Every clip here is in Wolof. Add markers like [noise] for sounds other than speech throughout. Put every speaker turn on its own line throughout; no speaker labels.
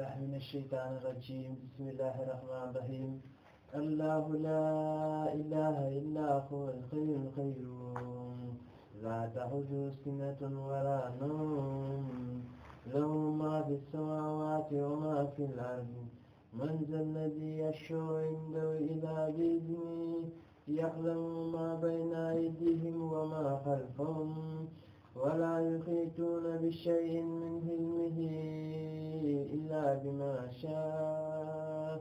بالله من الشيطان الرجيم بسم الله الرحمن الرحيم الله لا إله إلا هو الحي القيوم لا تأخذه سنة ولا نوم له ما في السماوات وما في الأرض من ذا الذي يشفع عنده إلا بإذنه يعلم ما بين أيديهم وما خلفهم ولا يحيطون بشيء من علمه إلا بما شاء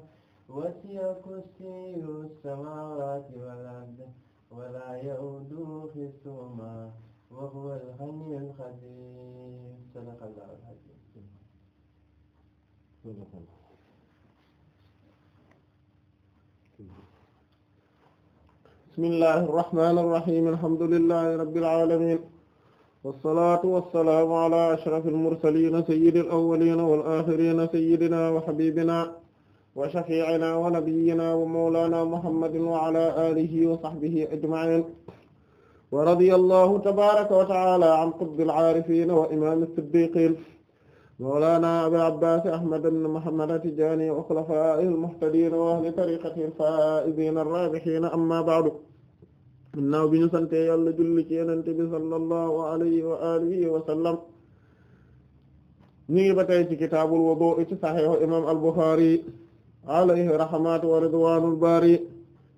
وسع كرسيه السماوات والأرض ولا يؤوده حفظهما وهو الغني القدير صدق الله العظيم صدق الله بسم الله الرحمن الرحيم الحمد لله رب العالمين wasalaatu wasalaamu ala ashrafil mursaliina sayyidil awwaliina wal aaxiriina sayyidinaa wa habiibinaa wa shafii'inaa wa nabiyyinaa wa mawlaanaa muhammadin wa ala aalihi wa sahbihi ajma'iin. wa radiyallaahu tabaaraka wa ta'aalaa an qutbil aarifiina wa imaamil siddiiqiin mawlaanaa abii abbaas ahmad ibn muhammad at-tijaani wa xulafaa'ihil muhtadiina wa ahli tariiqatihil faa'iziina raabihiina ammaa ba'du. naaw bi ñu sante yàlla julli ci yenente bi sallallahu alayhi wa alihi wa sallam ñu ngi ba tey ci kitaabul wudu ci saxiixu imam al-Bukhari alayhi rahmatu wa ridwanul bari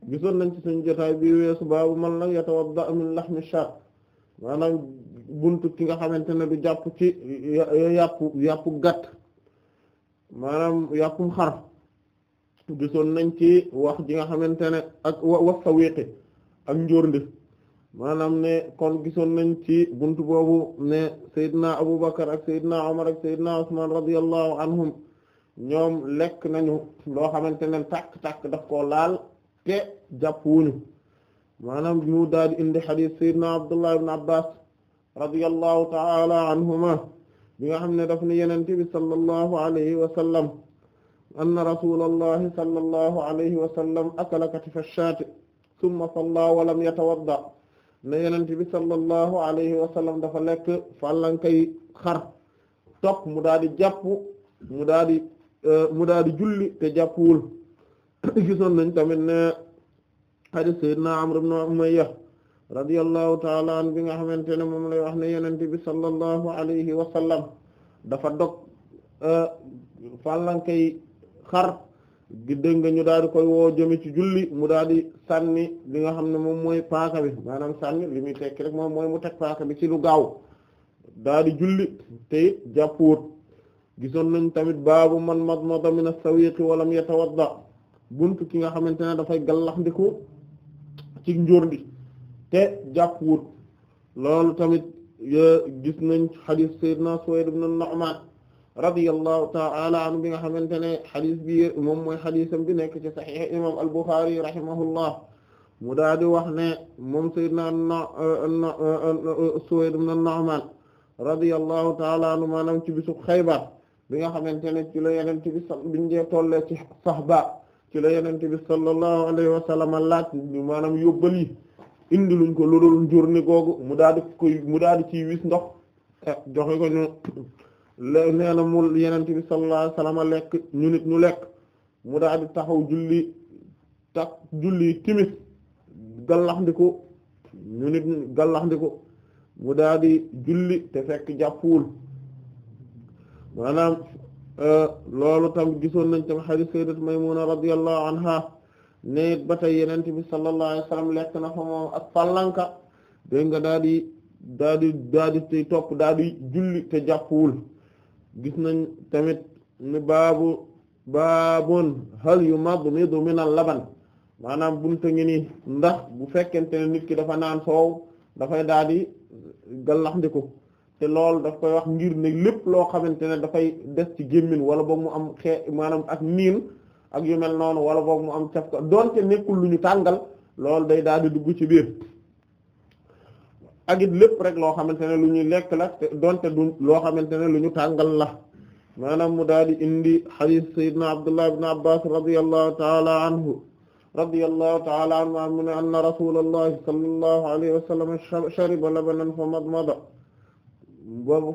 gisoon nañ ci suñu jotaay bi weesu baabu man lam yatawadda min lahmi shar maanaam buntu ki nga xamante ne du jàpp ci yàpp yàpp gàtt maanaam yàppum xar gisoon nañ ci wax ji nga xamante ne ak wa sawiqi ak njóorndi maanaam ne kon gisoon nañ ci buntu boobu ne Seydina Abubakar ak Seydina Umar ak Seydina Usman radiyallahu anhum ñoom lekk nañu loo xamante ne tàkk-tàkk daf koo laal te jàpp wuñu maanaam ñu daal di indi xadiis Seydina Abdullah ibn Abbas radiyallahu ta'ala anhuma bi nga xam ne daf ne yonent bi sallallahu alayhi wa sallam anna rasulallahi sallallahu alayhi wa akala katifa shaati summa salla walam yatawadda ne yenent bi sallallahu alayhi wa dafa lekk fàllankay xar topp mu daal di jàpp mu daal euh, mu daal di julli te jàppwul [coughs] gisoon nañ tamit ne hadith sayyidina Amr ibn Umayyah radiyallahu taala an bi nga xamante ne moom lay wax ne yenent bi sallallahu alayhi wa sallam dafa dog euh, fàllankay xar giddég nga ñu daal di koy woo jëme ci julli mu daal di sànni li nga xam ne moom mooy paaka bi maanaam sànni li muy tekki rek moom mooy mu teg paaka bi ci lu gaaw daal di julli te it jàppwóot gisoon nañ tamit baabu man madmada min as-sawiqi wa lam yatawadda ki nga xamante ne dafay gallax ndiku ci njóor bi gis nañ hadith sayyidina Suwayd ibn Nu'man radiyallahu ta'ala anhu bi nga xamante ne xadis bi moom mooy xadisam bi nekk ci saxiix imam al-Bukhari rahimahullah mu daal di wax ne moom sayyidna Suwayd ibn Nu'man radiyallahu ta'ala anhu maanaam ci bisub Xaybar bi nga xamante ne ci la yenente bi sa biñ dee tollee ci la yenente bi sallallahu alayhi wa sallam laaj maanaam yóbbal yi indi luñ ko ludul njurni googu mu daal di mu daal di ciy wis ndox eh, joxe ñu nee na mu yenent bi sallallahu alayhi wasallam lekk ñu nit ñu lekk mu daal di taxaw julli takk julli timis gallax ndiku mu daadi di julli te fekk jàppuwul maanaam euh, loolu tam gisoon nañ tam hadith sayyidat Maymuna radiyallahu anha ne ba tey yenent bi sallallahu alayhi wasallam lekk na fa moom ak pàllanka dégg nga daal di daal di daal topp daal julli te jàppuwul gis nañ tamit ne baabu baabun hal yumadmidu min al laban maanaam bunta ngi nii ndax bu fekkente ne nit ki dafa naan soow dafay daal di te loolu daf koy wax ngir ne lépp loo xamante ne dafay des ci gémmin wala boog mu am xee maanaam ak niin ak yu mel noonu wala boog mu am caf ko doonte nekkul lu ñu tàngal loolu day daal di dugg ci biir ak it lépp rek loo xamante ne lu ñu lekk la donte du loo xamante ne lu ñu tàngal la maanaam mu daal di indi hadith sayyidina Abdullah ibn Abbas radiyallahu ta'ala anhu radiyallahu ta'ala anhu mu ne anna rasulullahi sallallahu alayhi wa sallam shariba labanan fa madmada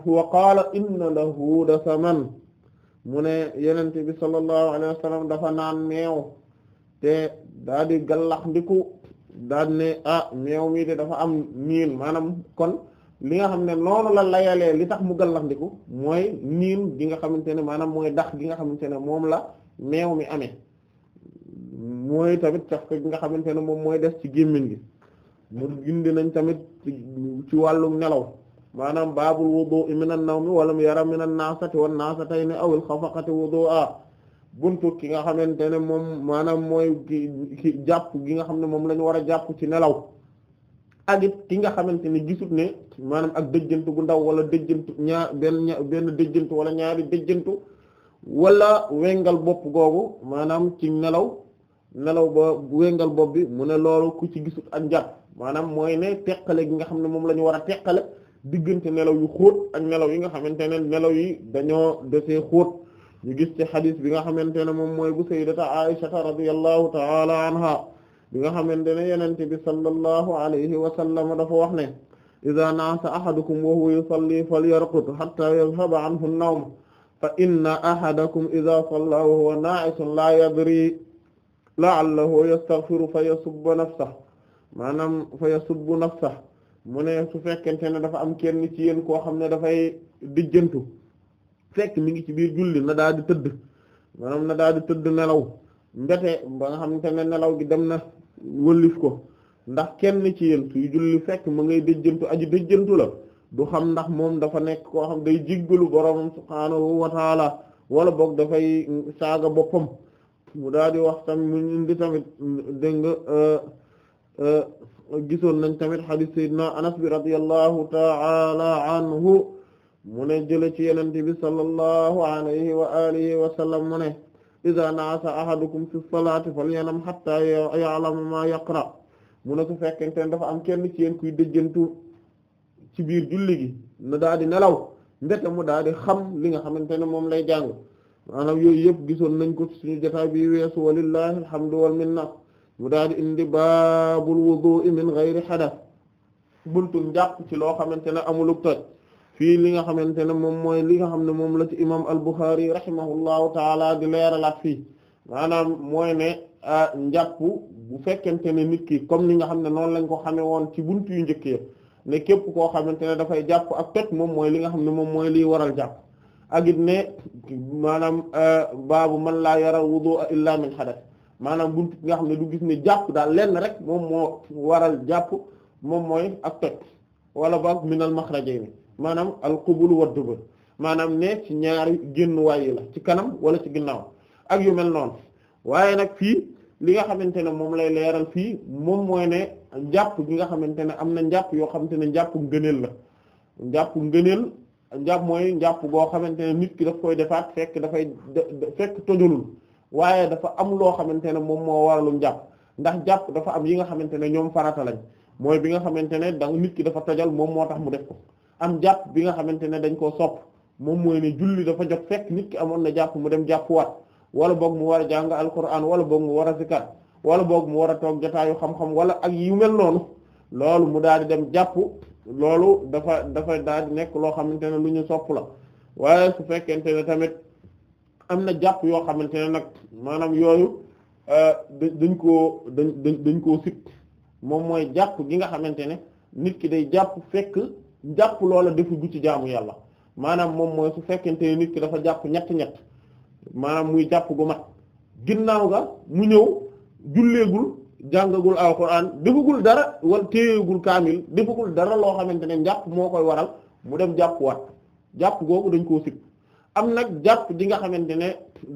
wa qaala inna lahu dasaman mu ne yenente bi sallallahu alayhi wa sallam dafa naan meew te daal di gallax ndiku daal ne ah meew mii de dafa am niin maanaam kon li nga xam ne noonu la layalee li tax mu gallaxndiku mooy niin gi nga xamante ne maanaam mooy dax gi nga xamante ne moom la meew mi amee mooy tamit caf ko nga xamante ne moom mooy des ci gémmiñ gi mu gindi nañ tamit ci wàllu nelaw maanaam baabul wudu'i minan nawmi wa mu yara minan naasati wan naasatayni awil xafaqati wudu'a buntu ki nga xamante ne moom maanaam mooy ki ki jàpp gi nga xam ne moom la war a jàpp ci nelaw ak ki nga xamante ne gisut ne maanaam ak dëjjantu gu ndaw wala dëjjantu ñaar benn benn dëjjantu wala ñaari dëjjantu wala wengal bopp googu maanaam ci nelaw nelaw ba wengal bopp bi mu ne loolu ku ci gisut ak jàpp maanaam mooy ne teqale gi nga xam ne moom lañu war a teqale diggante nelaw yu xóot ak nelaw yi nga xamante ne nelaw yi dañoo desee xóot ñu gis ci xadis bi nga xamante ne moom mooy bu sayyidata Aisha radiyallahu ta'ala anha bi nga xamante ne yenente bi sallallahu alayhi wa sallam dafa wax ne idha nasa ahadukum wa huwa yusalli falyarqud hatta yadhhaba anhu an-nawm fa inna ahadakum idha salla wa huwa na'isun la yadri la'allahu yastaghfiru fa yasubbu nafsahu maanaam fa yasubbu nafsahu mu ne su fekkente ne dafa am kenn ci yéen koo xam ne dafay dijjantu fekk mi ngi ci biir julli na daal di tëdd maanaam na daal di tëdd nelaw mbete ba nga xamante ne nelaw gi dem na wëllif ko ndax kenn ci yéen suy julli fekk mu ngay dëjjantu aji dëjjantu la du xam ndax moom dafa nekk koo xam day jiggalu boroomam subhaanahu wa taala wala boog dafay saaga boppam mu daal wax tamit mu indi tamit dégg nga euh, euh, gisoon nañ tamit xadiis sayyidina anas bi radiyallahu taala anhu mu ne jële ci yenente bi sallallahu alayhi wa alihi wa sallam mu ne iza naasa ahadukum fi salaati falyanam hatta ya'lama ma yaqra mu ne su fekkente ne dafa am kenn ci yéen kuy dëjjantu ci biir julli gi na daal di nelaw mbete mu daal xam li nga xamante ne moom lay jàng maanaam yooyu yëpp gisoon nañ ko suñu jotaay bi weesu walillahi alhamdu wal minna mu daal di indi baabul wudu'i min ghayri hadath buntu njàpp ci loo xamante ne amulug toj fii li nga xamante ne moom mooy li nga xam ne moom la ci imam al-Bukhari rahimahullahu taala di leeralaat fii maanaam mooy ne njàpp bu fekkente ne nit ki comme ni nga xam ne noonu lañ ko xamee woon ci buntu yu njëkk ya ne képp koo xamante ne dafay jàpp ak toj moom mooy li nga xam ne moom mooy liy waral jàpp ak it ne maanaam baabu man laa yara wudu illa min hadath maanaam buntu nga xam ne du gis ne jàpp daal lenn rek moom moo waral jàpp moom mooy ak toj wala baab minal maxrajayni maanaam alqubul wa dubur maanaam ne ci ñaari génn waay la ci kanam wala ci ginnaaw ak yu mel noonu waaye nag fii li nga xamante ne moom lay leeral fii moom mooy ne njàpp gi nga xamante ne am na njàpp yoo xamante ne njàpp ngëneel la njàpp ngëneel njàpp mooy njàpp goo xamante ne nit ki daf koy defaat fekk dafay fekk tojulul waaye dafa am loo xamante ne moom moo waralu njàpp ndax jàpp dafa am yi nga xamante ne ñoom farata lañ mooy bi nga xamante ne da nit ki dafa tojal moom moo tax mu def ko am jàpp bi nga xamante ne dañ koo sopp moom mooy ne julli dafa jot fekk nit ki amoon na jàpp mu dem jàppuwaat wala boog mu war a jàng alquran wala boog mu war a zikar wala boog mu war a toog jotaayu xam-xam wala ak yu mel noonu loolu mu daal di dem jàpp loolu dafa dafa daal di nekk loo xamante ne lu ñu sopp la waaye su fekkente ne tamit am na jàpp yoo xamante ne nag maanaam yooyu euh, dañ koo dañ dañ koo sikk moom mooy jàpp gi nga xamante ne nit ki day jàpp fekk jàpp loola defu gu ci jaamu yàlla maanaam moom mooy su fekkente ne nit ki dafa jàpp ñett ñett maanaam muy jàpp gu mat ginnaaw ga mu ñëw julleegul jàngagul alquran defagul dara wala téyeegul kaamil defagul dara loo xamante ne njàpp moo koy waral mu dem jàpp wat jàpp googu dañ koo sib am nag jàpp ji nga xamante ne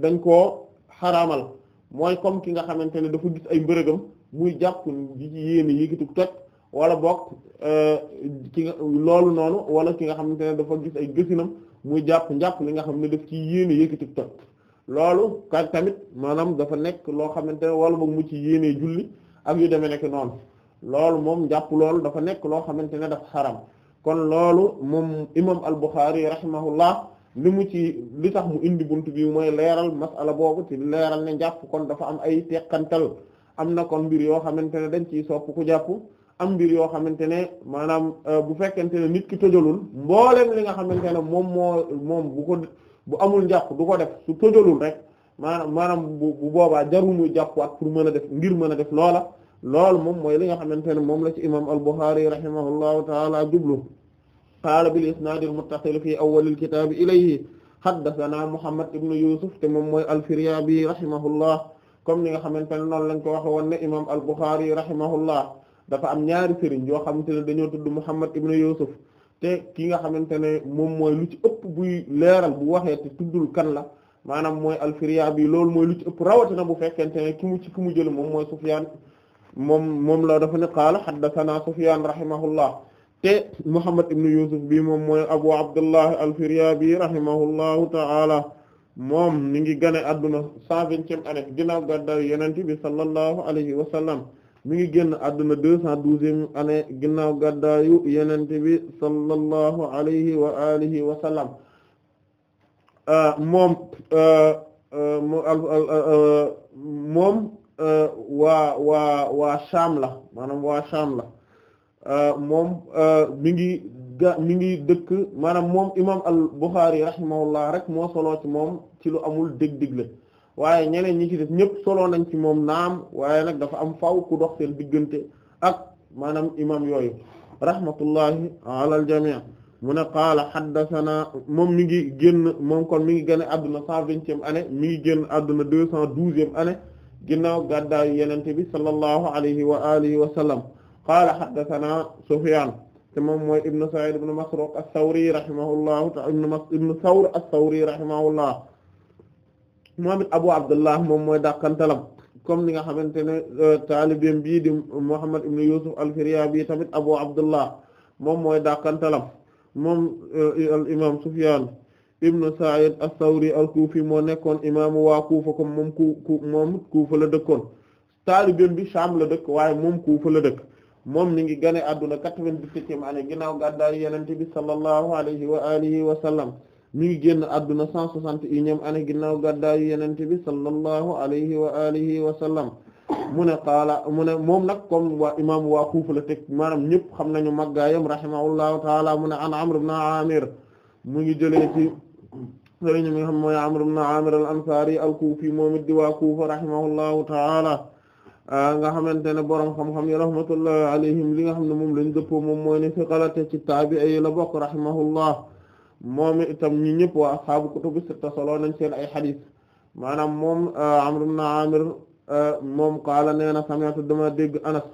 dañ koo xaraamal mooy comme ki nga xamante ne dafa gis ay mbërëgam muy jàpp di ci yéene toj wala boog euh, ki nga loolu noonu wala ki nga xamante ne dafa gis ay gësinam muy jàpp njàpp li nga xam ne daf ci yéene yëkkati toj loolu ka tamit maanaam dafa nekk loo xamante ne wala boog mu ci yéene julli ak yu demee nekk noonu loolu moom njàpp dafa nekk loo xamante ne dafa xaram kon loolu moom imam al-Bukhari rahimahullah li mu ci li tax mu indi bunt bi mooy leeral masala boobu ci leeral ne njàpp kon dafa am ay teqantal am na kon mbir yoo xamante ne dañ ciy sopp ku jàpp am mbir yoo xamante ne maanaam euh, bu fekkente ne nit ki tojalul mboolem li nga xamante ne moom moo moom bu ko bu amul njàpp du ko def su tojalul rek maanaam maanaam bu bu boobaa jarul muy waat pour mën a def ngir mën a def loola loolu moom mooy li nga xamante ne moom la ci imam al-Bukhari rahimahullahu taala jublu qaala bil isnaad al-muttasil fi awwal al-kitaab ilayhi haddathana Muhammad ibn Yusuf te moom mooy al-Firyabi rahimahullah comme ni nga xamante ne noonu lañ ko waxe woon ne imam al-Bukhari rahimahullah dafa am ñaari sëriñ yoo xamante ne dañoo tudd Muhammad ibn Yusuf te ki nga xamante ne moom mooy lu ci ëpp buy leeral bu waxee te tuddul kan la maanaam mooy alfiria bi loolu mooy lu ci ëpp rawatina bu fekkente ne ki mu ci ki mu jël moom mooy Sufyaan moom moom la dafa ne qaala haddathana Sufyaan rahimahullah te Muhammad ibn Yusuf bi moom mooy Abu Abdullah al-Firyaabi rahimahullahu ta'ala moom mi ngi gane adduna cent vingtième année ginnaaw gàddaay Yonent bi sallallahu alayhi wa sallam mi ngi génn àdduna deux cent douzième année ginnaaw gàddaayu yenente bi sallallahu alayhi wa alihi wa sallam euh, moom euh, euh, moom waa waa waa Sham la maanaam waa Sham la moom mi ngi mi ngi dëkk maanaam moom imam al Bukhari rahimahullah rek moo soloo moom ci lu amul dég-dégle waaye ñeneen ñi ci def ñëpp solo nañ ci moom naam waaye nag dafa am faw ku dox diggante ak maanaam imam yooyu rahmatullahi ala al jami' mu ne qaala haddathana moom mi gi génn moom kon mi ngi génn adduna cent vingtième année mi ngi génn adduna deux cent douzième année ginnaaw gàddaayu yenente bi sallallahu alayhi wa alihi wa sallam qaala haddathana Sufyan te moom mooy ibnu Sa'id ibnu Masruq as-Sawri rahimahullahu ta'ala ibnu Thawr as-Sawri rahimahullah moom it Abu Abdullah moom mooy dàqantalam comme ni nga xamante ne euh, taalibeem bii di Muhammad ibn Yusuf al-Firyabi tamit Abu Abdullah moom mooy dàqantalam moom euh, al imaam Sufyan ibn Sa'id as-Sawri al-Kufi moo nekkoon imaamu waa Kufa comme moom ku ku moom Kufa la dëkkoon taalibeem bi Sham la dëkk waaye moom Kufa la dëkk moom mi ngi gane adduna quatre-vingt-dix-septième année ginnaaw gàddaay Yonent bi sallallahu alayhi wa alihi wa sallam mi ngi génn adduna cent soixante et unième année ginnaaw gàddaayu yenente bi sallallahu alayhi wa alihi wa sallam mu qaala mu ne moom nag comme waa imam waa Kuufa la teg maanaam ñëpp xam nañu màggaayam rahimahullahu taala mu ne an Amr ibn Amir mu ngi jëlee ci sëriñ mi nga xam mooy Amr ibn Amir al-Ansari al-Kufi moom it di waa rahimahullahu taala nga xamante ne borom xam-xam yi rahmatullahi alayhim li nga xam ne moom lañ dëppoo moom mooy ne fi xalate ci taabi'i la moom itam ñi ñëpp waa ashaabu kutubu sitta solo nañ seen ay xadis maanaam moom euh, Amr ibn Amir euh, moom qaala nee na sami'tu dama dégg Anas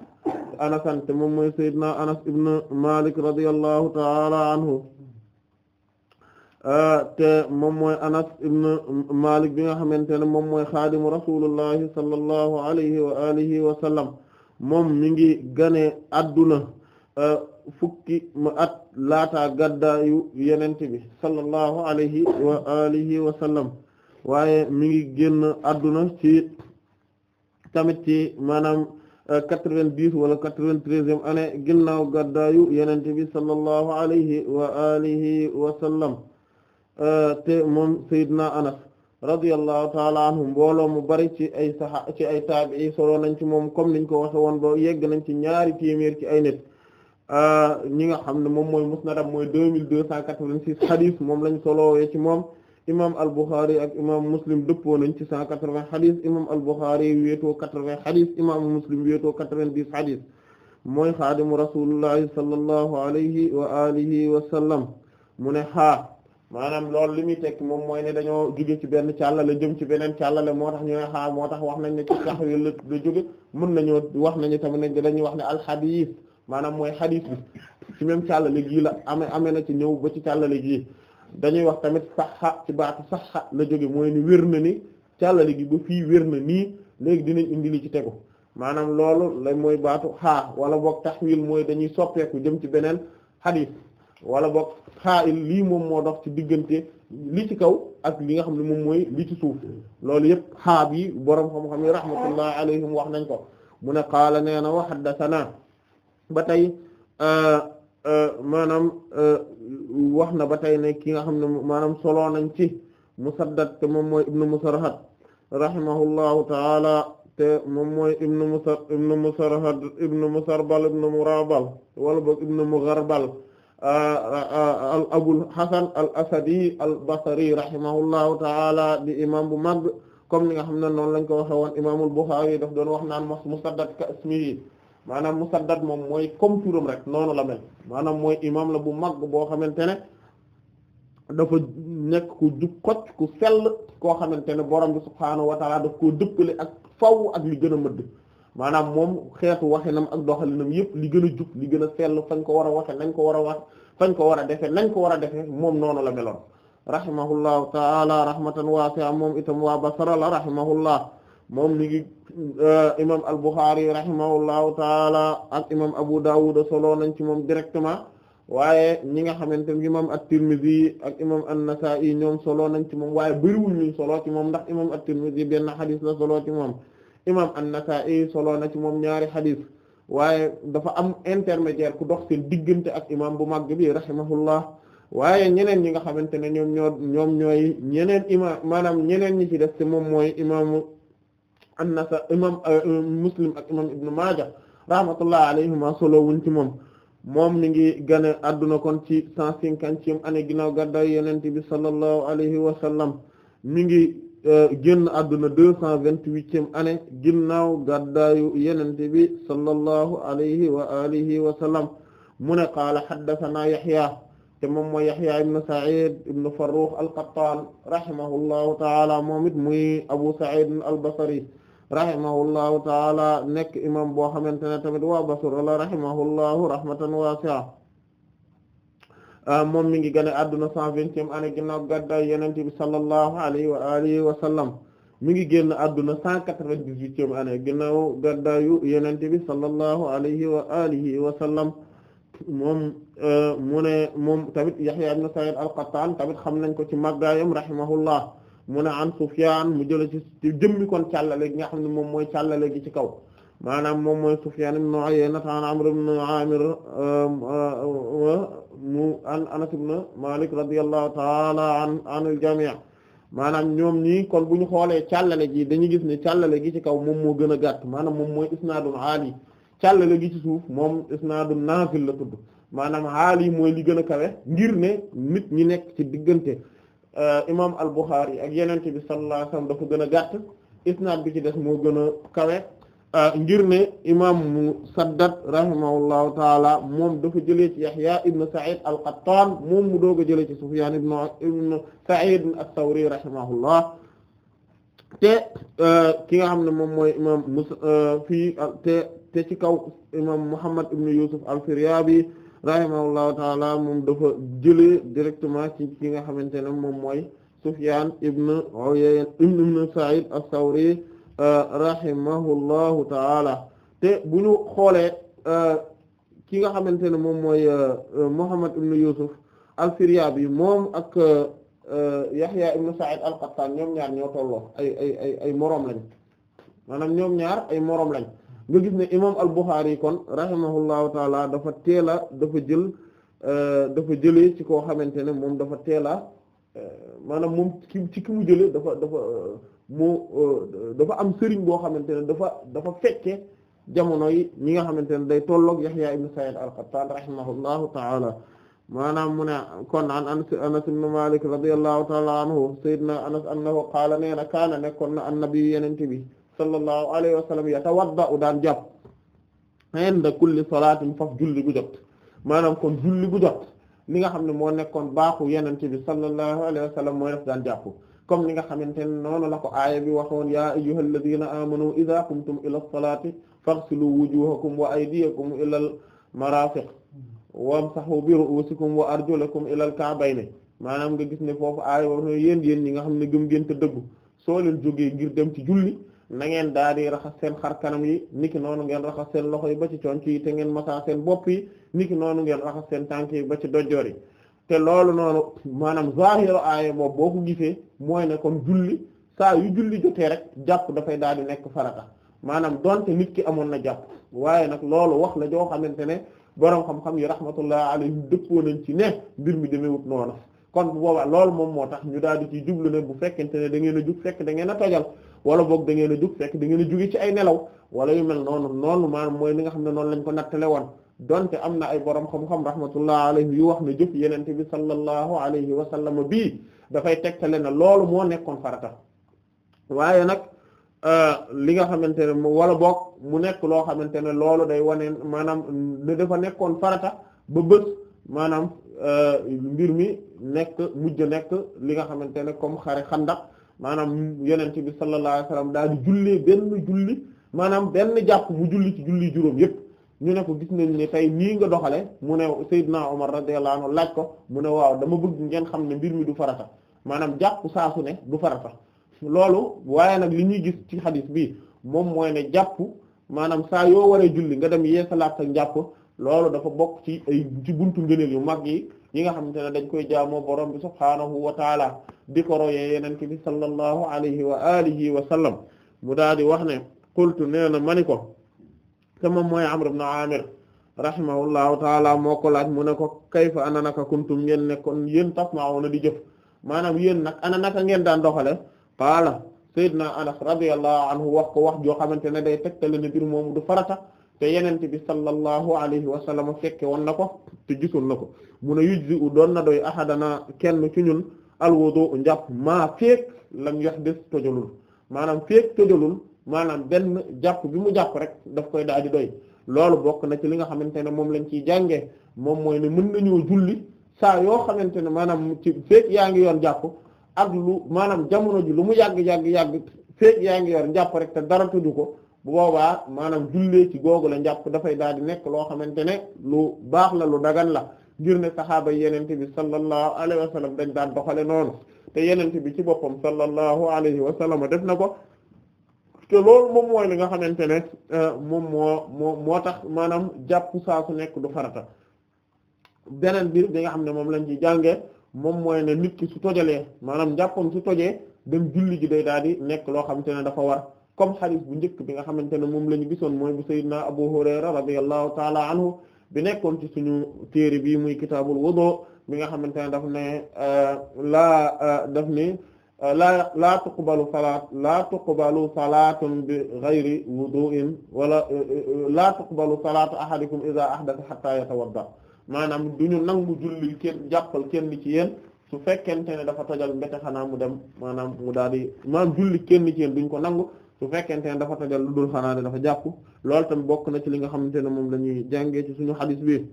Anasan te moom mooy Seydina Anas ibn Malik radiyallahu ta'ala anhu euh, te moom mooy Anas ibn Malik bi nga xamante ne moom mooy xaadimu rasulullahi sallallahu alayhi wa alihi wa sallam moom mi ngi gane adduna fukki ma at laata gaddaayu yenente bi sallallahu alayhi wa alihi wa sallam waaye mi ngi génn adduna ci tamit ci maanaam euh, quatre-vingt-dix wala quatre-vingt-treizième année ginnaaw gaddaayu yenente bi sallallahu alayhi wa alihi wa sallam euh, te moom Seydina Anas radiyallahu taala anhu mbooloo mu bari ci ay saxa ci ay taabii solo nañ ci moom comme niñ ko waxe woon yegg nañ ci ñaari téeméer ci ay nit Euh, ñi nga xam ne moom mooy musnadam mooy deux mille deux cent quatre-vingt-six hadith moom lañ solowee ci moom imam al-Bukhari ak imam Muslim dëppoo nañ ci cent quatre-vingts hadith imam al-Bukhari wéetoo quatre-vingts hadith imam Muslim wéetoo quatre-vingt-dix hadith mooy xaadimu rasulillahi sallallahu alayhi wa alihi wa sallam mu ne xaa maanaam loolu li muy tekki moom mooy ne dañoo jóge ci benn càllale jëm ci beneen càllale moo tax ñu xaa moo tax wax nañ ne ci sax yu jóge mën nañoo wax nañu tamit ne dañuy wax ne al-hadith maanaam mooy xadis bi ci même càllale gii la amee amee na ci ñëw ba ci càllale gii dañuy wax tamit saxa ci baatu saxa la jóge mooy ni wér na ni càllale gi ba fii wér na nii léegi dinañ indi li ci tegu maanaam loolu la mooy baatu xaa wala boog taxwil mooy dañuy soppeeku jëm ci beneen xadis wala bokk xaa il lii moom moo dox ci diggante lii ci kaw ak li nga xam ne moom mooy li ci suuf loolu yëpp xaa bi boroom xam-xam yi rahmatullah alayhim wax nañ ko mu ne qaala nee na wa ba tey euh, euh, maanaam euh, wax na ba tey ne ki nga xam ne maanaam solo nañ ci Musaddad te moom mooy ibnu Musarhad rahimahullahu taala te moom mooy ibnu Musar ibnu Musarhad ibnu Musarbal ibnu Murabal wala boog ibnu Mugharbal al Abul Hasan al Asadi al Basri rahimahullahu taala di imam bu mag comme ni nga xam ne noonu lañ ko waxe woon imaamul Bukhari daf doon wax naan Musaddad ka ismihi maanaam musaddad moom mooy comme turam rek noonu la mel maanaam mooy imam la bu mag boo xamante ne dafa nekk ku jub koc ku sell koo xamante ne borom bi subhaanahu wa taala daf koo dëppale ak faw ak li gën a mëdd maanaam moom xeetu waxinam ak doxalinam yépp li gën a jub li gën a sell fañ ko war a waxe nañ ko war a wax fañ ko war a defe nañ ko war a defe moom noonu la meloon rahimahullahu taala rahmatan waasi'a moom itam waa basara a rahimahullah moom mi ngi euh, imam al-Bukhari rahimahullahu taala ak imam Abu Dawud solo nañ ci moom directement waaye ñi nga xamante ne imam at-Tirmidhi ak imam an-Nasa'i ñoom solo nañ ci moom waaye bëriwul ñu solo ci moom ndax imam at-Tirmidhi benn xadis la solo ci moom imam an-Nasa'i solo na ci moom ñaari xadis waaye dafa am intermédiaire ku dox seen diggante ak imaam bu màgg bi rahimahullah waaye ñeneen ñi nga xamante ne ñoom ñoo ñoom ñooy ñeneen imam maanaam ñeneen ñi ci def te moom mooy imam an-Nasa imam euh, Muslim ak imam Ibn Maaja rahmatullah alayhima solo wuñ ci moom moom mi ngi gane adduna kon ci cent cinquantième année ginnaaw gàddaay Yonent bi sallallahu alayhi wa sallam mi ngi euh, génn adduna deux cent vingt-huitième année ginnaaw gàddaayu Yonent bi sallallahu alayhi wa alihi mu ne qaala haddathana Yahya te moom mooy Yahya ibn Sa'id ibn Farrukh al-Qattan rahimahullahu ta'ala moom muy Abu Sa'id al-Basri rahimahullahu taala nekk imam boo xamante ne tamit waa Basra la rahimahullahu rahmatan wasi'a ah, moom mi ngi gane adduna cent vingtième année ginnaaw gàddaay yonent bi sallallahu alayhi wa alihi wa mi ngi génn adduna cent quatre-vingt-dix-huitième année ginnaaw gàddaayu yonent bi sallallahu alayhi wa alihi wa sallam moom ah, mu moom tamit Yahya ibn Sa'id al-Qattan tamit xam nañ ko ci màggaayam rahimahullah mu ne an Sufyaan mu jële ci jëmmi kon càllale gi nga xam ne moom mooy càllale gi ci kaw maanaam moom mooy Sufyaan ibn Uyayna an Amr ibn Aamir um, uh, uh, mu an Anas ibn Maalik radiyallahu ta'ala an anil jamii maanaam ñoom ñii kon bu ñu xoolee càllale gi dañu gis ne càllale gi ci kaw moo gën a gàtt maanaam moom mooy isnaadul aali càllale gi ci suuf moom isnaadul naazil la tudd maanaam aali mooy li gën a kawe ngir ne nit ñi nekk ci diggante Euh, imaam al-Bukhari ak yeneen bi sallallahu alayhi dafa gën a gàtt isnaad bi ci des moo gën a kawe euh, ngir ne imam Musaddad rahimahullahu taala moom dafa jëlee ci Yahya ibn Sa'id al-Qattan moom mu doog a jëlee ci Sufyan ibn ibn Sa'id ath rahimahullah te euh, ki nga xam ne moom mooy imam mus fii te ci kaw imam Muhammad ibn Yusuf al-Firyabi rahimahullahu taala moom dafa jële directement ci ki nga xamante ne moom mooy Sufyan ibn Uyayna ibn Sa'id as-Sawri euh, rahimahullahu taala te bu ñu xoolee euh, ki nga xamante ne moom mooy euh, Muhammad ibn Yusuf al-Firyabi moom ak Yahya ibn Sa'id al-Qattan ñoom ñaar ñoo tolloo ay ay ay moroom lañ maanaam ñoom ñaar ay moroom lañ nga gis ne imam al-Bukhari kon rahimahullahu taala dafa teel a dafa jël euh, dafa jëlee ci koo xamante ne moom dafa teel a euh, maanaam moom ki ci ki mu jëlee dafa dafa euh, moo dafa am sëriñ boo xamante ne dafa dafa fekke jamono yi ñi nga xamante ne day tolloog Yahya ibn Sa'id al-Qattan rahimahullahu taala maanaam mu ne kon an Anas ibn Malik radiyallahu taala anhu na Anas annahu qaala nee na kaana nekkoon na annabi yenente bi sallallahu alayhi wa daan jàpp inda kulli salaatin faf julli gu jot maanaam kon julli gu jot li nga xam ne moo nekkoon baaxu yenente bi sallallahu alayhi wa sallam daan jàpp comme ni nga xamante ne noonu la ko aaya bi waxoon yaa ayyuhal ladina amanu idha qumtum ila salati faghsilu wujuhakum wa aydiyakum ila al marafiq wamsahu bi ru'usikum wa arjulakum ila al ka'bayni maanaam nga gis ne foofu aaya wax no yéen yéen ñi nga xam ne gëm gën te dëggu soo leen jógee ngir dem ci julli na ngeen daal di raxas seen xar kanam yi niki noonu ngeen raxas seen loxo yi ba ci conc yi te ngeen masaa seen bopp yi niki noonu ngeen raxas seen tànk yi ba ci dojjoor yi te loolu noonu maanaam zaahiru aaya boobu boo ko gisee mooy ne comme julli saa yu julli jotee rek jàpp dafay daal di nekk farata maanaam donte nit ki amoon na jàpp waaye nag loolu wax la joo xamante ne boroom xam-xam yi rahmatullah alayhi dëppoo nañ ci ne mbir mi demewut noonu kon bu boobaa loolu moom moo tax ñu daal di ci jublu ne bu fekkente ne da ngeen a fekk da ngeen a tojal wala boog da ngeen a jug fekk da ngeen a juge ci ay nelaw wala yu mel noonu noonu maanaam mooy li nga xam ne noonu lañ ko nattale woon donte am na ay borom xam-xam rahmatullah alayhi yu wax ne jëf yenente bi sallallahu alayhi wa sallam bii dafay tegtale na loolu moo nekkoon farata waaye nag euh, li nga xamante ne wala boog mu nekk loo xamante ne loolu day wane maanaam ne dafa nekkoon farata ba bët maanaam euh, mbir mi nekk mujj nekk li nga xamante ne comme xare xandak maanaam yeneen ci sallallahu alayhi wasallam daal di jullee benn julli maanaam benn jàpp mu julli ci julli juróom yépp ñu ne ko gis nañ ni tey nii nga doxale mu ne Seydina Omar radiyallahu anhu laaj ko mu ne waaw dama bëgg ngeen xam ne mbir mi du farata maanaam jàpp saa su ne du farata loolu waaye nag li ñuy gis ci xadis bi moom mooy ne jàpp maanaam saa yoo waree julli nga dem yeesalaat ak njàpp loolu dafa bokk ci ay ci buntu ngëneel yu mag yi yi nga xamante ne dañ koy jaamoo borom bi subhaanahu wa taala di ko royee yeneen bi sallallahu alayhi wa alihi wa mu daal di wax ne qultu nee na mani ko te moom mooy Amr ibn Amir rahimahullahu taala moo ko laaj mu ne ko kayfa ana naka kuntum ngeen nekkoon yéen tasma'una di jëf maanaam yéen nag ana naka ngeen daan doxale qaala sayyidna Anas radiyallahu anhu wax ko wax joo xamante ne day tegtale ne mbir moomu du farata te yenent bi sallallahu alayhi wa sallam fekke woon na ko te gisoon na ko mu ne yujzi u doon na doy ahadana kenn ci ñun alwudu njàpp maa feek lam yahdis tojalul maanaam feek tojalul maanaam benn jàpp bi mu jàpp rek daf koy daal doy loolu bokk na ci li nga xamante ne moom lañ ciy jànge moom mooy ne mën nañoo julli saa yoo xamante ne maanaam ci feek yaa ngi yoon jàpp ak lu maanaam jamono ji lu mu yàgg yàgg yàgg feek yaa ngi yor njàpp rek te dara tuju ko bu boobaa maanaam jullee ci googu la njàpp dafay daal di nekk loo xamante ne lu baax la lu dagan la ngir ne saxaaba yenente bi sallallahu alayhi wa dañ daan doxale noonu te yenente bi ci boppam sallallahu alayhi wa sallam def na ko te loolu moom mooy li nga xamante ne euh, moom moo moo tax maanaam jàpp saa su nekk du farata beneen bi bi nga xam ne moom lañ ci jàngee moom mooy ne nit ki su tojalee maanaam jàppam su tojee dem julli ji day daal di nekk loo xamante ne dafa war comme xadis bu njëkk bi nga xamante ne moom la ñu gisoon mooy bu sayyidina Abu Hurayra radiyallahu taala anhu bi nekkoon ci suñu téere bii muy kitaabul wudu bi nga xamante ne daf ne euh, laa euh, daf ne euh, laa laa tuqbalu salaat laa tuqbalu salaatun bi ghayri wudu'in wala laa tuqbalu salaatu ahadikum idha ahdatha hatta yatawadda maanaam du ñu nangu julli kenn jàppal kenn ci yéen su fekkente ne dafa tojal mbete xanaa mu dem maanaam mu daal di maanaam julli kenn ci yéen duñ ko nangu su fekkente ne dafa tojal lu dul xanaa ne dafa jàpp lool tam bokk na ci li nga xamante ne moom la ñuy jàngee ci suñu xadis bi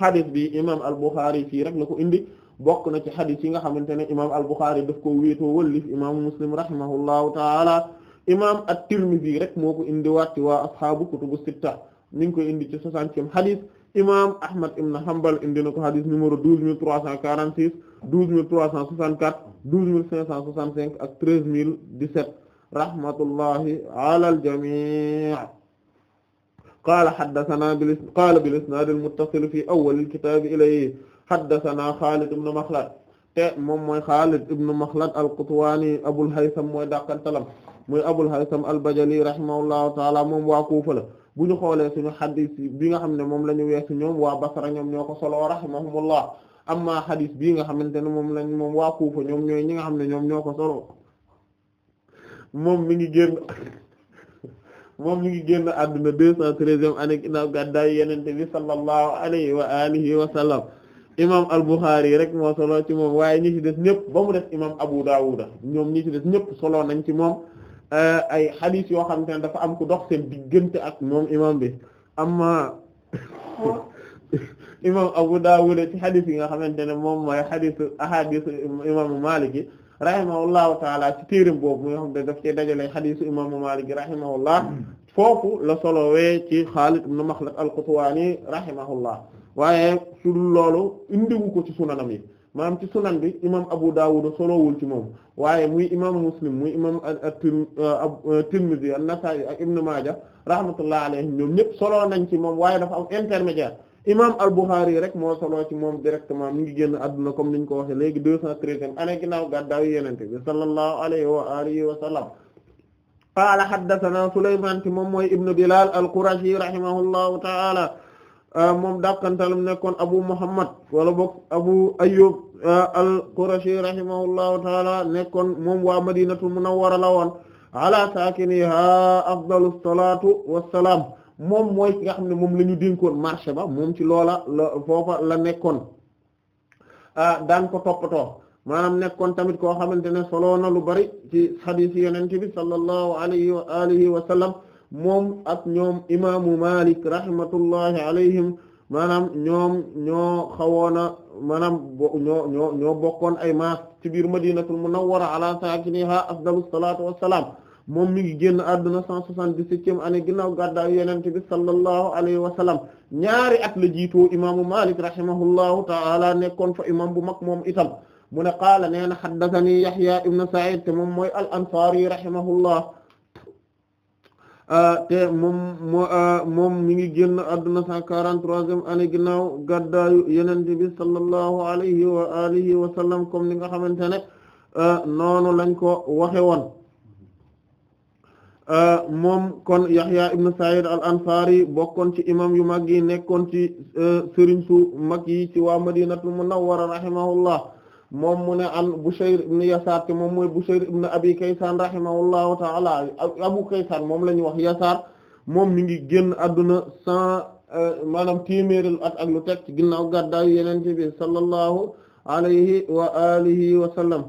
xadis bi imam al-Bukhari fii rek la ko indi bokk na ci xadis yi nga xamante ne imam al-Bukhari daf ko wéetoo wëllif imam Muslim rahimahullahu taala imam at-Tirmidhi rek moo ko indi ci waa asxaabu kutubu sitta mi ngi koy indi ci soixantième xadis imam Ahmad ibn Hanbal indi na ko xadis numéro douze mille trois cent quarante six douze mille trois cent soixante quatre douze rahmatullahi ala al-jamii qaala haddasanaa bil qaala bil isnaad al-muttasil fii awwal al-kitaab ilayhi haddasanaa Xaalid ibn Maxlad te moom mooy Xaalid ibn Maxlad al-Qutwaani Abul Haytham mooy dàqantalam muy Abul Haytham al-Bajali rahimahullahu taala moom waa Kuufa la bu ñu xoolee suñu xadis bii nga xam ne moom la ñu weesu ñoom waa Basra ñoom ñoo ko soloo rahimahumullah amma xadis bii nga xamante ne moom lañ moom waa Kuufa ñi nga xam ne ñoom ñoo ko soloo moom mi ngi génn [laughs] moom mi ngi génn àdduna deux cent treizième année ginnaaw gàddaay yenente bi sallallahu alayhi wa alihi wa sallam imam al-Bukhari rek moo solo ci moom waaye ñi ci des ñëpp ba mu des imam Abu Dawud ñoom ñi ci des ñëpp solo nañ ci moom euh, ay xadiis yoo xam te ne dafa am ku dox seen diggante ak moom imam bi amma [laughs] imam Abu Dawud ci xadiis yi nga xamante ne moom mooy xadiis ahadiis imam Maalik rahimahullahu taala ci téeram boobu nga xam ne daf cee dajale xadiisu imaamu Maalik rahimahullah foofu la solowee ci Xaalid ibn Maxlad al-Qutwaani rahimahullah waaye su loolu indiwu ko ci sunanam yi maanaam ci sunan bi imaam Abu Dawud solowul ci moom waaye muy imaamu Muslim muy imaam at-Tirmidhi euh, an-Nasaa'i ak Ibn Maaja rahmatullahi alayhim ñoom ñëpp solo nañ ci moom waaye dafa am intermédiaire imam al-Bukhari rek moo solo ci moom directement mi ngi génn adduna comme niñ ko waxee léegi deux cent treizième année ginnaaw gàddaaw yenente bi sallallahu alayhi wa alihi wa sallam qaala haddathana Sulaymaan ci moom mooy ibnu Bilal al-Qurashi rahimahullahu ta'ala moom dàqantalam nekkoon Abu Muhammad wala bokk Abu Ayyub uh, al-Qurashi rahimahullahu ta'ala nekkoon moom waa Madinatul Munawwara la woon ala saakiniha afdalu salatu wassalaam moom mooy ki nga xam ne moom la ñu dénkoon marché ba moom ci loola la foofa la nekkoon ah, daan ko toppatoo maanaam nekkoon tamit koo xamante ne solo na lu bari ci xadiis yonent bi sallallahu alayhi wa alihi wa sallam moom ak ñoom imaamu Malik rahmatullahi alayhim maanaam ñoom ñoo xawoona maanaam ñoo ñoo ñoo bokkoon ay maas ci biir madinatul munawwara ala saakiniha afdalus salaatu wassalaam moom mi ngi génn àdduna cent soixante-dix-septième année ginnaaw gàddaay yonent bi sallallahu alayhi wa sallam ñaari at la jiitoo imaamu Malik rahimahullahu ta'ala nekkoon fa imam bu mag moom itam mu ne qaala nee na haddathani Yahya ibn Sa'id te moom mooy al-Ansari rahimahullah ah, te moom ah, moom mi ngi génn àdduna cent quarante-troisième année ginnaaw gàddaayu yonent bi sallallahu alayhi wa alihi wa sallam ni nga xamante ne ah, noonu lañ ko waxe woon Euh, moom kon Yahya ibn Sa'id al-Ansari bokkoon ci imam yu mag yi nekkoon ci euh, sëriñ su mag yi ci waa Madinatu Munawwara rahimahullah moom mu ne an Bushayr ibn Yasar te moom mooy Bushayr ibn Abi Kaysan rahimahullahu ta'ala Abu Kaysan moom la ñu wax Yasar moom mi ngi génn adduna cent euh, maanaam téeméeri at ak lu teg ci ginnaaw gàddaayu Yonent bi sallallahu alayhi wa alihi wa sallam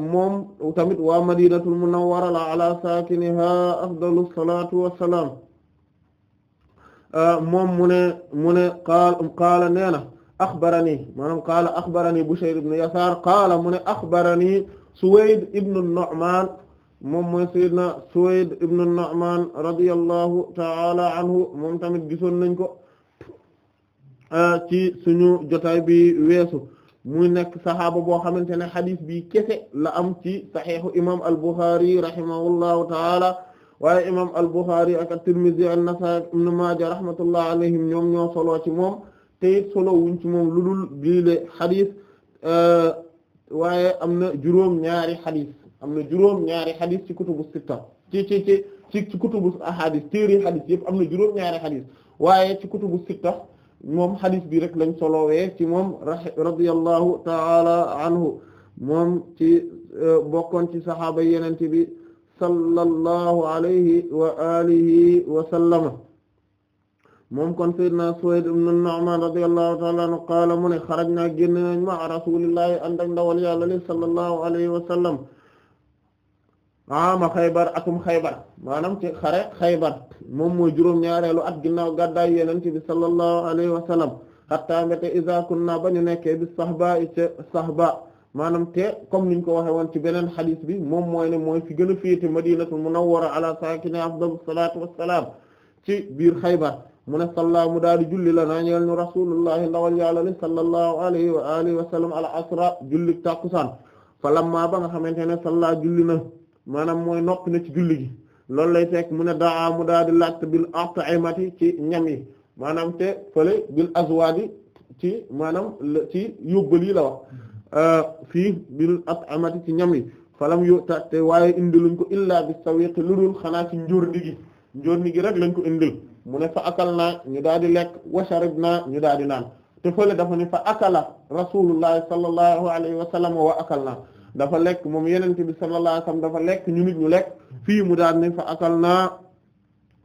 moom tamit waa madinatul munawwara la ala saakiniha afdalu salaatu wassalaam moom mu ne mu ne qaala qaala nee na axbarani maanaam qaala axbarani Bushayr ibn Yasaar qaala mu ne axbarani Suwayd ibn Nu'maan moom mooy sayyidina Suwayd ibn Nu'maan radiyallahu ta'ala anhu moom tamit gisoon nañ ko ci suñu jotaay bi weesu muy nekk saxaaba boo xamante ne xadis bi kese la am ci saxiixu imam al-Bukhari rahimahullahu taala waaye imam al-Bukhari ak at-Tirmidhi an-Nasa'i ibn Maaja rahmatullah alayhim ñoom ñoo solo ci moom te it solo wuñ ci moom lu dul biile xadis euh, waaye am na juróom ñaari xadis am na juróom ñaari xadis ci kutubu sitta ci ci ci ci kutubu ahadis téere xadis yëpp am na juróom ñaari xadis waaye ci kutubu sitta moom xadis bi rek lañ solowee ci moom radiyallahu taala anhu moom ci euh, bokkoon ci saxaaba yenente bi sallallahu alayhi wa alihi wa sallama moom kon sayyidina Suwayd ibn Nu'man radiyallahu taala anhu qaala mu ne xaraj génn nañ ma rasulillahi ànd ak ndawal yàlla li sallallahu alayhi ama xaybar atum xaybar maanaam ci xare xaybar moom mooy juróom-ñaareelu at ginnaaw gàddaay yonent bi sallallahu alayhi wa sallam hatta mbéte iza kunna ba ñu nekkee bi sahba ca sahba maanaam te comme niñ ko waxe woon ci beneen xadis bi moom mooy ne mooy fi gën a féete madinatul munawwara ala saakini afdalu salaatu wassalaam ci biir xaybar mu ne salla mu daal di julli la naa ñeel ñu rasulullahi ndawal yàlla li sallallahu alayhi wa alihi wa sallam al asra julli tàkkusaan fa lamma ba nga xamante ne salla julli na maanaam mooy noppi na ci julli gi loolu lay fekk mu ne daa mu daal di laajte bil at'imati ci ñam yi maanaam te fële bil azwaaji ci maanaam ci yóbbal yi la wax euh, fii bil at'imati ci ñam yi falam yu te waaye indiluñ ko illaa bi sawiq lu dul xanaa ci njur gi njurdi gi rek lañ ko indil mu ne fa akal na ñu daal di lekk wa sharib naa ñu daal di naan te fële dafa ne fa akala rasulullahi sallallahu alayhi wa wa akal naa dafa lekk moom yenente bi sallallahu alayhi wasallam dafa lekk ñu nit ñu lekk fii mu daan ne fa akal naa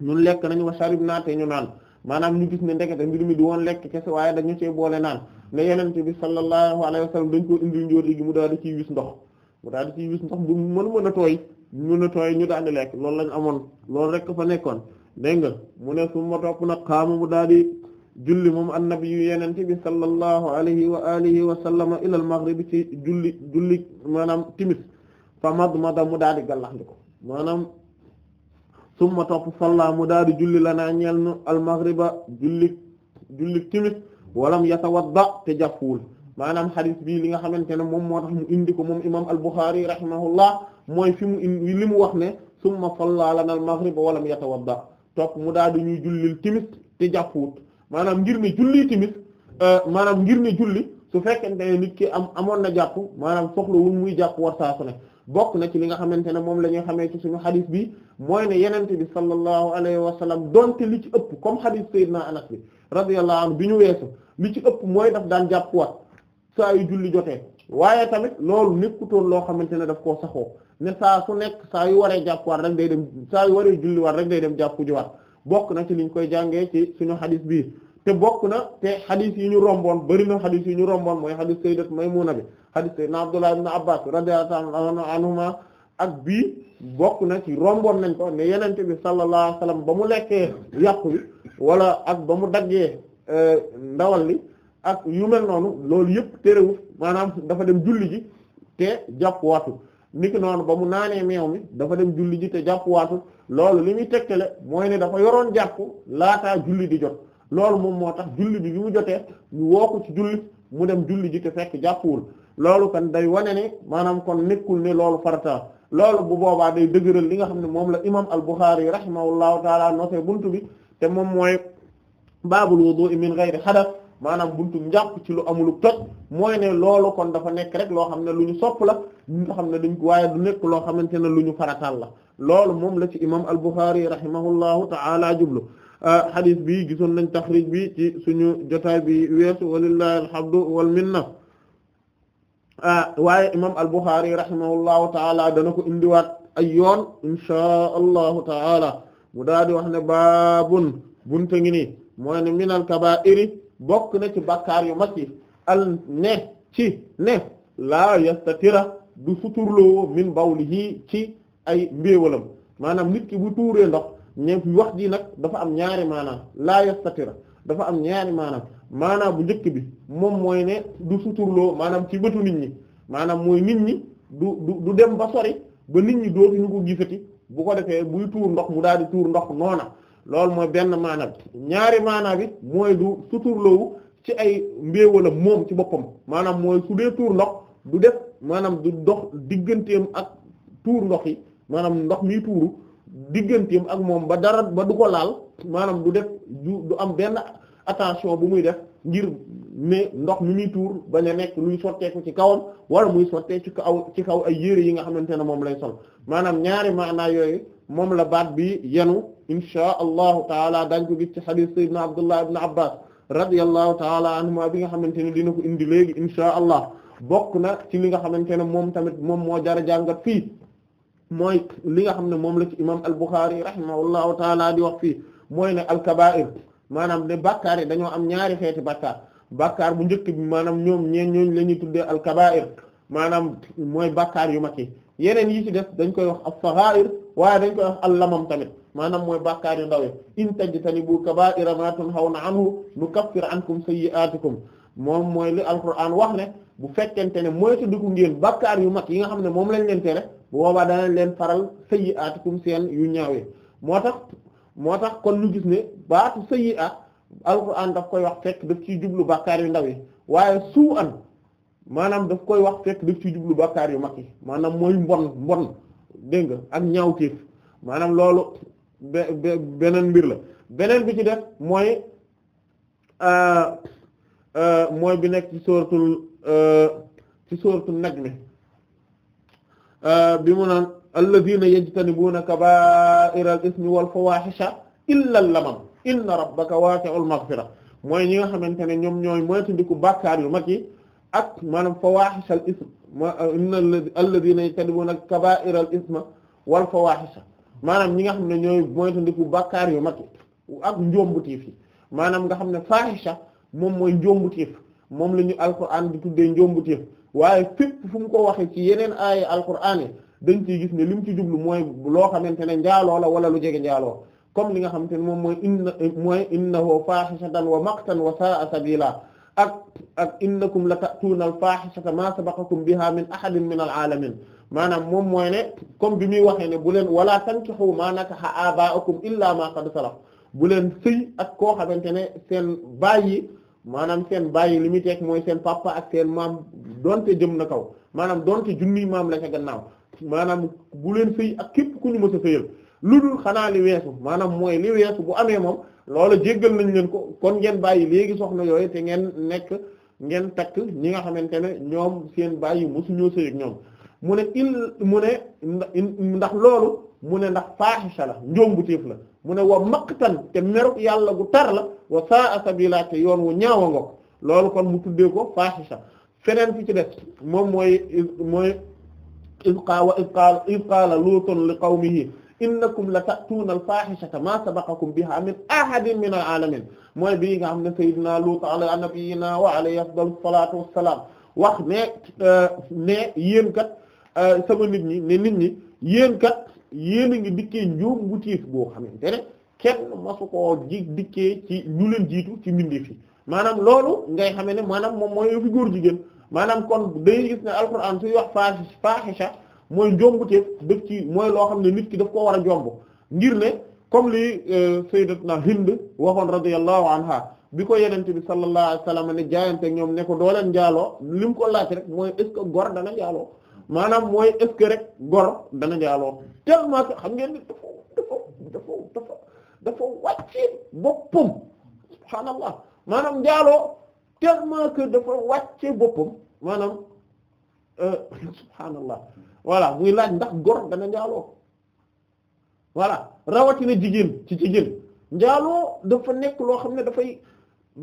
ñun lekk nañ wa sharib naa te ñu naan maanaam ñu gis ne ndekete mbir mi di woon lekk kese waaye da dañu cee boole naan ne yenente bi sallallahu alayhi wasallam dañ koo indil njóor gi mu daal di ciy wis ndox mu daal di ciy wis ndox bu mën mën a tooy mën a tooy ñu daal di lekk loolu lañu amoon loolu rek fa nekkoon dégg nga mu ne su topp nag xaamu mu daal di julli moom annabi yu yenente bi sallallahu alayhi wa alihi wa sallama ila al maghrib ci julli julli maanaam timis fa mada mu daadi gàllaxndiko maanaam summa topp salla mu daadi julli lanaa ñeel nu al maghriba julli julli timis walam yatawadda te jàppuwul maanaam xadis bii li nga xamante ne moom mu indi ko moom imam al-Bukhari rahimahullah mooy fi mu indi li mu wax ne summa salla lana al maghrib walam yatawadda topp mu daadi ñuy jullil timis te jàppuwut maanaam ngir ne julli timis euh, maanaam ngir ne julli su fekkente ne nit ki am amoon na jàpp maanaam soxlawul muy jàpp war saa su ne bokk na ci li nga xamante ne moom la ñuy xamee ci suñu xadis bi mooy ne yenente bi sallallahu alayhi wa sallam donte li ci ëpp comme xadis Seydina Anas bi radiyallahu anhu bi ñu weesu li ci ëpp mooy daf daan jàpp wat saa yu julli jotee waaye tamit loolu nekkutoon loo xamante ne daf koo saxoo ne saa su nekk saa yu waree jàpp waat rek day dem saa yu waree julli waat rek day dem jàpp ji waat bokk na ci liñ koy jàngee ci suñu xadis bi te bokk na te xadis yi ñu romboon bari na xadis yi ñu romboon mooy xadis sayyidat Maymuna bi xadis sayyidna Abdullah ibn Abbas radiyallahu anhuma ak bii bokk na ci romboon nañ ko ne yenente bi sallallahu alayhi ba mu lekkee yàqu wala ak ba mu daggee euh, ndawal li ak yu mel noonu loolu yëpp terewuf maanaam dafa dem julli ji te jàpp watu niki noonu ba mu naanee meew mi dafa dem julli ji te jàpp waatul loolu li muy tegtale mooy ne dafa yoroon jàpp laataa julli di jot loolu moom moo tax julli bi bi mu jotee ñu woo ci julli mu dem julli ji te fekk jàppuwul loolu kan day wane ne maanaam kon nekkul ne loolu farata loolu bu boobaa day dëgëral li nga xam ne moom la imam al-Bukhari rahimahullahu taala noosey buntu bi te moom mooy baabul wudu'i min ghayri hadath maanaam buntu njàpp ci lu amulu toj mooy loolu kon dafa nekk rek loo xam ne lu ñu sopp la nga xam ne dañ ko waaye du nekk loo xamante ne lu ñu farataal la loolu moom la ci imam al-Bukhari rahimahullahu ta'ala jublu euh, hadith bi gisoon nañ taxrij bi suñu jotaay bi weesu walillahi alhamdu wal minna euh, waaye imam al-Bukhari rahimahullahu ta'ala dana ko indiwaat ay yoon inshaa ta'ala mu daal di wax ne baabun bunte ngi nii mooy minal kabaa'iri bokk na ci bàkkaar yu mag yi al ne ci ne laa yastatira du suturloo min bawlihi ci ay mbéewalam maanaam nit ki bu tuuree ndox ñe wax ji nag dafa am ñaari maanaam laa yastatira am ñaari maanaam maanaam bu njëkk bi moom mooy ne du suturloo maanaam ci bëtu nit ñi maanaam mooy nit ñi du du du dem ba sori ba nit ñi dootuñu ko gisati bu ko defee buy tuur ndox mu daal di tuur ndox noona loolu mooy benn maana bi ñaari maana bi mooy du suturloowu ci ay mbéewalam moom ci boppam maanaam mooy su dee tuur ndox du def maanaam du dox digganteem ak tuur ndox yi maanaam ndox mi tuuru digganteem ak moom ba dara ba du ko laal maanaam du def du du am benn attention bu muy def ngir ne ndox mi muy tuur bañ a nekk luy sotteeku ci kawam wala muy sottee ci kaw ci kaw ay yére yi nga xamante ne moom lay sol maanaam ñaari maanaa yooyu moom la baat bi yenu insha allahu taala dañ ko gis ci xadis sayyidina abdullah ibn abbas radiyallahu taala anhuma bi nga xamante ne dina ko indi léegi insha allah bokk na ci li nga xamante ne moom tamit moom moo jara jàngat fi mooy li nga xam ne moom la ci imam al-Bukhari ta taala di wax fii mooy ne al-kaba'ir maanaam ne bàkkaar yi dañoo am ñaari xeeti bàkkaar bàkkaar bu njëkk bi maanaam ñoom ñeen ñooñ la ñuy tuddee al maanaam mooy bàkkaar yu mag yi yeneen yi ci def dañ koy wax as-sagha'ir waaye tamit maanaam mooy bàkkaar yu ndaw in tajtanibu kabaa'ira maa tunhawna anhu nukaffir ankum sayyi'aatikum moom mooy li alquran wax ne bu fekkente ne moytu dugg ngeen bàkkaar yu mag yi nga xam ne moom lañ leen tere bu boobaa danañ leen faral sayyi'aatikum seen yu ñaawee moo tax moo tax kon lu gis ne baatu sayyi'aat alquran daf koy wax fekk daf ciy jublu bàkkaar yu ndaw yi waaye suu an maanaam koy wax fekk daf ciy jublu bàkkaar yu mag yi maanaam mooy mbon mbon dégg nga ak ñaawteef maanaam loolu beneen mbir la beneen bi ci def mooy euh, euh, mooy bi nekk ci sóoratul euh, ci sóoratul najm bi mu naan alladhina yajtanibuna kaba'ira al-ithmi wal fawahisha illa al-lamam inna rabbaka wasi'ul maghfira mooy ñi nga xamante ne ñoom ñooy moytandiku bàkkaar yu mag yi ak maanaam fawahisha al-ithm inna alladhina yajtanibuna kaba'ira al-ithma wal fawahisha maanaam ñi nga xam ne ñooy moytandiku bàkkaar yu mag ak njombutiif yi maanaam nga xam ne faahisha moom mooy njombutiif moom la ñu alquran di tuddee njombutiif waaye fépp fu mu ko waxee ci yeneen aaya alquran yi dañ ciy gis ne li mu ci jublu mooy loo xamante ne njaaloo la wala lu jege njaaloo comme li nga xamante ne moom mooy inna mooy innahu faahishatan wa maqtan wa saa'a sabila ak ak innakum la ta'tuuna al faahishata ma sabaqakum biha min ahadin min al alamin maanaam moom mooy ne comme bi muy waxee ne bu leen wala tankihu ma nakaha aba'ukum illa ma qad salaf bu leen sëy ak koo xamante ne seen baay maanaam seen baay li muy teg mooy seen papa ak donte jëm na kaw maanaam donte junniy maam la gannaaw maanaam bu leen sëy ak képp ku ñu mës a sëyal lu dul xanaa li weesu maanaam mooy li bu amee moom loolu jéggal nañu leen ko kon ngeen bàyyi léegi soxna yooyu te ngeen nekk ngeen takk ñi nga xamante ne ñoom seen baay yi mësuñoo ñoom mu ne il mu ne ndax loolu mu ne ndax faaxisa la njombutéef la mu ne wa maqtan te meruk yàlla gu tar la wa saa sabila te yoon wu ñaawa nga ko loolu kon mu tuddee ko faaxisa feneen fi ci def moom mooy mooy isqa wa isqa isqala luutun li qawmihi innakum la ta'tuuna al-faahishata maa sabaqakum bihaa min ahadin min al-'aalamiin mooy bii nga xam ne sayyidinaa Luut alaa nabiyyinaa wa alayhi afdalu salaatu wassalaam wax ne euh, ne yéen kat Euh, sama nit ñi ne nit ñi yéen kat yéen a ngi dikkee njuum bu tiif boo xamante ne kenn masu koo ji dikkee ci ñu jiitu ci mbindeef yi maanaam loolu ngay xamee ne maanaam moom mooy fi góor jigéen maanaam kon day gis ne alxuraan suy wax fahish fahisha mooy njombuteef daf ci mooy loo xam ne nit ki daf ko war a jomb ngir ne comme li euh, sayyidatna Hind waxoon radiyallahu anha bi ko yenente bi sallallahu alayhi wasallam ne jaayante ñoom ne ko dooleen njaaloo li mu ko laaj rek mooy est ce que góor dana maanaam mooy est rek gor dana njaaloo tellement que xam ngeen ni dafa dafa dafa dafa dafa wàcc boppam subhaanallah maanaam njaaloo tellement que dafa wàcce boppam maanaam euh, [laughs] subhaanallah voilà muy laaj ndax gor dana njaaloo voilà rawatina jigéen ci jigéen njaaloo dafa nekk loo xam ne dafay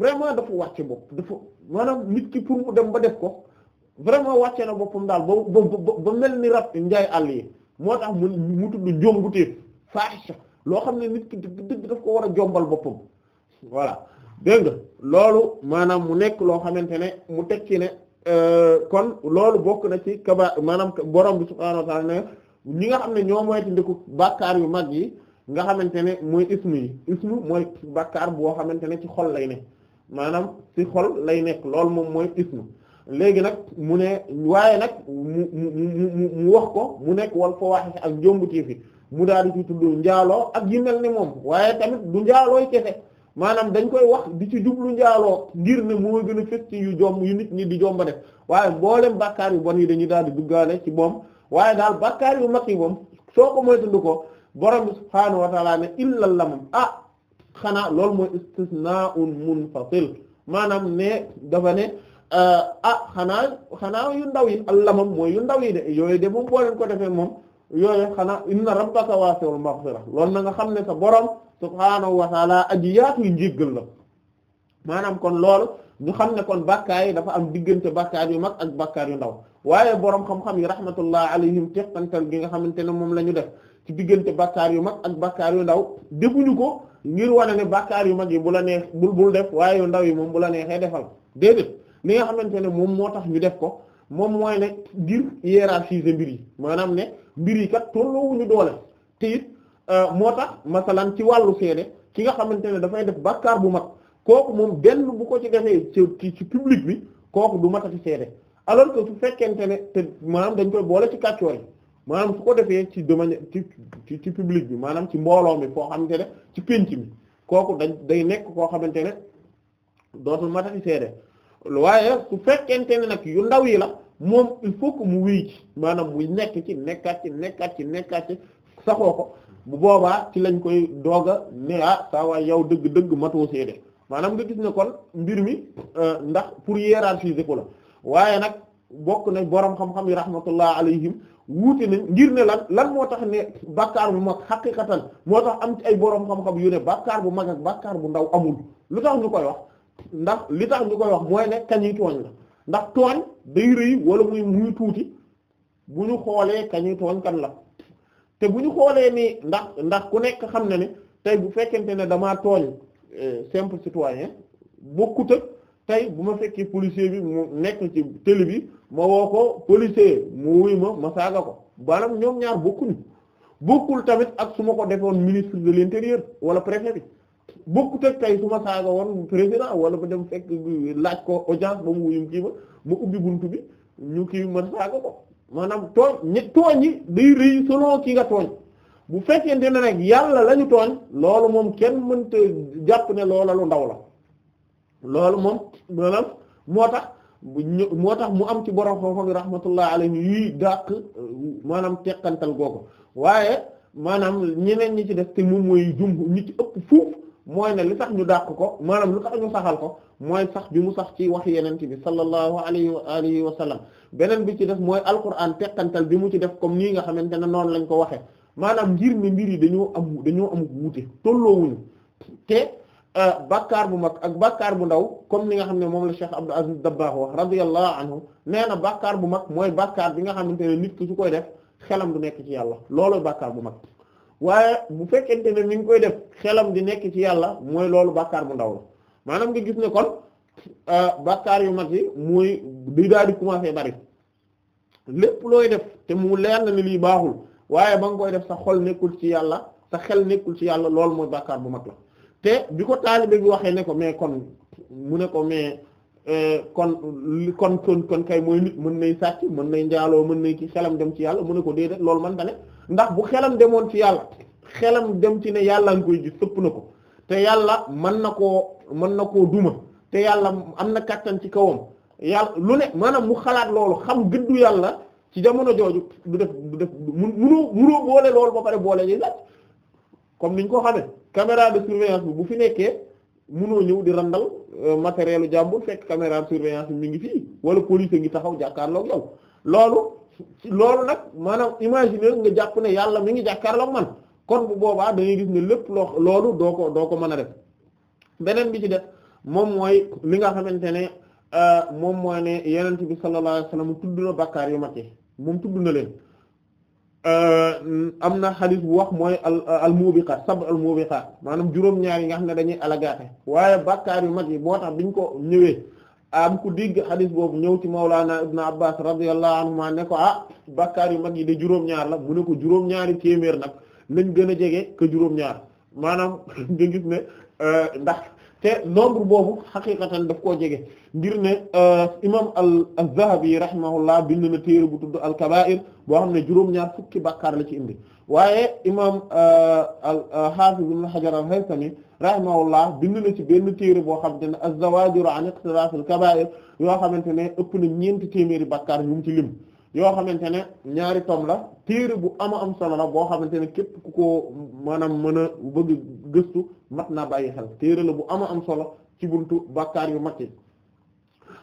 vraiment dafa wàcce bopp dafa maanaam nit ki pour mu dem ba def ko vraiment wàcce na boppam daal ba ba ba mel ni rab njaay àll yi moo tax mu mu tudd njombuteef faaxisa loo xam ne nit ki dëgg dëgg daf ko war a jombal boppam voilà dégg loolu maanaam mu nekk loo xamante ne mu tekki ne euh, kon loolu bokk na ci kaba maanaam borom bi subhaanahu wa ta'ala ne ñi nga xam ne ñoo moytandiku bàkkaar yu mag yi nga xamante ne mooy ismu yi ismu mooy bàkkaar boo xamante ne ci xol lay ne maanaam ci xol lay nekk loolu moom mooy ismu léegi nag mu ne waaye nag mu mu mu wax ko mu nekk wal fawaahish ak njombutéef yi mu daal di ci tudd njaaloo ak yi mel ni moom waaye tamit du njaalooy kese maanaam dañ koy wax di ci jublu njaaloo ngir ne mu gën a fës yu jomb yu nit ñi di jomba def waaye mboolem bàkkaar yu bon yi dañuy daal di duggaale ci moom waaye daal bakkaar yu mag yi moom soo ko moytandu ko borom bi subhaanahu ne illal la moom ah xanaa loolu mooy istisnaa'un munfasil maanaam ne dafa ne Euh, ah xanaa xanaa yu ndaw yi allamam mooy yu ndaw yi de yooyu de moom boo leen ko defee moom yooyu xanaa na inna rabbaka wasi'ul maghfira loolu na nga xam ne sa borom subhaanahu wa ta'ala aji yaatuy njéggal la maanaam kon lool ñu xam ne kon bàkkaar yi dafa am diggante bàkkaar yu mag ak bàkkaar yu ndaw waaye boroom xam-xam yi rahmatullah alayhim teqantal gi nga xamante ne moom la ñu def ci diggante bàkkaar yu mag ak bàkkaar yu ndaw defuñu ko ngir wane ne bàkkaar yu mag yi bu la neex bul bul def waaye yu ndaw yi moom bu la neexee defal déedéet li nga xamante ne moom moo tax ñu def ko moom mooy ne ngir hiérarchiser mbir yi maanaam ne mbir yi kat doole te it euh, moo tax masalan ci wàllu seede ki nga xamante ne dafay def bàkkaar bu mag kooku moom benn bu ko ci defee ci ci public bi kooku du matati seede alors que fekkente ne te maanaam dañ koy boole ci kàccoor yi maanaam su ko defee ci demande ci ci public bi maanaam ci mbooloo mi foo xamante ne ci pénc mi kooku dañ day nekk koo xamante ne dootul matati seede waaye su fekkente ne nag yu ndaw yi la moom il faut que mu wéy ci maanaam muy nekk ci nekkaat ci nekkaat ci nekkaat ci saxoo ko bu boobaa ci lañ koy doog a ne ah saa waay yow dëgg-dëgg matoo seede maanaam nga gis ne kon mbir mi euh, ndax pour hiérarchiser ko la waaye nag bokk na borom xam-xam yi rahmatullah alayhim wuute nañ ngir ne lan lan moo tax ne bàkkaar bu mag xaqiqatan moo tax am ay borom xam-xam yu ne bàkkaar bu mag ak bàkkaar bu ndaw amul lu tax ñu koy wax ndax li tax ñu koy wax mooy ne kañuy tooñ la ndax tooñ day rëy wala muy muy tuuti bu ñu xoolee kañuy tooñ kan la te bu ñu xoolee nii ndax ndax ku nekk xam na ni tey bu fekkente ne damaa tooñ euh, simple citoyen bokkut ak tey bu ma fekkee policier bi mu nekk ci télé bi ma woo ko policier mu ma ma saaga ko maanaam ñoom ñaar bokkuñu bokkul tamit ak su ma ko defoon ministre de l'intérieur wala préfet bi bokkut ak tey su ma saaga woon président wala ba dem fekk laaj ko audience ba mu wuyum kii ma ma ubbi buntu bi ñu kii ma saaga ko maanaam tooñ ñi tooñ yi day rëy selon ki nga tooñ bu fekkente ne nag yàlla lañu ñu tooñ loolu moom kenn mënta jàpp ne loola lu ndaw la loolu moom maanaam moo tax moo tax mu am ci borom xam-xam yi rahmatullah alayhi yuy dàq maanaam teqantal googu waaye maanaam ñeneen ñi ci def te moom mooy jum ñi ci ëpp fuuf mooy na li tax ñu dàq ko maanaam lu tax ñu saxal ko mooy sax bi mu sax ci wax yenente bi sallallahu alayhi wa alihi wa sallam beneen bi ci def mooy alquran teqantal bi mu ci def comme nii nga xamante ne noonu lañ ko waxee maanaam ngir ne mbir yi dañoo am dañoo am wuute tolloowuñu te euh, bàkkaar bu mag ak bàkkaar bu ndaw comme ni nga xam ne moom la Cheikh Abdou Aziz Dabakh wax radiyallahu anhu nee na bàkkaar bu mag mooy bàkkaar bi nga xamante ne nit ki su koy def xelam du nekk ci yàlla loolu bàkkaar bu mag waaye bu fekkente ne mi ngi koy def xelam di nekk ci yàlla mooy loolu bàkkaar bu ndaw la maanaam nga gis ne kon euh, bàkkaar yu mag yi mooy di daal di commencer bari lépp looy def te mu leer na ni lii baaxul waaye ba nga koy def sa xol nekkul ci yàlla sa xel nekkul ci yàlla loolu mooy bàkkaar bu mag la te bi ko taalibe bi waxee ne ko mais kon mu ne ko mais euh, kon kon kon kon kay mooy nit mën nay sàcc mën nay njaaloo mën nay ci xelam dem ci yàlla mu ne ko déedéet loolu man da ne ndax bu xelam demoon ci yàlla xelam dem ci ne yàlla nga koy gis sëpp na ko te yàlla mën na ko mën na ko duma te yàlla am na kàttan ci kawam yàlla lu ne maanaam mu xalaat loolu xam gëddu yàlla ci jamono jooju du def du def munoo munoo boole loolu ba pare boole ñuy laaj comme niñ ko xamee caméra de surveillance bi bu fi nekkee munoo ñëw di randal euh, matériel u jàmbur fekk caméra de surveillance bi mi ngi fii wala police ngi taxaw jàkkaarloog yow loolu loolu nag maanaam imaginer nga jàpp ne yàlla mi ngi jàkkaarloog man kon bu boobaa da ngay gis ne lépp loo loolu doo ko doo ko mën a def beneen bi ci def moom mooy li nga xamante ne euh, moom mooy ne yenent bi sallallahu alayhi wasallam tudd bakkaar yu mag yi moom na leen euh, am na xadis bu wax mooy al euh, al mubiqat sab al mubiqat maanaam juróom yi nga xam ne dañuy alagaate waaye bakkaar yu mag yi moo tax biñ ko ñëwee am ku dégg xadis boobu ñëw ci Mawlana Ibn Abbas radiyallahu anhuma ne ko ah bakkaar yu mag yi de juróom-ñaar la mu ne ko juróom-ñaari téeméer nag lañ gën a jege que juróom-ñaar maanaam [laughs] nga gis ne euh, ndax te nombre boobu xaqiqatan daf koo jege ngir ne euh, imam al az-Zahabi rahimahullah bind na téere bu tudd al-Kaba'ir boo xam ne juróom-ñaar fukki bakkaar la ci indi waaye imam euh, al Hafiz Hajar al-Haythami rahimahullah bind na ci benn téere boo xamante ne az-Zawajir an Iqtiraf al-Kaba'ir yoo xamante ne ëpp na ñeenti téeméeri bakkaar yu mu ci lim yoo xamante ne ñaari tom la téere bu ama am solo la boo xamante ne képp ku ko maanaam mën a bëgg gëstu mat naa bàyyi xel téere la bu ama am solo ci buntu bakkaar yu mag yi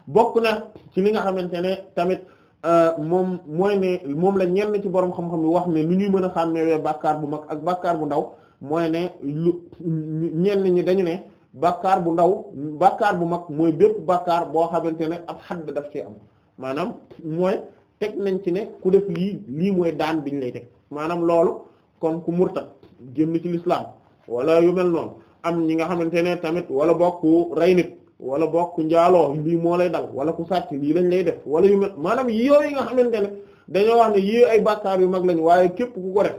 bokk na ci li nga xamante ne tamit euh, moom mooy ne moom la ñenn ci borom xam-xam yi wax ne lu ñuy mën a xàmmee bakkaar bu mag ak bakkaar bu ndaw mooy ne lu ñenn ñi dañu ne bàkkaar bu ndaw bàkkaar bu mag mooy bépp bàkkaar boo xamante ne ab xadd daf ci am maanaam mooy teg nañ ci ne ku def lii lii mooy daan biñ lay teg maanaam loolu kon ku murtad génn ci lislaam wala yu mel noon am ñi nga xamante ne tamit wala bokk rey nit wala bokk njaaloo lii moo lay dal wala ku sàcc lii lañ lay def wala yu mel maanaam yii yooyu nga xamante dañoo wax ne yii ay bàkkaar yu mag lañ waaye képp ku ko def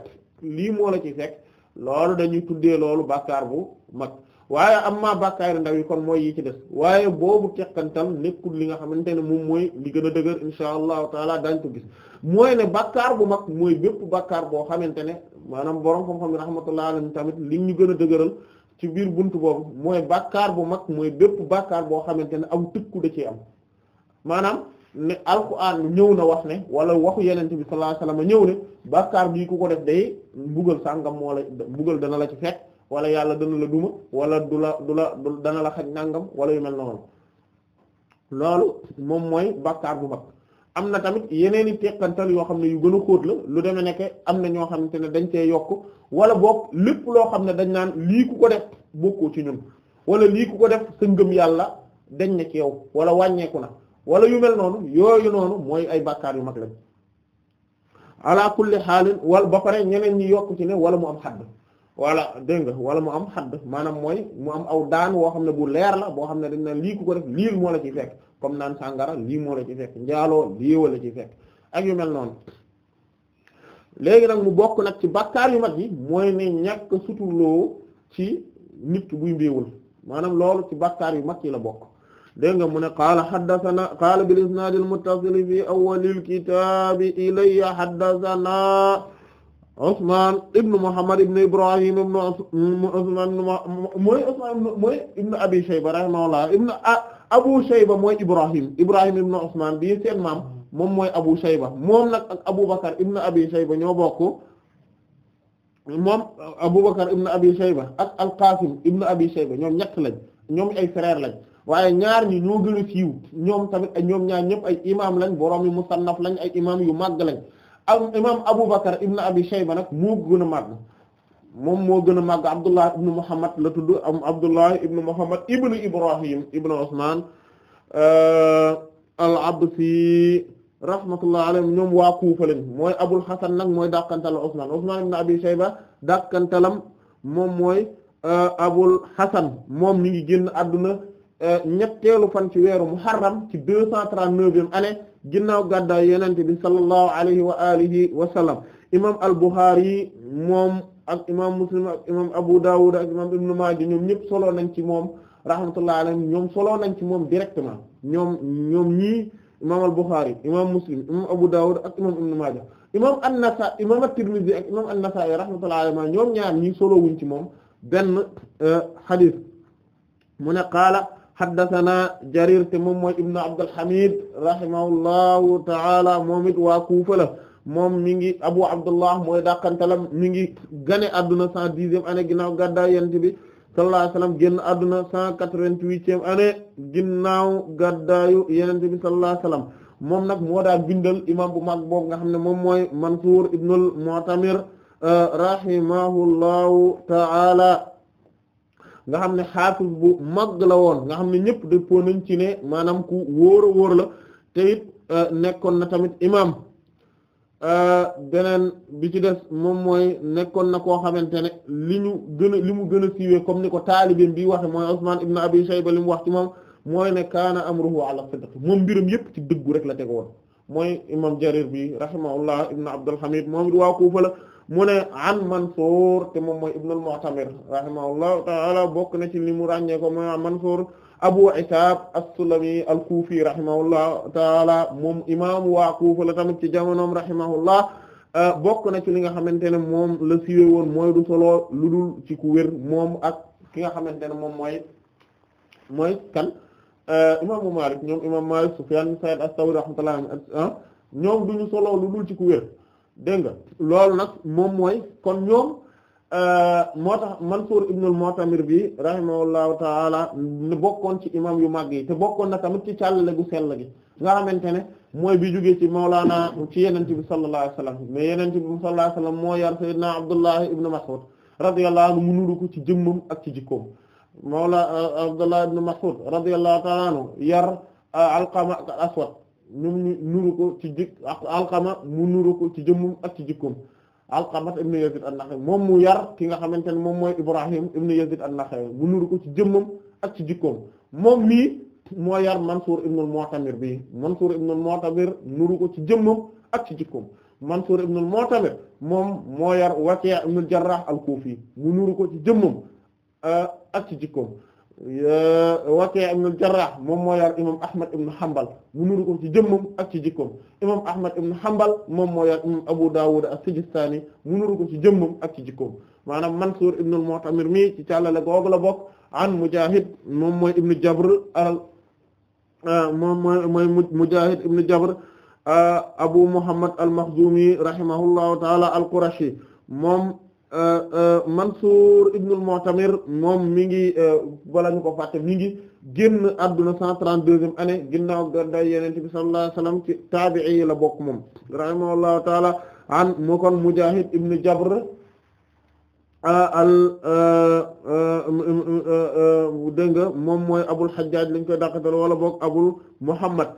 lii moo la ci fekk loolu dañuy tuddee loolu bàkkaar bu mag waaye am ma bàkkaari ndaw yi kon mooy yi ci des waaye boobu teqantal nekkul li nga xamante ne moom mooy li gën a dëgër insha allahu taala dañ ko gis mooy ne bàkkaar bu mag mooy bépp bàkkaar boo xamante ne maanaam borom xam-xam rahmatullah alayhi tamit li ñu gën a dëgëral ci biir bunt boobu mooy bàkkaar bu mag mooy bépp bàkkaar boo xamante ne aw tëkku da cee am maanaam ne aan ñëw na wax ne wala waxu yenente bi sallallahu alayhi wasallam ñëw ne bàkkaar bii ku ko def day mbugal sàngam moo la mbugal dana la ci fekk wala yàlla dana la duma wala du la du la dana la xaj nàngam wala yu mel noonu loolu moom mooy bàkkaar bu mag am na tamit yeneen i teqantal yoo xam ne yu gën a xóot la lu demee ne am na ñoo xamante ne dañ see yokk wala boog lépp loo xam ne dañ naan lii ku ko def bokkoo ci ñun wala lii ku ko def sa ngëm yàlla dañ na ci yow wala wàññeeku na wala yu mel noonu yooyu noonu mooy ay bàkkaar yu mag lañ ala kulli xaalin wala ba pare ñeneen ñi yokk ci ne wala mu am xadd wala dégg nga wala mu am xadd maanaam mooy mu am aw daan woo xam ne bu leer la boo xam ne dañ naan lii ku ko def lii moo la ci fekk comme naan sàngara lii moo la ci fekk njaaloo lii wala ci fekk ak yu mel noonu léegi nag mu bokk nag ci bàkkaar yu mag yi mooy ne ñàkk suturloo ci nit buy mbiiwul maanaam loolu ci bàkkaar yu mag yi la bokk dégg nga mu ne qaala haddathana qaala bil fi awwalil kitaabi ilayya haddathana Ousmane ibn Muhammad ibn Ibrahim ibn Abu Shayba mooy Ibrahim Ibrahim ibn moom mooy Abu Shayba moom nag ak Abu Bakar ibn Abi Abu Bakar ibn ibn Abi Shayba ñoom ñett lañ ñoom ay frère lañ. waaye ñaar ñi ñoo gën a siiw ñoom tamit a ñoom ñaar ñoom ay imam lañ borom yi musannaf lañ ay imam yu màgg lañ am imam Abu Bakr ibn Abi Shayba nag moo gën a màgg moom moo gën a màgg ibn Muhammad la tudd am Abdullah ibn Muhammad ibn Ibrahim ibn Usman euh, al-Absi rahmatullah alayhim ñoom waa Kufa lañ mooy Abul nag mooy dàkkantalam Usman Usman ibn Abi Shayba dàkkantalam moom mooy euh, Abul Hasan moom mi ngi génn Euh, ñetteelu fan ci weeru muharram ci deux cent trente-neuvième année ginnaaw gàddaay yenente bi sallallahu alayhi wa alihi wa sallam imam al-Bukhari moom ak imam Muslim ak imam Abu Dawud ak imam Ibn Maaja ñoom ñëpp solo nañ ci moom rahmatullahi alayhim ñoom solo nañ ci moom directement ñoom ñoom ñii imam al-Bukhari imam Muslim imam Abu Dawud ak imam Ibn Maaja imam an-Nasa'i imam at-Tirmidhi ak imam an-Nasa'i rahmatullahi alayhim ñoom ñaar ñii solo wuñ ci moom ben euh, hadith mu qaala haddathana jarir te moom mooy ibnu abdulhamid rahimahullahu taala moom it waa moom mi ngi abu abdullah mooy dàqantalam mi ngi gane adduna cent dixième année ginnaaw gàddaay yonent bi sallallahu alayhi wasallam génn adduna cent quatre-vingt-huitième année ginnaaw gàddaayu yonent bi sallallahu alayhi wasallam moom nag moo bindal imam bu mag boobu nga xam ne moom mooy Mansuur ibnul Mu'tamir rahimahullahu taala nga xam ne xaafis bu mag la woon nga xam ne ñëpp dëppoo nañ ci ne maanaam ku wóor wóor la te it euh, nekkoon na tamit imaam euh, beneen bi ci des moom mooy nekkoon na koo xamante ne li ñu gën li mu gën a siiwee comme ni ko taalibeem bi waxe mooy Usmaan ibn Abi Shayba li mu wax ci moom mooy ne kaana amruhu ala sidq moom mbiram yépp ci dëggu rek la teg mooy imam Jarir bi rahimahullah ibn Abdul Hamid moom it waa Kuufa mune an Mansuur te moom mooy ibn al-Mu'tamir bokk na ci li mu ràññee ko mooy Mansuur Abu Isaaq as-Sulami al-Kufi rahimahullahu ta'ala moom imaam waa Kufa la tamit ci jamonoom rahimahullah euh, bokk na ci li nga xamante ne moom la siiwee woon mooy du solo lu dul ci ku moom ak ki nga xamante ne moom mooy mooy kan euh, imaamu Maalik ñoom imaam Maalik Sufyaan Sa'iid as-Sawri rahimahullah ah, ñoom du ñu solo lu dul ci ku dégg nga loolu nag moom mooy kon ñoom euh, moo tax Mansuur ibnul Mu'tamir bi rahimahullahu taala bokkoon ci imam yu màgg te bokkoon na tamit ci càllale gu sell gi nga xamante ne mooy bi jugee ci Mawlaana ci Yonent bi sallallahu alayhi wa sallam mais Yonent bi sallallahu alayhi wa sallam moo yar Sayyidina Abdullah ibn Mas'ud radiyallahu anhu mu nuru ko ci jëmmam ak ci jikkoom Mawla euh, Abdullah ibn Mas'ud radiyallahu taala anhu yar euh, Alqama ak Aswad ñoom ñu nuru ko ci jik alqama mu nuru ko ci jëmmum ak ci jikkoom alqama ibn yazid an moom mu yar ki nga xamante ne moom mooy ibrahim ibn yazid an-nakha'i mu nuru ko ci jëmmam ak ci jikkoom moom mii moo yar mansuur ibn al-mu'tamir bi mansuur ibn al-mu'tamir nuru ko ci jëmmam ak ci jikkoom mansuur ibn al-mu'tamir moom moo yar waki' ibn al-jarrah al mu nuru ko ci jëmmam euh, ak ci jikkoom Waki' ibn al moom moo imam Ahmad ibn Hanbal mu nuru ko ci jëmmam ak ci jikkoom imam Ahmad ibn Hanbal moom moo yar imam Abu Dawud as-Sijistani mu nuru ko ci jëmmam ak ci jikkoom maanaam Mansur ibn al-Mu'tamir mi ci càllale googu la bokk an Mujahid moom mooy ibn Jabr al ah, moom mooy mooy Mujahid ibn Jabr ah, Abu Muhammad al-Makhzumi rahimahullahu ta'ala al-Qurashi moom Euh, euh, Mansour ibn al moom mi ngi bala euh, ñu ko fàtte mi génn adduna cent trente-deuxième année ginnaaw gàddaay Yonent bi sallallahu alayhi wasallam ci taabi'i la bokk moom rahimahullahu taala an mu kon Mujaahid Jabr al nga moom mooy Abul Hajjaj lañ koy dàqatal wala bokk Abul Muhammad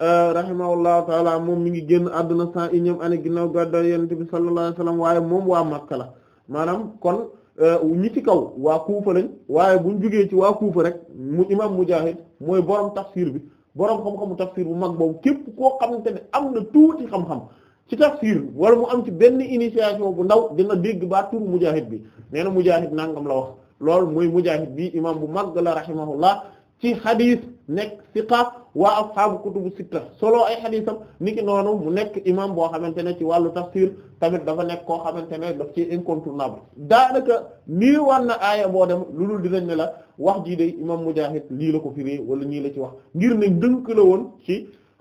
rahimahullahu taala moom mi ngi génn adduna cent unième année ginnaaw gàddaay Yonent bi sallallahu alayhi waaye moom waa Makka la maanaam kon euh, ñi ci kaw waa Kuufa lañ waaye buñ jugee ci waa Kuufa rek mu imaam Mujaahid mooy borom tafsir bi borom xam-xamu tafsir bu mag boobu képp koo xamante ne am na tuuti xam-xam ci tafsir wala mu am ci benn initiation bu ndaw dina dégg ba tur Mujaahid bi nee na Mujaahid nangam la wax loolu mooy Mujaahid bi imaam bu mag la rahimahullah ci xadis nekk siqa waa ashaabu kutubu sitta solo ay xadisam niki noonu mu nekk imam boo xamante ne ci wàllu tafsir tamit dafa nekk koo xamante ne daf ci incontournable daanaka nii war na aaya boo lu dul dinañ ne la wax jii day imam Mujaahid lii la ko firi wala ñii la ci wax ngir ne ndënk la woon ci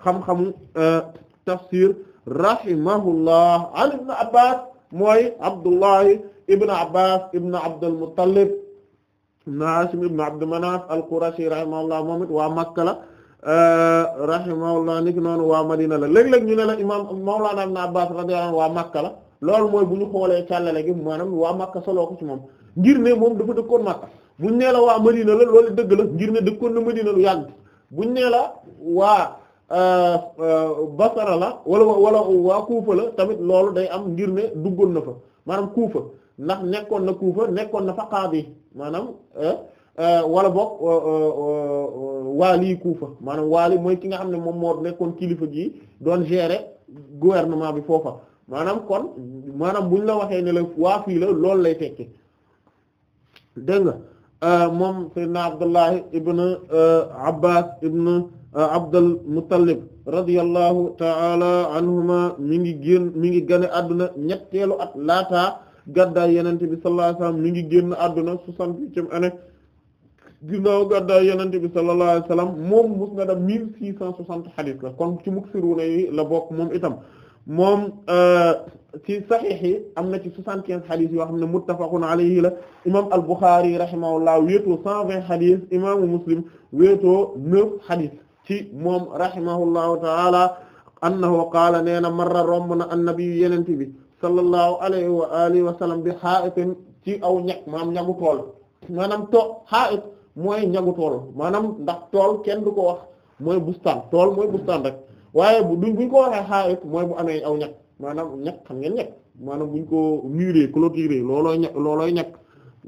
xam-xamu euh, tafsir rahimahullah an ibn Abbas mooy Abdullahi ibn Abbas ibn Abdul Muttalib ibn Hashim ibn Abd Manaf al-Qurashi rahimahullah moom it waa Makka la euh, rahimahullah niki noonu waa Madina la léeg-léeg ñu ne la imaam Mawlana ibn Abbas radiyallahu anhu waa Makka la loolu mooy bu ñu xoolee càllale gi maanaam waa Makka soloo ko ci moom ngir ne moom dafa dëkkoon Makka buñ nee la waa Madina la loolu dëgg la ngir ne dëkkoon na Madina lu yàgg buñ nee la waa euh, euh, Basra la wala wala waa Kuufa la tamit loolu day am ngir ne duggoon na fa maanaam Kuufa ndax nekkoon na Kufa nekkoon na fa qaadi maanaam eh, eh, wala boog eh, waali Kufa maanaam waali mooy ki nga xam ne moom moo nekkoon kilifa gi doon gérer gouvernement bi foofa maanaam kon maanaam ñu la waxee ne la waa fii loolu lay tekki dégg nga moom sayyidina Abdullahi ibn Abbas ibn Abdul Muttalib radiyallahu ta'ala anhuma mi ngi génn mi ngi gane àdduna ñetteelu at laataa gàddaay yenente bi sallallahu alayhi wasallam mi ngi génn àdduna soixante-huitième année ginnaaw gàddaay yenente bi sallallahu alayhi wasallam moom musnadam mille six cent soixante hadith la kon ci muksiruna yi la bokk moom itam moom euh, ci saxiix am na ci soixante-quinze xadis yoo xam ne muttafaqun alayhi la imam al-Bukhari rahimahullah wéetoo cent vingt xadis imaamu Muslim wéetoo neuf xadis ci moom rahimahullahu taala annahu qaala nee na marra romb na annabi yenente bi sallallahu alayhi wa alihi wa sallam bi xaa'itin ci aw ñag maanaam ñagu tool maanaam to xaa'it mooy ñagu tool maanaam ndax tool kenn du ko wax mooy bustaan tool mooy bustaan rek waaye bu duñ buñ ko waxee xaa'it mooy bu amee aw ñag maanaam ñag xam ngeen ñag maanaam buñ ko muré clôturé loolooy ñag loolooy ñag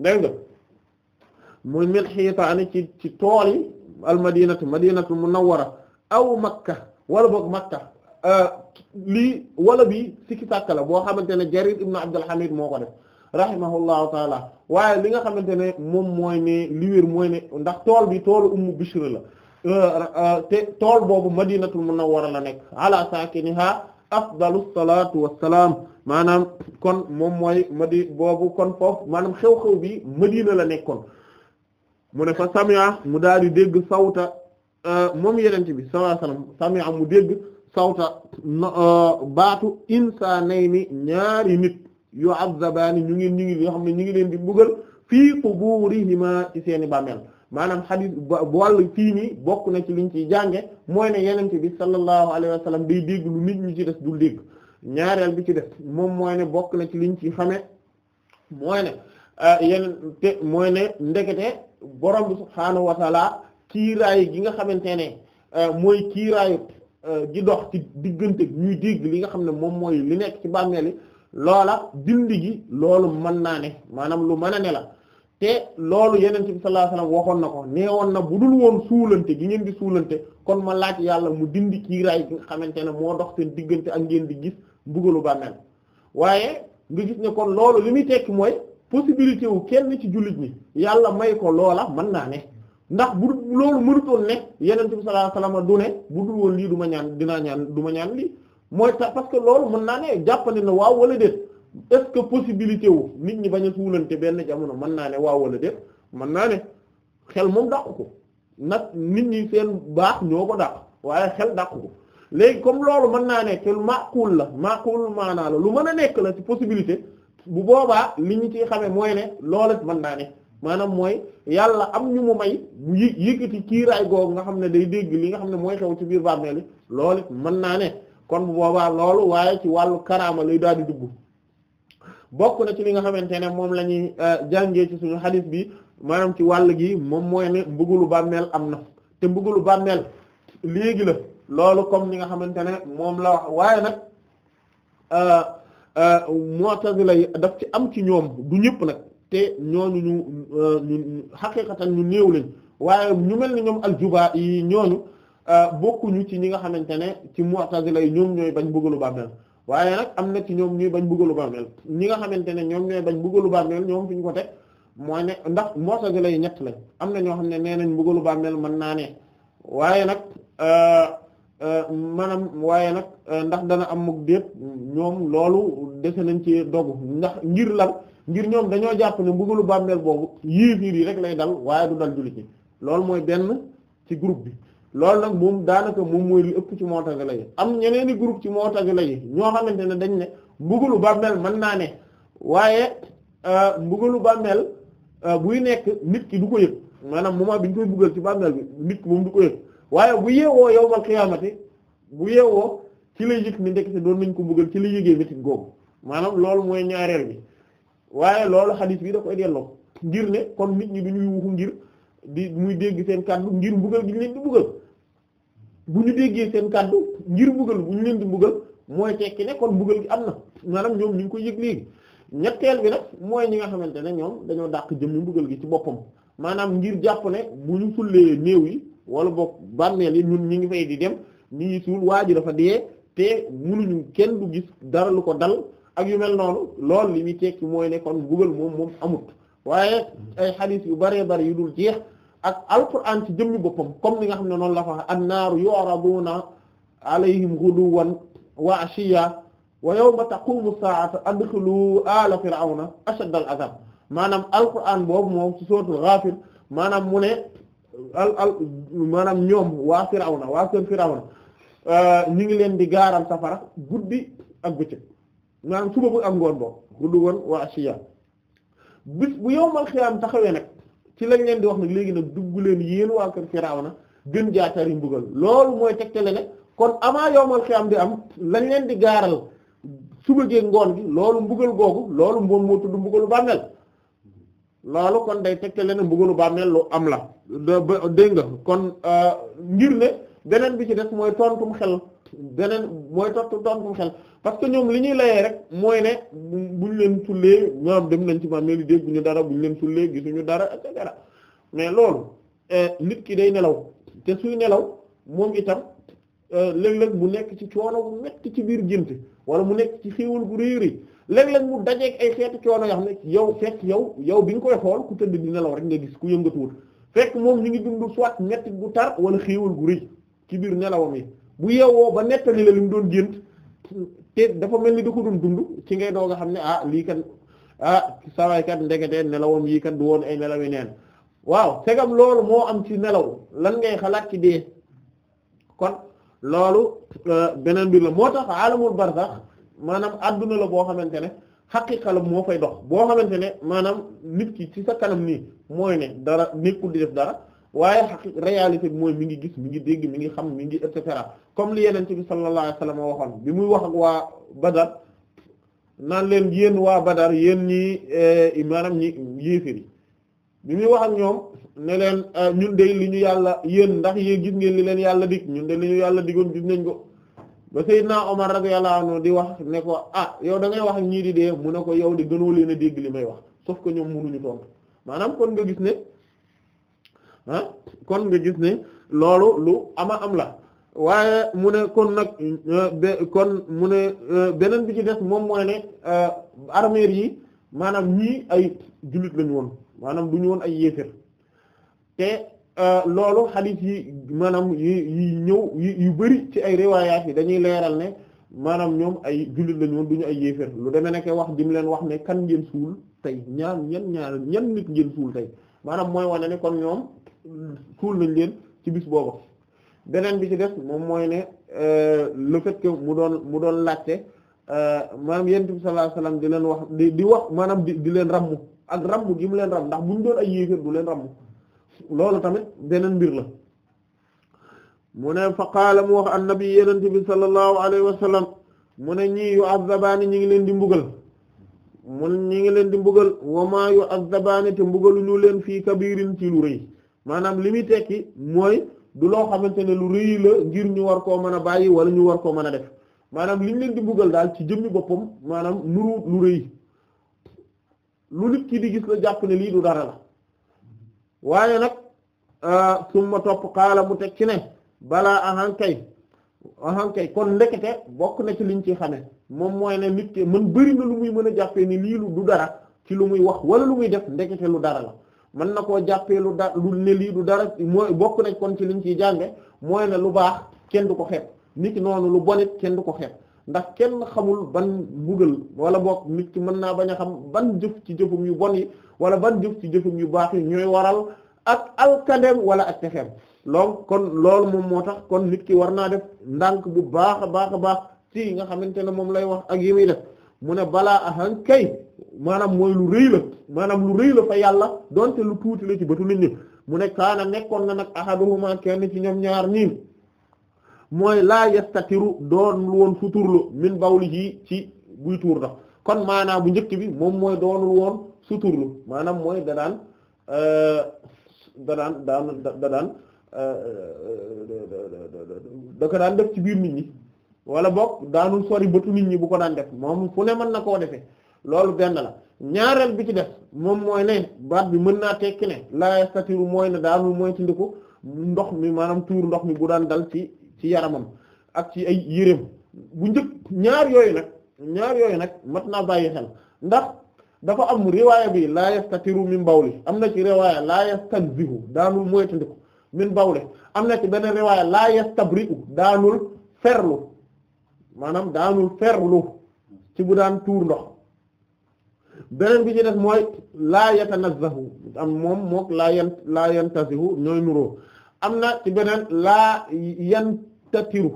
dégg nga muy min xiitaani ci ci tool yi al madinati madinatu munawwara aw makka wala boog makka euh, lii wala bi sikki sàkk la boo xamante ne Jarir ibn Abdul Hamid moo ko def rahimahullahu taala waaye li nga xamante ne moom mooy ne li wér mooy ne ndax tool bi toolu Ummu Bishr la euh, euh, te tool boobu Madinatul Munawwara la nekk ala saakiniha afdalu salaatu wassalaam maanaam kon moom mooy madi boobu kon foofu maanaam xew-xew bi Madina la nekkoon mu ne fa sami'a mu daal di dégg sawta euh, moom yenente bi sallallahu mu dégg sawta uh, baatu insanayni ñaari nit yu azzabaani ñu ngi ñu ngi yoo xam ne ñu ngi leen di mbugal fii quburihima ci seeni bàmmeel maanaam xadis wàll fii nii bokk na ci liñ ciy jànge mooy ne yenente bi sallallahu alayhi wa sallam day dégg nit ñi ci des dul dégg ñaareel bi ci des moom mooy ne bokk na ci liñ ci xame mooy ne uh, mooy ne ndekete borom bi subhaanahu wa taala kiiraay gi nga xamante ne uh, mooy kiiraayu gi euh, dox ci diggante ñuy dégg li nga xam ne moom mooy li nekk ci bàmmeeli loola dindi gi loolu mën naa ne maanaam lu man a ne la te loolu yeneen bi sallallahu alayhi wasallam waxoon na ko nee woon na bu dul woon suulante gi ngeen di suulante kon ma laaj yàlla mu dindi kiiraay gi nga xamante ne moo dox seen diggante ak ngeen di gis mbugalu bàmmeel waaye nga gis ne kon loolu li muy tekki mooy possibilité wu kenn ci jullit ñi yàlla may ko loola mën naa ne ndax bu loolu mënutoon ne yenente bi sallallahu alayhi wasallam du ne bu dul woon lii du ma ñaan dinaa ñaan du ma ñaan lii mooy tax parce que loolu mën naa ne jàppandi na waaw wala déet est-ce que wu nit ñi bañ a suulante benn jamono mën naa ne waaw wala déet mën naa ne xel moom dàqu ko nag nit ñi seen baax ñoo ko dàq waaye xel dàqu ko léegi comme loolu mën naa ne te maqul la maqul maanaa la lu mën a nekk la ci possibilité bu boobaa li ñu ci xamee mooy ne loola mën naa ne maanaam mooy yàlla am ñu mu may bu yë yëkkati kiiraay googu nga xam ne day dégg li nga xam ne mooy xew ci biir bàmmeel yi loolu mën naa ne kon bu boobaa loolu waaye ci wàllu karaama lay daal di dugg bokk na ci li nga xamante ne moom la ñuy euh, jàngee ci suñu xadis bi maanaam ci wàll gi moom mooy ne mbugalu bàmmeel am na te mbugalu bàmmeel léegi loolu comme ni nga xamante ne moom la wax waaye nag euh, euh, Mu'tazila lay daf ci am ci ñoom du ñëpp nag. te ñooñu ñu euh, ñu ñu néew lañ waaye ñu mel ni ñoom aljuba yi ñooñu euh, bokkuñu ci ñi nga xamante ne ci mu'tazila yi ñoom ñooy bañ bëggalu bàmmeel waaye am na ci ñoom ñuy bañ bëggalu bàmmeel ñi nga xamante ne ñoom ñooy bëggalu bàmmeel ñoom fi ko te mooy ne ndax mu'tazila yi ñett lañ am na ñoo xam ne nee nañ bëggalu bàmmeel mën naa ne waaye nag euh, maanaam waaye nag ndax dana am muk déet ñoom loolu dese nañ ci dogu ndax ngir lan ngir ñoom dañoo jàpp ne mbugalu bàmmeel boobu yéefiir yi rek lay dal waaye du dal jullit yi loolu mooy benn ci groupe bi loolu nag moom daanaka moom mooy li ëpp ci mu'tazila yi am ñeneeni groupe ci mu'tazila yi ñoo xamante ne dañ ne bàmmeel mën naa ne waaye euh, mbugalu bàmmeel euh, buy nekk nit ki du ko yëg maanaam moment bi ñu koy mbugal ci bàmmeel bi nit ki moom du ko yëg waaye bu yeewoo yawmal qiyaamati bu yeewoo ci lay yëg ni ndekete doon nañ ko mbugal ci lay yëgee métit googu maanaam loolu mooy ñaareel bi waaye loolu xadis bi da koy delloo ngir ne kon nit ñi du ñuy wuxu ngir di muy dégg seen kàddu ngir mbugal gi ñu leen di mbugal bu ñu déggee seen kàddu ngir mbugal bu leen di mbugal mooy tekki ne kon mbugal gi am na maanaam ñoom ñu koy yëg léegi ñetteel bi nag mooy ñi nga xamante ne ñoom dañoo dàq jëm ñu mbugal gi ci boppam maanaam ngir jàpp ne bu ñu fullee néew yi wala boog bàmmeel yi ñun ñi ngi fay di dem ñi ngi suul waa ji dafa dee te munuñu kenn du gis dara lu ko dal ak yu mel noonu loolu li muy tekki mooy ne kon mbugal moom moom amut waaye ay xadiis yu bëree bëri yu dul jeex ak alquran ci jëmmi boppam comme ni nga xam ne noonu la fa annaaru yu'raduna alayhim ghuduwan wa ashiya wa yawma taqumu saa'atu adxilu ala fir'awna ashadda al azab maanaam alquran boobu moom ci suratul ghafir maanaam mu ne al al maanaam ñoom wa firawna waa seen firawna euh, ñu ngi leen di gaaral safara guddi ak bëccëg maanaam suba bu am ngoon boo guduwoon wa asiya bis bu yowmal xiyaam taxawee nag ci lañ leen di wax nag léegi nag dugg leen yéen waa kër na gën jaataar yi mbugal loolu mooy tegtele ne kon avant yowmal xiyaam di am lañ leen di gaaral suba gee ngoon gi loolu mbugal googu loolu moom moo tudd mbugalu bàmmeel loolu kon day tegtale ne mbugalu bàmmeel lu am la dégg nga kon euh, ngir ne beneen bi ci des mooy tontum xel beneen mooy tontu tontu xel parce que ñoom li ñuy layee rek mooy ne buñ leen tullee maanaam dem nañ ci bàmmeel yi dégguñu dara buñ leen tullee gisuñu dara et cetera mais loolu euh, nit ki day nelaw te suy nelaw moom itam euh, léeg-léeg mu nekk ci coono bu metti ci biir jënt wala mu nekk ci xéewal gu réy réy léeg-léeg mu dajeeg ay xeetu coono yoo xam ne yow fekk yow yow bi nga koy xool ku tëdd di nelaw rek nga gis ku yëngatuwul fekk moom ñu ngi dund soit metti gu tar gu ci biir nelawam yi bu yeewoo ba nettali la li mu doon gént te dafa mel ni da ko doon dund ci ngay doog nga xam ne ah lii kat ah sawaay kat ndekete nelawam yii kat du woon ay nelawi neen waaw segam loolu moo am ci nelaw lan ngay xalaat ci dee kon loolu euh, beneen bi la moo tax alamul barzax maanaam adduna la boo xamante ne xaqiqa la moo fay dox boo xamante ne maanaam nit ki ci sa kanam nii mooy ne dara nekkul di def dara waaye xaqi réalité bi mooy mi ngi gis mu ngi dégg mi ngi xam mi ngi et cetera comme li yenente bi sallallahu alayhi wasallam waxoon bi muy wax ak waa Badar naan leen yéen waa Badar yéen ñi eh, maanaam ñi yéeféri bi muy wax ak ñoom ne leen eh, ñun de li ñu yàlla yéen ndax yéen gis ngeen li leen yàlla dig ñun de li ñu yàlla digoon gis nañ ko ba Seydina Omar radiyallahu anhu di wax ne ko ah yow dangay wax ak ñii di dee mu ne ko yow di gënoo leen a dégg li may wax sauf ko ñoom mënuñu tontu maanaam kon nga gis ne kon nga gis ne loolu lu ama am la waaye mu ne kon nag euh, kon mu ne euh, beneen bi ci des moom mooy ne euh, arméer yi maanaam ñii ay jullit lañu woon maanaam du ñu woon ay yéefér te loolu xadiis yi maanaam yi yi ñëw yu bari ci ay riwaayaat yi dañuy leeral ne maanaam ñoom ay jullit lañu woon du ñu ay yéefér lu demee nekk wax di mu leen wax ne kan ngeen suul tey ñaar ñan ñaar ñan nit ngeen suul tey maanaam mooy wane ne kon ñoom suul nañ leen ci bis boobu beneen bi ci def moom mooy ne euh, le fait que mu doon mu doon laajte euh, maanaam yonent bi sallallahu alayhi di leen wax di di wax maanaam di di leen rammu ak rammu gi mu leen ram ndax bu ñu doon ay yéeféer du leen rammu loolu tamit beneen mbir la mu ne fa qaala mu wax annabi yonent bi sallallahu alayhi wasallam mu ne ñii yu azzabaani ñi ngi leen di mbugal mun ñi ngi leen di mbugal wa maa yu azzabaani te ñu leen fii kabirin ci lu rëy maanaam li muy tekki mooy du loo xamante ne lu rëy la ngir ñu war koo mën a bàyyi wala ñu war koo mën a def maanaam liñ leen di mbugal daal ci jëmmi boppam maanaam nuru lu rëy lu nit ki di gis la jàpp ne lii du dara la waaye nag ah, summa topp xaala mu teg ci ne balaa ahankay ahankay kon ndekete bokk na ci liñ ci xame moom mooy ne nit ki mën bëri na lu muy mën a jàppee ni lii lu du dara ci lu muy wax wala lu muy def ndekete lu dara la mën na koo jàppee lu da lu ne lii du dara mooy bokk nañ kon ci liñ ciy jànge mooy na lu baax kenn du ko xeeb nit ki noonu lu bonit kenn du ko xeeb ndax kenn xamul ban mbugal wala boog nit ki mën naa bañ a xam ban jëf ci jëfum yu bon yi wala ban jëf ci jëfum yu baax yi ñooy waral ak alkandeem wala ak texeem loolu kon loolu moom moo tax kon nit ki war naa def ndànk bu baax a baax a baax ci nga xamante ne moom lay wax ak yi muy def mu ne balaa ahan kay maanaam mooy lu rëy la maanaam lu rëy la fa yàlla donte lu tuuti la ci bëtu nit ñi mu nekk ne kaana nekkoon na nag ahaduhuma kenn ci ñoom ñaar ñii mooy laa yastatiru doon woon suturlu min bawlihi ci buy tuur da kon maanaam bu njëkk bi moom mooy doonul woon suturlu maanaam mooy da daan euh, da daan daan da daan euh, da ko daan def ci biir nit ñi wala boog daanul sori bëtu nit ñi bu ko daan def moom fu ne mën na koo defee loolu benn la ñaareel bi ci def moom mooy ne baat bi mën naa tekki ne laa yastatiru mooy ne daanu mooy tindiku ndox mi maanaam tuur ndox mi bu daan dal ci ci yaramam ak ci ay yéreem bu njëkk ñaar yooyu nag ñaar yooyu nag mat naa bàyyi xel ndax dafa am riwaaya bi laa yastatiru min bawli am na ci riwaaya laa yastanzihu daanul mooy tindiku min bawli am na ci beneen riwaaya laa yastabri'u daanul ferlu maanaam daanul ferlu ci bu daan tuur ndox beneen bi ci def mooy laa yatanazzahu am moom mook laa yan laa yantasihu ñooy nuroo am na ci beneen laa yantatiru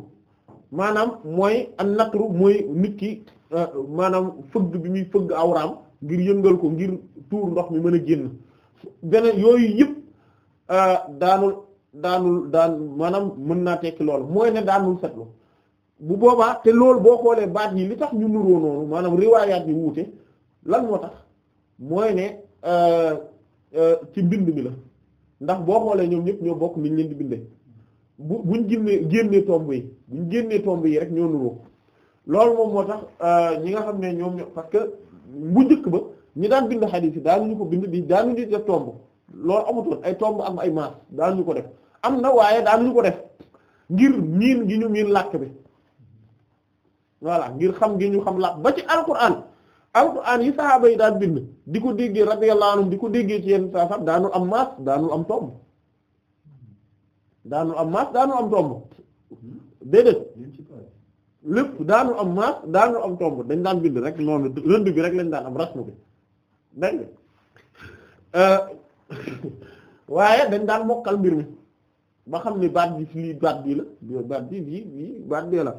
maanaam mooy an natru mooy nit ki euh, maanaam fëgg bi muy fëgg awraam ngir yëngal ko ngir tuur ndox mi mën a génn beneen yooyu yëpp euh, daanul daanul daan maanaam mën naa tekki loolu mooy ne daanul setlu bu boobaa te loolu boo xoolee baat yi li tax ñu nuroo noonu maanaam riwaayaat yi wuute lan moo tax mooy ne euh, euh, ci mbind mi la ndax boo xoolee ñoom ñëpp ñoo bokk niñ leen di bindee bu buñ génnee génnee tomb yi buñ génnee tomb yi rek ñoo nuroo loolu moom moo tax euh, ñi nga xam ne ñoom parce que bu njëkk ba ñi daan bind xadiis yi daanuñu ko bind bi di daanuñu def tomb loolu amutoon ay tomb am ay maas daanuñu ko def am na waaye daanuñu ko def ngir miin gi ñu miin làkk bi voilà ngir xam gi ñu xam làkk ba ci alquran alxuraan yi saxaaba yi daan bind di ko déggee radiyallahu di ko déggee ci yenn saa daanul am maas daanul am tomb am maas am tomb déedéet lépp daanul am maas daanul am tomb dañ daan bind rek noonu rënd bi rek lañ daan am rasmu bi dégg euh, [laughs] waaye dañ daan mokkal mbir mi ba xam ne baat bi lii baat bii la baat bi lii baat bii la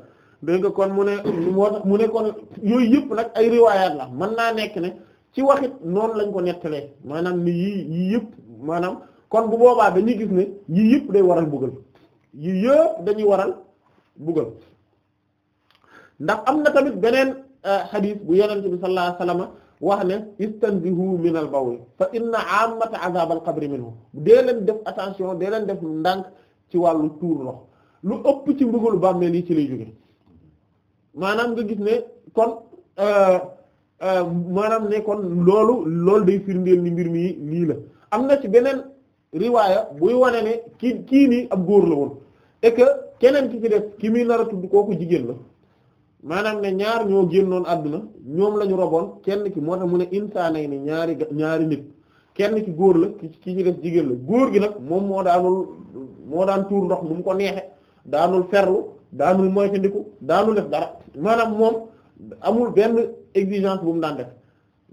dégg nga kon mu ne moo tax mu ne kon yooyu yëpp nag ay riwaayaat la man naa nekk ne ci waxit noonu lañ ko nettalee maanaam ni yii yii yëpp maanaam kon bu boobaa dañuy gis ne yii yëpp day waral buggal yii yëpp dañuy waral buggal ndax am na tamit beneen euh, xadiis bu yenente bi sallallahu alayhi wasallam wax ne istanzihu min al bawl fa inna amata azab al qabri minhu dee leen def attention dee leen def ndànk ci wàllu tuur ndox lu ëpp ci mbugalu bàmmeel yi ci lay jóge maanaam nga gis ne kon euh, euh, maanaam ne kon loolu loolu de firndeel ni mbir mii lii la am na ci beneen riwaaya buy wane ne kii kii nii ab góor la woon et que keneen ki ci def ki muy nar a tudd kooku jigéen la maanaam ne ñaar ñoo génnoon àdduna ñoom la ñu roboon kenn ki moo tax mu ne insaanay ne ñaari ñaari nit kenn ki góor la ki ci def jigéen la góor gi nag moom moo daanul moo daan tuur ndox mu mu ko neexee daanul ferlu daanul moytandiku daanu lef dara maanaam moom amul benn exigence bu mu daan def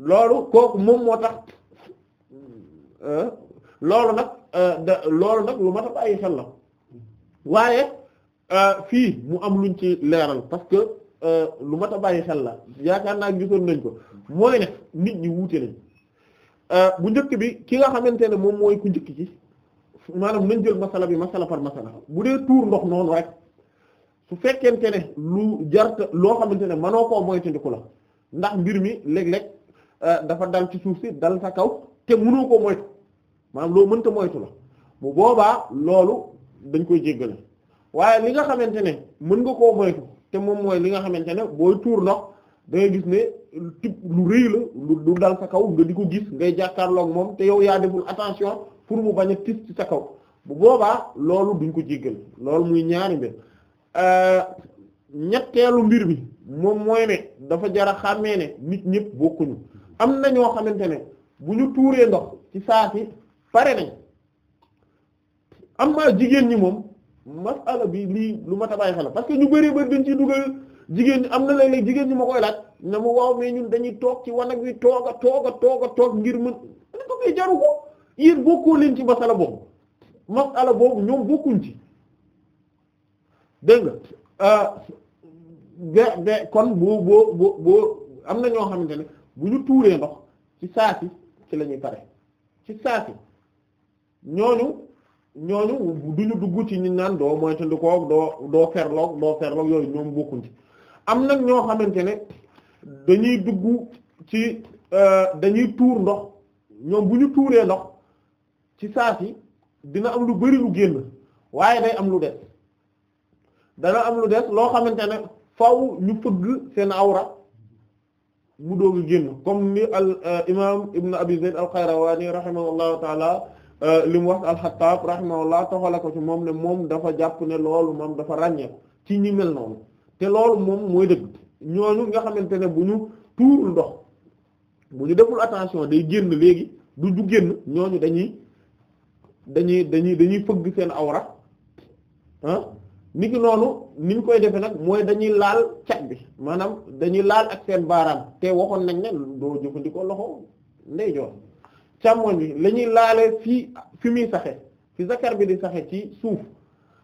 loolu kooku moom moo tax euh, loolu nag euh, da loolu nag lu mat a bàyyi xel la waaye euh, fii mu am luñ ci leeral parce que lu mat a bàyyi xel la yaakaar naa gisoon nañ ko mooy ne nit ñi wuute nañ bu njëkk bi ki nga xamante ne moom mooy ku njëkk ci maanaam nañ jël masala bi masala par masala bu dee tuur ndox noonu rek. su fekkente ne lu jarta loo xamante ne manoo koo moytandiku la ndax mbir mi léeg-léeg euh, dafa dal ci suuf si dal kaw te mënoo koo moytu maanaam loo mënta moytu la bu boobaa loolu dañ koy jéggale waaye li nga xamante ne mën nga koo moytu te moom mooy li nga xamante ne booy da ngay gis ne lu rëy lu dal kaw di ko gis ngay jàkkaarloog moom te yow yaa deful attention pour mu bañ a tis ci sa kaw bu boobaa loolu duñ ko jéggal loolu muy ñaari mbir Euh, ñetteelu mbir bi moom mooy ne dafa jar a xàmmee ne nit ñëpp bokkuñu am na ñoo xamante ne bu ñu tuuree ndox ci saa si pare nañ am na jigéen ñi moom masala bi lii lu ma tabaay xel parce que ñu bari bari dañ ciy dugal jigéen am na léeg-léeg jigéen ñi ma koy laaj na mu waaw mais ñun dañuy toog ci wanag wi toog a toog a toog a toog ngir mën ko koy jaru ko yéen bokkoo leen ci masala boobu masala boobu ñoom bokkuñ ci dégg nga ba euh, ba kon boo boo boo boo am na ñoo xamante ne bu ñu tuuree ndox ci saasi ci lañuy pare ci saasi ñooñu ñooñu duñu dugg ci ñu naan doo moytandikoog doo doo ferloog doo ferloog yooyu ñoom bokkuñ ci am nag ñoo xamante ne dañuy duggu ci euh, dañuy tuur ndox ñoom bu ñu tuuree ndox ci saasi dina am lu bari lu génn waaye day am lu des dana am lu des loo xamante ne faaw ñu fëgg seen awra mu doo a génn comme ni al euh, imaam Ibn Abi Zayd al-Qayrawani rahimahullahu taala euh, li mu wax al-Xattaab rahimahullah toxale ko ci moom ne moom dafa jàpp ne loolu moom dafa ràññee ci ñi mel noonu te loolu moom mooy dëgg ñooñu nga xamante ne bu ñu tuurul ndox bu ñu deful attention day génn léegi du ju génn ñooñu dañuy dañuy dañuy dañuy fëgg seen awra ni ki noonu niñ koy defee nag mooy dañuy laal cat bi maanaam dañuy laal ak seen baaraam te waxoon nañ ne doo jëfandikoo loxo ndeyjoor càmmoñ bi la ñuy laale fii fi muy saxe fi zakar bi di saxe ci suuf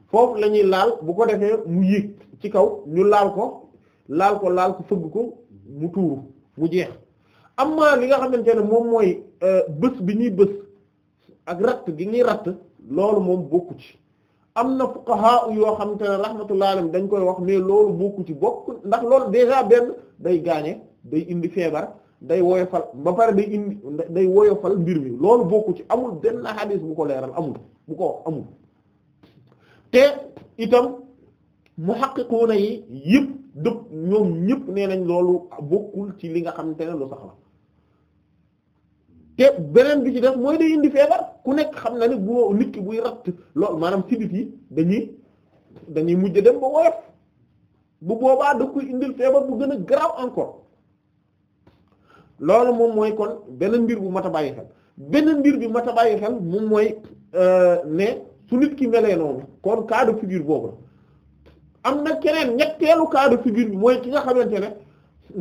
foofu lañuy laal bu ko defee mu yéeg ci kaw ñu laal ko laal ko laal ko fëgg ko mu tuuru mu jeex am amma li nga xamante ne moom mooy euh, bës bi ñuy bës ak ratt gi ñuy ratt loolu moom bokku ci am na fuqaha yoo xam te ne rahmatullahi dañ koy wax mais loolu bokku ci bokk ndax loolu déjà benn day gaañe day indi feebar day woyofal ba pare day indi day woyofal mbir mi loolu bokku ci amul benn hadith bu ko leeral amul bu ko wax amul te itam mu muhaqqiquna yi yëpp dëpp ñoom ñëpp nee nañ loolu bokkul ci li nga xam te ne lu sax la te beneen bi ci def mooy day indi feebar ku nekk xam na ne bu nit ki buy ratt loolu maanaam sidit yi dañuy dañuy mujj dem ba woyof bu boobaa da koy indil feebar bu gën a garaaw encore loolu moom mooy kon benn mbir bu mat a bàyyi xel beneen mbir bi mat a bàyyi xel moom mooy euh, ne su nit ki melee kon kaado de boobu la am na keneen ñetteelu kaado de bi mooy ki nga xamante ne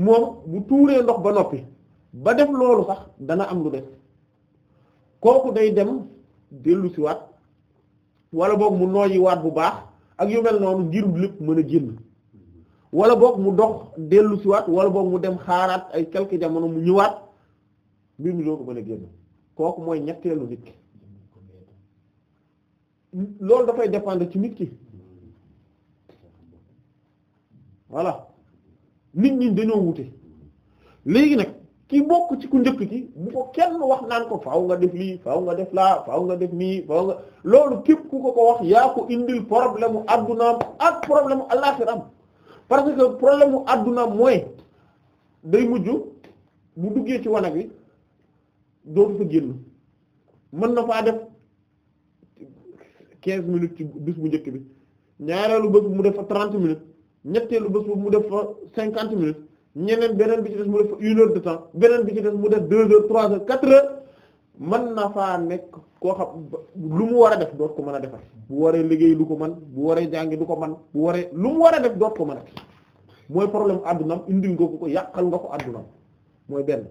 moom bu tuuree ndox ba noppi ba def loolu sax dana am lu def kooku day dem dellu si waat wala boog mu nooyi waat bu baax ak yu mel noonu ngir lépp mën a génn wala book mu dox dellu si waat wala boog mu dem xaaraat ay quelques jamono mu ñëwaat mbir mi ko mën a génn kooku mooy ñetteelu nit loolu dafay dépendre ci nit ki voilà nit ñi dañoo wute léegi nag ki bokk ci ku njëkk ci bu ko kenn wax naan ko faaw nga def lii faaw nga def laa faaw nga def nii faaw nga loolu képp ku ko ko wax yaa ko indil problème mu addunaam ak problème mu alaxiram parce que problème mu àdduna mooy day mujj bu duggee ci wanag wi dootu fa génn mën na faa def quinze minutes ci bés bu njëkk bi ñaareelu bés mu def fa trente minutes ñetteelu bés bu mu def fa cinquante minutes ñeneen beneen bi ci des mu def une heure de temps beneen bi ci des mu def deux heures trois heures quatre heures mën na faa nekk koo xam lu mu war a def doot ko mën a defar bu waree liggéey lu ko man bu waree jàngi du ko man bu waree lu mu war a def doot ko mën a mooy problème addunam indil nga ko ko yàqal nga ko addunam mooy benn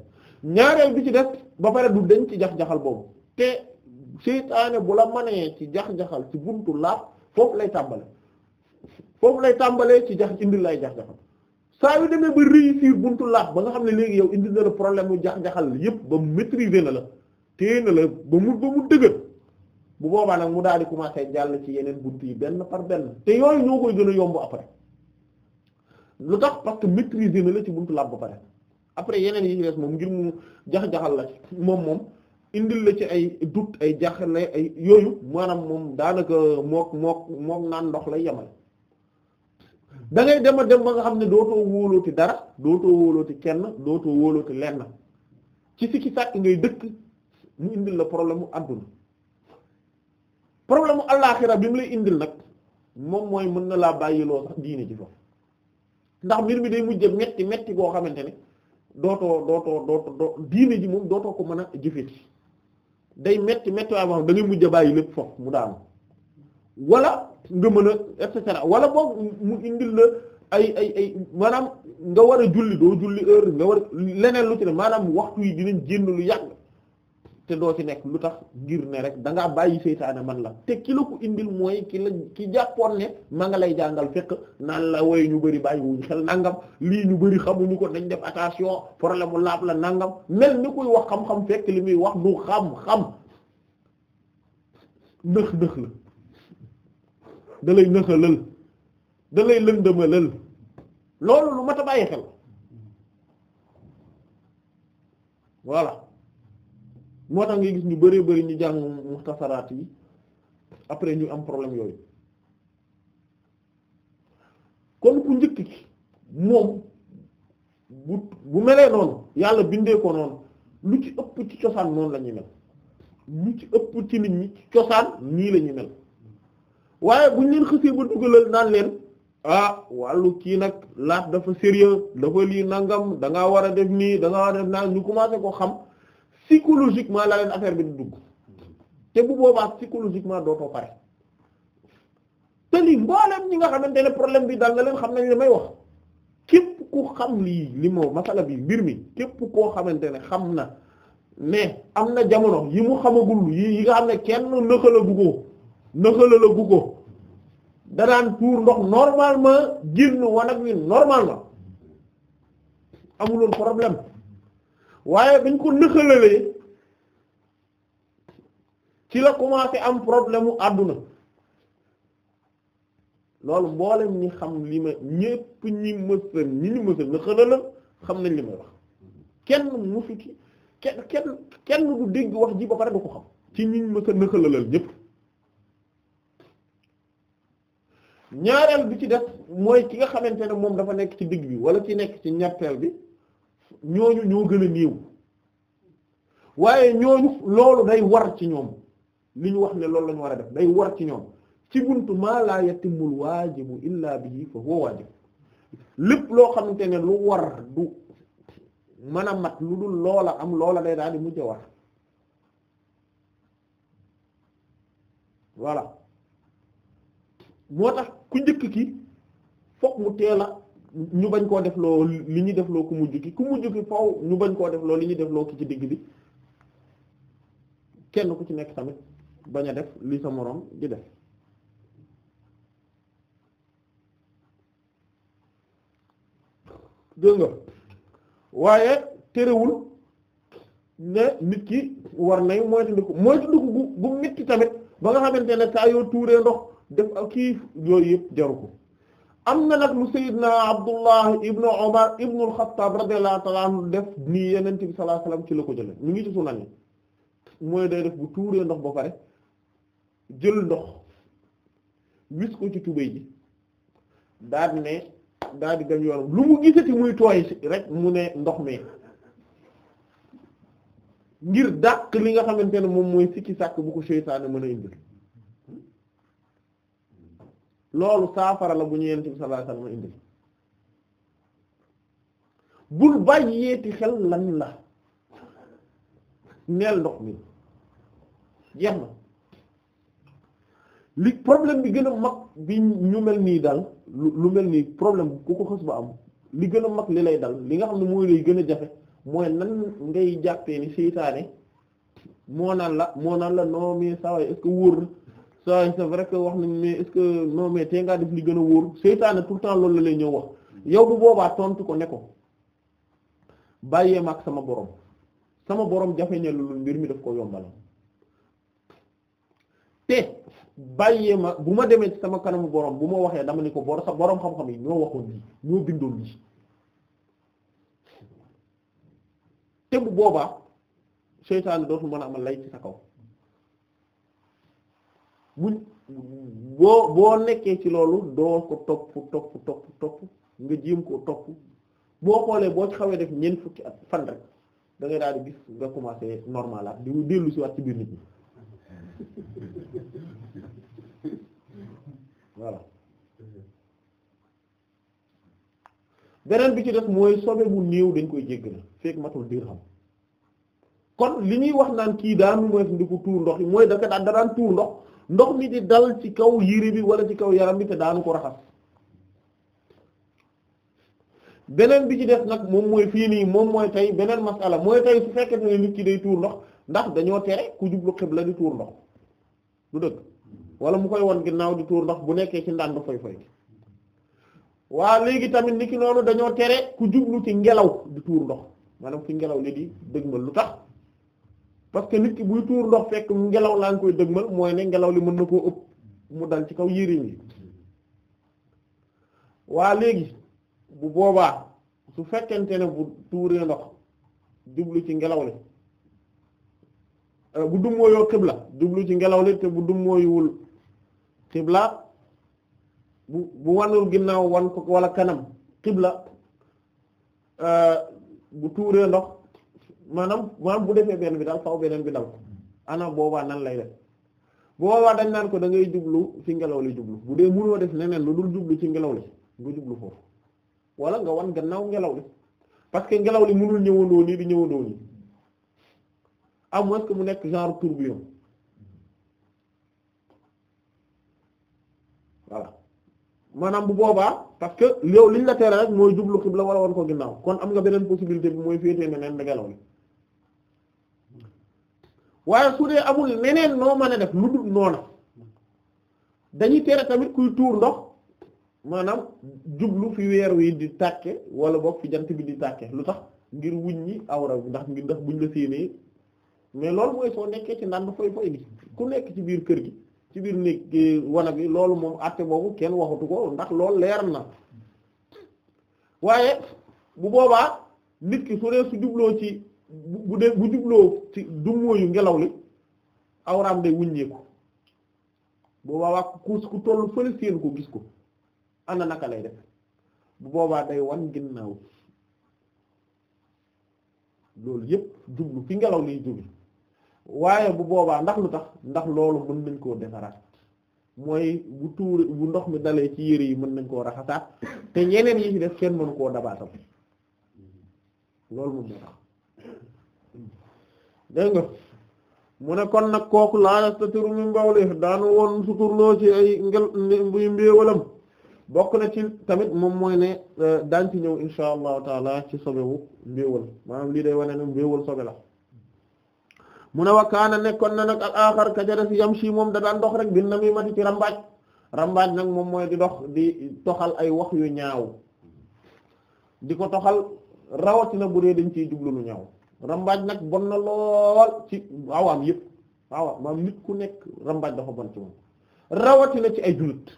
ñaareel bi ci def ba pare du dañ ci jax-jaxal boobu te seytaane bu la manee ci jax-jaxal ci buntu laat foofu lay tàmbale foofu lay tàmbalee ci jax indil lay jax-jaxal saa yu demee ba réussir buntu laaj ba nga xam ne léegi yow indi na la problème mu jax-jaxal yépp ba mu maîtriser na la téye na la ba mu ba mu dëgër bu boobaa nag mu daal di commencer jàll ci yeneen bunt yi benn par benn te yooyu ñoo koy gën a yomb après lu tax parce que maîtriser na la ci buntu laaj ba pare après yeneen yi ci des moom ngir mu jax-jaxal la moom moom indil la ci ay dut ay jaxle ay yooyu maanaam moom daanaka mook mook mook naan ndox lay yemal da ngay dem a dem ba nga xam ne dootoo wóolooti dara dootoo wóolooti kenn dootoo wóolooti lenn ci sikki sàkk ngay dëkk mu indil la problème mu àdduna problème mu allaaxira bi mu lay indil nag moom mooy mën na laa bàyyiloo sax diine ci foofu ndax mbir mi day mujj metti metti boo xamante ne dootoo dootoo dootoo doo diine ji moom dootoo ko mën a jëfeti day metti metti waaye da ngay mujj bàyyi lépp foofu mu daanu wala nga mën a et cetera wala boog mu indil la ay ay ay maanaam nga war a julli doo julli heure leneen lu ci ne maanaam waxtu yi dinañ génn lu yàgg te doo ci nekk lu tax ngir ne rek da ngaa bàyyi seytaane man la te kilo la ko indil mooy ki la ki jàppoon ne ma ngi lay jàngal fekk naan la woy ñu bëri bàyyi wuñ xel nangam lii ñu bëri xamuñu ko nañ def attention problème mu laab la nangam mel ni koy wax xam-xam fekk li muy wax du xam-xam nëx nëx la da lay nëxalal da lëndëmalal loolu lu mat a bàyyi xel voilà moo tax nga gis ñu bëree bëri ñu jàng muxtasaraat yi après ñu am problème yooyu kon ku njëkk ki moom bu bu melee noonu yàlla bindee ko noonu lu ci ëpp ci cosaan noonu lañuy ñuy mel lu ci ëpp ci nit ñi cosaan nii la ñuy mel waaye buñ leen xësee ba dugalal naan leen ah wàllu kii nag laat dafa sérieux dafa lii nangam da ngaa war a def nii da ngaa war a def naan ñu commencé ko xam psychologiquement la leen affaire bi di dugg te bu boobaa psychologiquement dootoo pare te li mboolem ñi nga xamante ne problème bi dal na leen xam nañ li may wax képp ku xam lii li moo masala bi mbir mi képp koo xamante ne xam na ne am na jamono yi mu xamagul yi yi nga xam ne kenn nëxalagu ko nëxalalagu ko danaan daan tuur ndox normalement génn wanag wi normalement amuloon problème waaye dañ ko nëxalalee ci la commencé am problème mu àdduna loolu mboole ñi xam li ma ñépp ñi mësa ñi ñu mësa nëxalala xam nañ li may wax kenn musu ci kenn kenn kenn du dégg wax ji ba pare du ko xam ci ñi mësa nëxalalal ñépp ñaareel bi ci def mooy ki nga xamante ne moom dafa nekk ci digg bi wala ci nekk ci ñetteel bi ñooñu ñoo gën a néew waaye ñooñu loolu day war ci ñoom li ñu wax ne loolu la war a def day war ci ñoom ci buntu maa laa yatimul waajibu illaa bihi fa huwa waajib lépp loo xamante ne lu war du mën a mat lu dul loola am loola day daal di mujj war voilà moo tax ku njëkk ki fokk mu teel ñu bañ koo def loo li ñu def loo ku mujj ki ku mujj ki faaw ñu bañ koo def loo li ñu def loo ki ci digg bi kenn ku ci nekk tamit bañ a def li sa moroom di def dégg nga waaye terewul ne nit ki war nay moytandiku moytandiku gu gu metti tamit ba nga xamante ne saa yoo tuuree ndox def ak kii yooyu yëpp jaru ko am na nag lu sayyidna na ibn Umar ibn al-Khattab radiyallahu ta'ala anhu def nii yeneen bi sallallahu alayhi ci la ko jëlee mu ngi ci sunan mooy day def bu tuuree ndox ba pare jël ndox wis ko ci tubéy ji daal di ne daal di yoonam lu mu gisati muy tooy rek mu ne ndox mi ngir dàq li nga xamante ne moom mooy sikki sàkk bu ko seytaane mën a indil loolu saafara la bu ñu yonent bi sallallahu alayhi wasallam indi bul bàyyeeti xel lan la neel ndox mi jeex na li problème bi gën a mag bi ñu mel nii daal lu mel nii problème ku ko xës ba am li gën a mag li lay dal li nga xam ne mooy lay gën a jafe mooy nan ngay jàppee ni seytaane moo naan la moo naan la non mais saa waay est wóor na ça c'est vrai que wax nañ mais est-ce mais tey ngaa def li gën a wóor seytaane tout le temps loolu la lay ñëw wax yow bu boobaa tontu ko ne ko bàyyee ma ak sama borom sama borom jafe ne loolu mbir mi def ko yombal te bàyyee ma bu ma demee ci sama kanamu borom bu ma waxee dama ne ko bor sa borom xam-xam yi ñoo waxoon lii ñoo bindoon lii te bu boobaa seytaane dootul mën a amal lay ci sa kaw. buñ boo boo nekkee ci loolu doo ko topp topp topp topp nga jéem ko topp boo xoolee boo ci xawee def ñeent fukki at fan rek da ngay daal di gis nga commencé normal at di dellu si waat ci biir nit ñi voilà beneen bi ci def mooy sobe bu néew dañ koy jégg na fekk matul diir xam kon li ñuy wax naan kii daan mooy ndi ko tuur ndox yi mooy daka da daan tuur ndox ndox mi di dal ci kaw yére bi wala ci kaw yaram bi te daanu ko raxas beneen bi ci def nag moom mooy fii nii moom mooy tey beneen masala mooy tey su fekkee ne nit ki day tuur ndox ndax dañoo tere ku jublu xibla di tuur ndox du dëgg wala mu koy won ginnaaw di tuur ndox bu nekkee ci ndànd foy foy waa léegi tamit nit ki dañoo tere ku jublu ci ngelaw di tuur ndox maanaam fi ngelaw li di dëgmal lu tax parce que nit ki buy tuur ndox fekk ngelaw laa ngi koy dëgmal mooy ne ngelaw li mën na koo ëpp mu dal ci kaw yëriñ yi waa léegi bu boobaa su fekkente ne bu tuuree ndox jublu ci ngelaw li bu dummóoyoo xibla jublu ci ngelaw li bu dummóoyuwul xibla bu bu wanul ginnaaw wan ko wala kanam xibla euh, bu tuuree ndox maanaam maanaam bu defee benn bi daal faw beneen bi dal ko ana boobaa nan lay def boobaa dañ naan ko da ngay jublu ci ngelaw li jublu bu dee mënoo def neneen lu dul jublu ci ngelaw li nga jublu foofu wala nga wan gannaaw ngelaw li parce que ngelaw li mënul ñëwandoo nii di ñëwandoo nii à moins que mu nekk genre tourbillon voilà maanaam bu boobaa parce que yow liñ la tere rek mooy jublu xibla a wan ko ginnaaw kon am nga beneen possibilité bi mooy féetee neneen ngelaw li waaye su dee amul leneen noo mën a def lu dul noona dañuy tere tamit kuy tuur ndox maanaam jublu fi weer wi di tàkke wala boog fi jant bi di tàkke lu tax ngir wuñ wuññi awra bi ndax ngir ndax buñ la séenee mais loolu mooy soo nekkee ci ndand foy foy gi ku nekk ci biir kër gi ci biir néeg wana bi loolu moom àtte boobu kenn waxatu ko ndax lool leer na waaye bu boobaa nit ki su dee su jubloo ci bu dee bu jubloo ci du mooyu ngelaw li awraam day wuññeeku boobaa wax kuus ku tollu fële seen ko gis ko ana naka lay def bu boobaa day wan ginnaaw loolu yépp jublu fi ngelaw liy jóge waaye bu boobaa ndax lu tax ndax loolu mën nañ koo defaraat mooy bu tuur bu ndox mi dalee ci yére yi mën nañ koo raxasaat te yeneen yi ci def kenn mënu koo dabaatam loolu moom moo tax dégg nga mu ne kon nag kooku laa yastatiru min bawli daanu woon suturloo ci ay ngel mbuy mbéewalam bokk na ci tamit moom mooy ne euh, daan ci ñëw insha allahu taala ci sobewu mbéewal maanaam lii de wane ne mbéewal sobe la mu ne wakkaana nekkoon na nag al axar kajades yamshi moom da daan dox rek na bin namimati ci rambaaj rambaaj nag moom mooy di dox di toxal ay wax yu ñaaw di ko toxal rawatina bu dee dañ ciy jublu lu ñaaw rambaaj nag bon na lool ci awaam yëpp waaw maam nit ku nekk rambaaj dafa bon ci moom rawatina ci ay jullit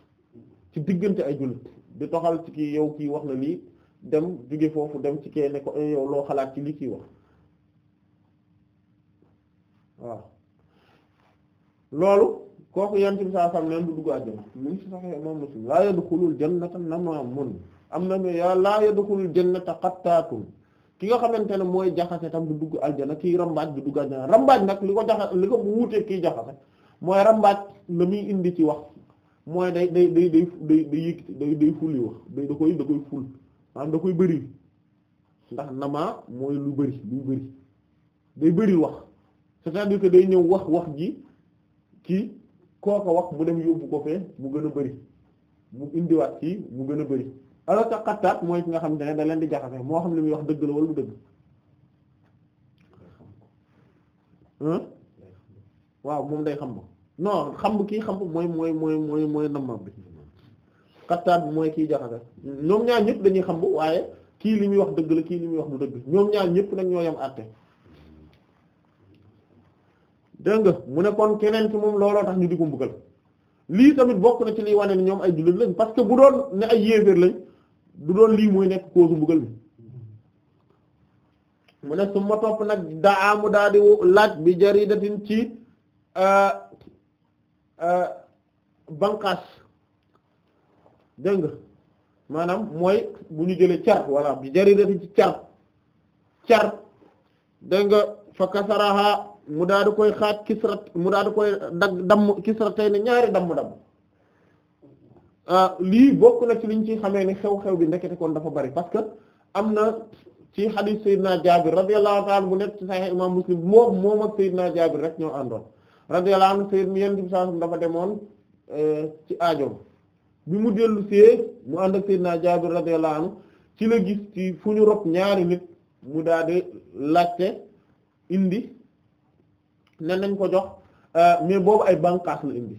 ci diggante ay jullit di doxal ci kii yow ki wax na lii dem jóge foofu dem ci kee ne ko eh, yow loo xalaat ci li kii wax waaw loolu kooku yan ci bi saa xam neen du dugg àjjana mu ngi ci sax am na lu yaa laa yadxulul a qattaatun ki nga xamante ne mooy jaxase tam du dugg aljana kii rambaaj du dugg aljana rambaaj nag li ko jaxase li ko wuutee kii jaxase mooy rambaaj la muy indi ci wax mooy day day day day wax day da koy da koy da koy bëri ndax namaa lu bëri day bëri wax cest day ñëw wax wax ji ci koo wax mu dem yóbbu ko mu gën a bëri mu indiwaat ki mu gën a bëri alors que qattaat mooy ki nga xamante ne da leen di jaxase moo xam li muy wax dëgg la wala du dëgg waaw moom day xam ba non xam bu kii xam mooy mooy mooy mooy mooy nammam bi qattaat bi mooy kii jaxase ñoom ñaar ñëpp dañuy xam bu waaye kii li muy wax dëgg la kii li muy wax du dëgg ñoom ñaar ñëpp nag ñoo yam àtte dégg nga mu ne kon keneen ci moom looloo tax ñu di ko mbugal lii tamit bokk na ci liy wane ne ñoom ay jullit lañ parce que bu doon ne ay yéeféer lañ du doon lii mooy nekk cause mbugal mi mu ne su ma nag daa mu daa di laaj bi jaridatin ci euh, euh, banqaas dégg nga maanaam mooy bu ñu jëlee car walla bi jaridatin ci car car dégg nga fa kasaraha mu daa di koy xaaj kisrat mu daa di koy dagg damm kisratay ne ñaari damm dam Euh, lii bokk na ci liñ ci xamee ni xew-xew bi ndekete kon dafa bari parce que am na ci hadith Seydina Jaabir radiyallahu ta'ala bu nekk ci Sahih imam moom moom ak Seydina Jaabir ñoo àndoon radiyallahu anhu Seydina Yonent bi sallallahu alayhi wasallam dafa demoon euh, ci aajoom bi mu dellu see mu ànd ak Seydina Jaabir radiyallahu ci la gis ci fu ñu rob ñaari nit mu daal di laajte indi ne nañ ko jox euh, mais boobu ay bànqaas la indi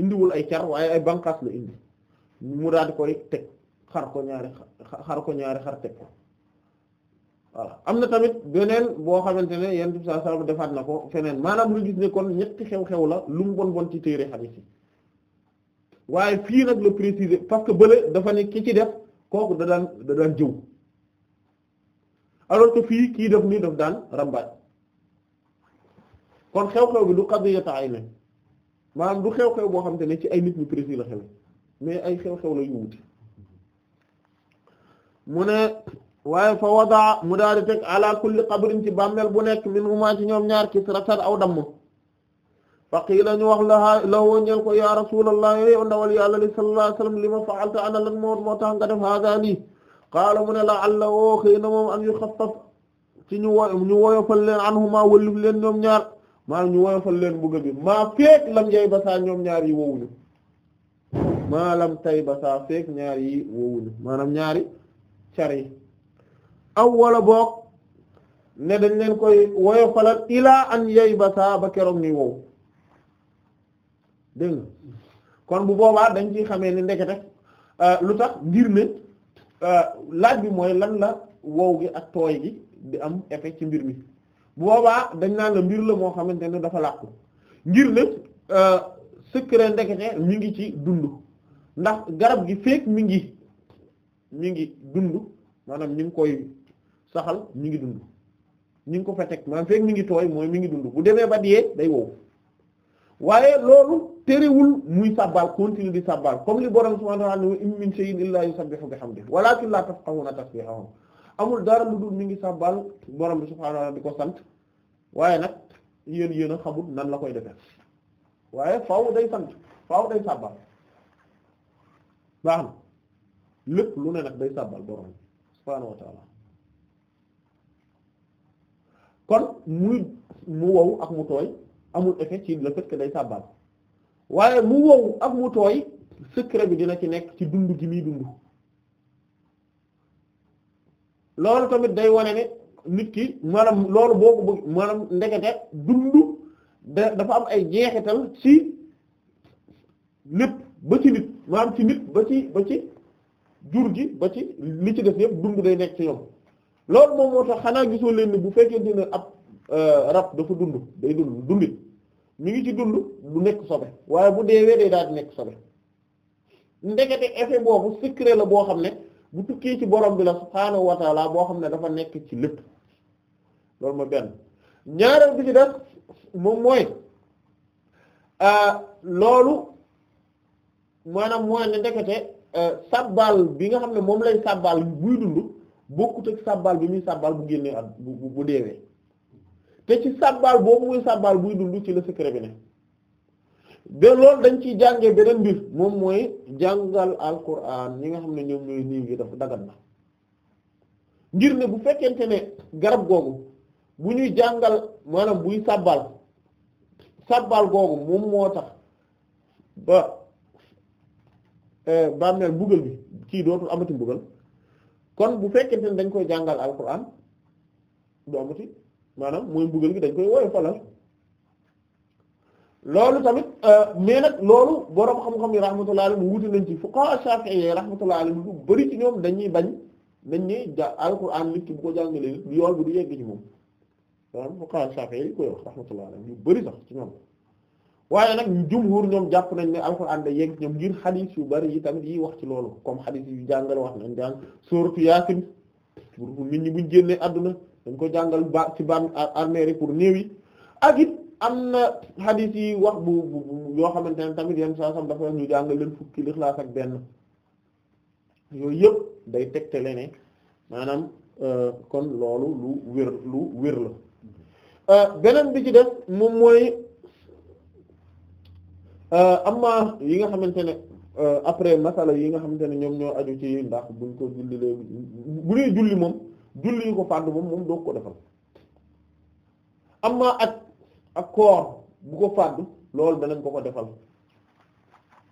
indiwul ay car waaye ay banqaas la indi mu daal di koy teg xar ko ñaari xar ko ñaari xar teg ko voilà am na tamit beneen boo xamante ne yenn bi saa saa defaat na ko feneen maanaam lu gis ne kon ñetti xew-xew la lu mu bon bon ci téere xadiis yi waaye fii nag la préciser parce que bële dafa ne ki ci def kooku da daan da daan jëw alors fii kii def nii daf daan rambaaj kon xew-xew bi du qadiyata ayni maanaam du xew-xew boo xam te ne ci ay nit ñu précis la xew mais ay xew-xew la yu mu ne waaye fa wadaa mu daal di teg kulli qabrin ci bàmmeel bu nekk min huma ci ñoom ñaar kisratan aw damm fa qiila ñu wax lahaa lawoo ñeel ko ya rasulallah yow ndawal yàlla li sallallahu alayhi wasallam li ma fa'alta ana lan moo moo nga def hada lii qaala mu ne la alla woo xëy moom an yu xaffaf ci ñu wo ñu woyofal leen anhuma wëllif leen ñoom ñaar maa ñu woyofal leen mbugal bi maa feek lam yey basaa ñoom ñaar yi wowuñu maa lam tay basaa feek ñaar yi wowuñu maanaam ñaari car yi aw wala boog ne dañ leen koy woyofalal ilaa an yey basaa ba keroog ni wow dégg nga kon bu boobaa dañ ci xamee ni ndekete euh, lu tax ngir ne euh, laaj bi mooy lan la wow gi ak tooy gi di am effet ci mbir mi boobaa dañ naan la mbir la moo xamante ne dafa làqu ngir ne euh, secret ndekete mi ngi ci dund ndax garab gi feek mi ngi mi ngi dund maanaam ñu ngi koy saxal mi ngi dund ñu ngi ko fa teg maanaam feek mi ngi tooy mooy mi ngi dund bu demee ba diyee day wow waaye loolu terewul muy sàbbaal continue di sàbbaal comme li borom subhanahu wa ta'ala in min shay'in illa yusabbihu bihamdihi walakin la tafqahuna tasbihahum amul dara lu dul mi ngi sàbbal borom bi subhaanahu wa di ko sant waaye nag yéen yéen a nan la koy defee waaye faaw day sant faw day sàbbal baax na lépp lu ne nag day sàbbal borom bi subhaanahu wa kon muy mu wow ak mu tooy amul effet ci le fait que day sàbbal waaye mu wow ak mu tooy secret bi dina ci nekk ci dund gi muy dund loolu tamit day wane ne nit ki maanaam loolu boobu bëgg maanaam ndekete dundu da dafa am ay jeexital ci lépp ba ci nit maanaam ci nit ba ci ba ci jur gi ba ci li ci def yëpp dund day nekk ci ñoom loolu moom moo tax xanaa gisoo leen ni bu fekkente ne ab euh, rab dafa dund day dund dundit mi ngi ci dund du nekk sobe waaye bu deewee day daal di nekk sobe ndekete effet boobu secret la boo xam ne bu tukkee ci borom bi la subhaanahu wa taala boo xam ne dafa nekk ci lépp loolu ma benn ñaareel bi ci def moom mooy euh, loolu maanaam mooy ne ndekete euh, sabbal bi nga xam ne moom lay sabbal buy dund bokkut ak sabbal bi muy sabbal bu génnee at bu bu deewee te ci sabbal boobu muy sabbal buy dund ci la secret bi ne de loolu dañ ciy jàngee beneen mbir moom mooy jàngal alquran ñi nga xam ne ñoom ñooy nii ngi dafa dagan na ngir ne bu fekkente ne garab googu bu ñuy jàngal maanaam buy sàbbal sàbbal googu moom moo tax ba eh, bàmmeel mbugal bi kii dootul amati mbugal kon bu fekkente ne dañ koy jàngal alquran du amati maanaam mooy mbugal bi dañ koy woyofalal loolu tamit euh, mais nag loolu borom xam-xam yi rahmatullahi alayhim wuti nañ ci fuqaha shafi'i yi rahmatullahi alayhim lu bari ci ñoom dañuy bañ dañ ne ja alquran nit ki bu ko jàngalee nit yool bi du yegg ci moom maanaam fuqaha shafi'i yi koy yu bari sax ci ñoom waaye nag jumhur ñoom jàpp nañ ne alquran da yegg ci ñoom ngir xadiis yu bari yi tamit yi wax ci loolu comme xadiis yu jàngal wax nañ jàng sourate Yaasin pour nit ñi buñ génnee àdduna dañ ko jàngal ba ci ban armée pour néew yi ak it am na hadith yi wax bu yoo xamante ne tamit yenn saa sam dafa wax ñu jàngal leen fukki Ixlaas ak benn yooyu yëpp day tegtale ne maanaam euh, kon loolu lu wér lu wér la euh, beneen bi ci def moom mooy euh, amma yi nga xamante ne après masala yi nga xamante ne ñoom ñoo aju ci ndax buñ ko julli lee bu dee julli moom julli ko fàdd moom moom doo ko defal amma ak ak koor bu ko fàddu loolu danañ ko ko defal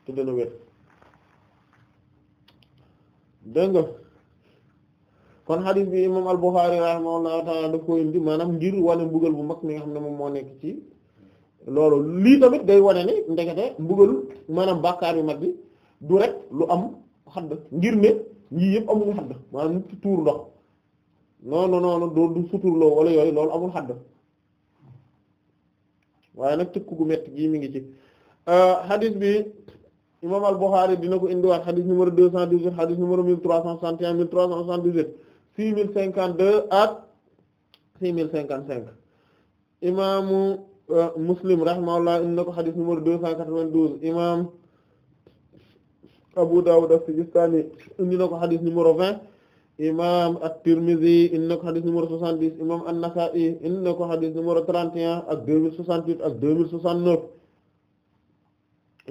te dana wér dégg nga kon hadith bi imam al-Bukhari rahimahullahu ta'ala daf ko indi maanaam ngir wane mbugal bu mag mi nga xam ne moom moo nekk ci loolu lii tamit day wane ne ndekete mbugal maanaam bàkkaar yu mag bi du rek lu am xadd ngir ne yii yëpp amul xadd maanaam nit tuur ndox non non non doo du suturloo wala yooyu loolu amul xadd waaye na tëkk gu métti gii mi ngi ci euh, hadith bi imam al-Bukhari dina ko indiwaat hadith numéro 218 hadith numéro 1361 1378 6052 ak 6055 imaamu euh, Muslim rahimahullah indi na ko hadith numéro 292 imam Abu Dawud as-Sijistani indi na ko hadith numéro 20 imam at-Tirmidhi indi na ko xadis numéro 70 imam an-Nasa'i indi na ko xadis numéro 31 ak 2068 ak 2069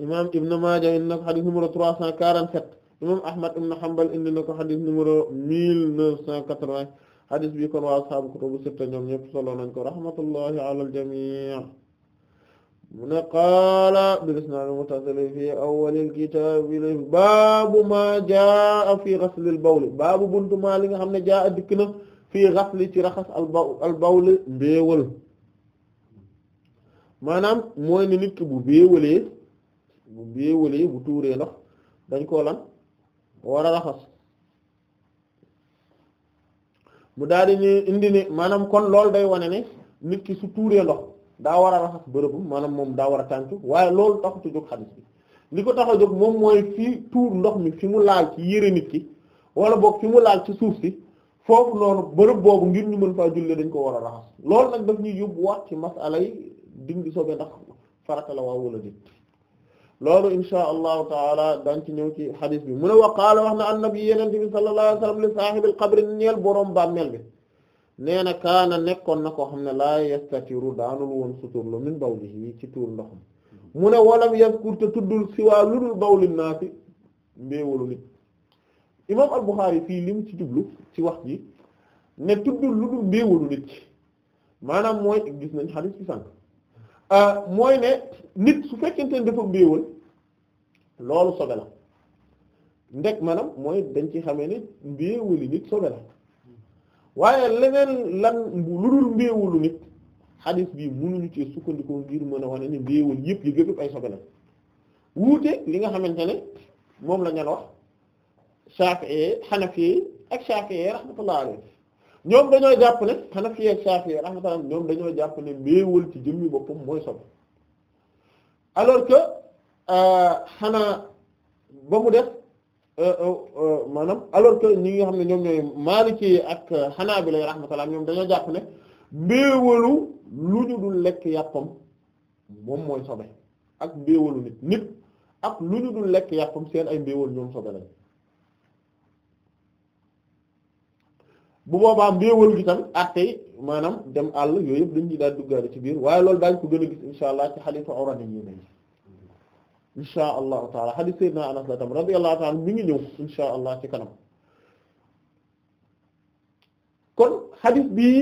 imam Ibn Maaja indi na ko xadis numéro 347 imam Ahmad ibn Hanbal indi ko xadis numéro 1980 xadis bi kon waa ashaabu kutubu sitta ñoom ñëpp solo nañ ko rahmatullahi ala al-jami' mu ne qaala bilisnaadi mutasili fii awwalil kitaab baabu ma jaa fii ghaslil bawli baabu buntu maa li nga xam ne jaa dikk na fii ghasli ci raxas al bawli mbeewal maanaam mooy ne nit ki bu mbeewalee bu mbeewalee bu tuuree ndox dañ koo lan war raxas mu daal di indi ne maanaam kon loolu day wane ne nit ki su tuure ndox daa war a raxas bërëbam maanaam moom daa war a tànk waaye loolu taxutu jóg xadis bi li ko tax a jóg moom mooy fii tuur ndox mi fi mu laal ci yére nit ki wala boog fi mu laal ci suuf si foofu noonu bërëb boobu ngir ñu mën faa jullee dañ ko war a raxas loolu nag daf ñuy yóbbu waat ci masala yi dindi sobe ndax farata la waaw wala déet loolu insha allahu taala daan ci ñëw ci xadis bi mu ne wa qaala wax na an nabi yenente bi sallallahu alayhi wasallam li saahibil qabri ñeel boroom bàmmeel nee na kaana nekkoon na koo xam ne laa yastatiru daanul woon suturlu min bawlihi ci tuur ndoxam mu ne walam yaskur te tuddul si waa ludul bawlin naa fi mbéewalu nit imam al-Bukhari fii lim ci jublu ci wax ji ne tuddul ludul mbéewalu nit maanaam mooy gis nañ xadis bi sànq euh, mooy ne nit su fekkente ne dafa mbéewal loolu sobe la ndek maanaam mooy dañ ci xamee ne mbéewali nit sobe la waaye leneen lan lu dul mbéewalu nit xadis bii mënuñu ci sukkandikoo ngir mën a wane ne mbéewal yëpp yëpp ay sobe la wuute li nga xamante ne moom la ñan wax Shafi'i Hanafi ak Shafi'i rahmatullah ñoom dañoo jàpp ne Hanafi ak Shafi'i rahmatullah ñoom dañoo jàpp ne mbéewal ci jëmmi boppam mooy sobe alors que xanaa euh, ba mu def Euh, euh, euh, maanaam alors que ñi nga xam ne ñoom ñooy ci ak Hanabila rahmatullah ñoom dañoo jàpp ne mbéewalu lu ñu dul lekk yàppam moom mooy sobe ak mbéewalu nit nit ak lu ñu dul lekk yàppam seen ay mbéewal ñoom sobe lañ bu boobaa mbéewal gi tam attey maanaam dem àll yooyu yëpp dañ ci daal duggaale ci biir waaye loolu daañ ko gën a gis insha allah ci xalifa awrani yi insha allahu taala hadith sayyidina anas la tam radiyallahu taala mi ngi ñëw insha allah ci kanam kon hadith bii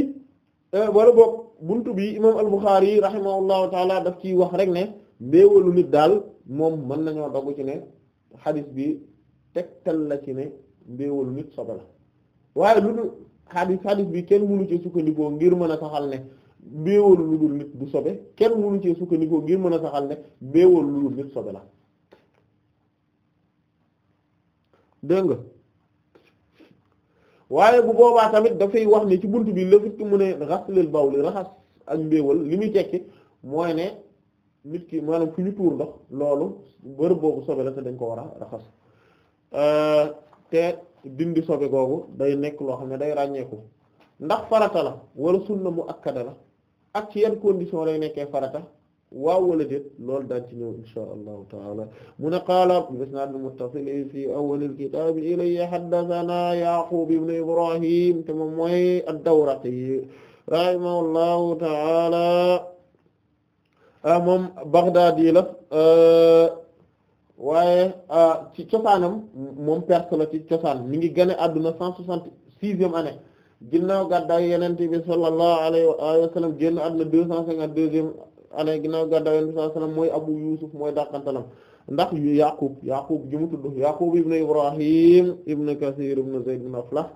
euh, wala boog buntu bi imam al-Bukhari yi rahimahullahu taala daf ciy wax rek ne mbéewalu nit daal moom mën nañoo dogu ci ne hadith bi tegtal la ci ne mbéewalu nit sobe la waaye lu dul hadith hadith bi kenn mënu ci sukkandikoo ngir mën a saxal ne béewalu lu dul nit du sobe kenn mënu ci sukkandikoo ngir mën a saxal ne béewalu lu dul nit sobe la dégg nga waaye bu boobaa tamit dafay wax ni ci bunt bi lafit mu ne raxasleel baw li raxas ak mbéewal li muy tekki mooy ne nit ki maanaam fu ñu tuur ndox loolu bërëb boobu sobe la te dañ ko war a raxas euh, te dindi sobe googu day nekk loo xam ne day ràññeeku ndax farata la wala sunna mu akkada la ak ci yan condition lay nekke farata waaw wala déet loolu daal ci ñëw inshaa allahu taala mu ne qaala bisnaadin muttasil fi awwalil kitaabi ilayhi haddasanaa yaqub ibn ibrahim te moom mooy ad-dawraqi rahimahullahu taala ah, moom baghdaadi la ah, waaye ah, ci cosaanam moom perse la ci cosaan mi ngi gane adduna cent soixante ginnaaw gàddaay yonent bi sallallahu alayhi wa alihi wa sallam génn àdduna deux cent cinquante-deuxième année ginnaaw gàddaay yonent bi sallallahu alayhi wa mooy Abu Yusuf mooy dàqantalam ndax yu Yaqub Yaqub gi mu tudd Yaqub ibn Ibrahim ibn Kathir ibn Zayd ibn Aflah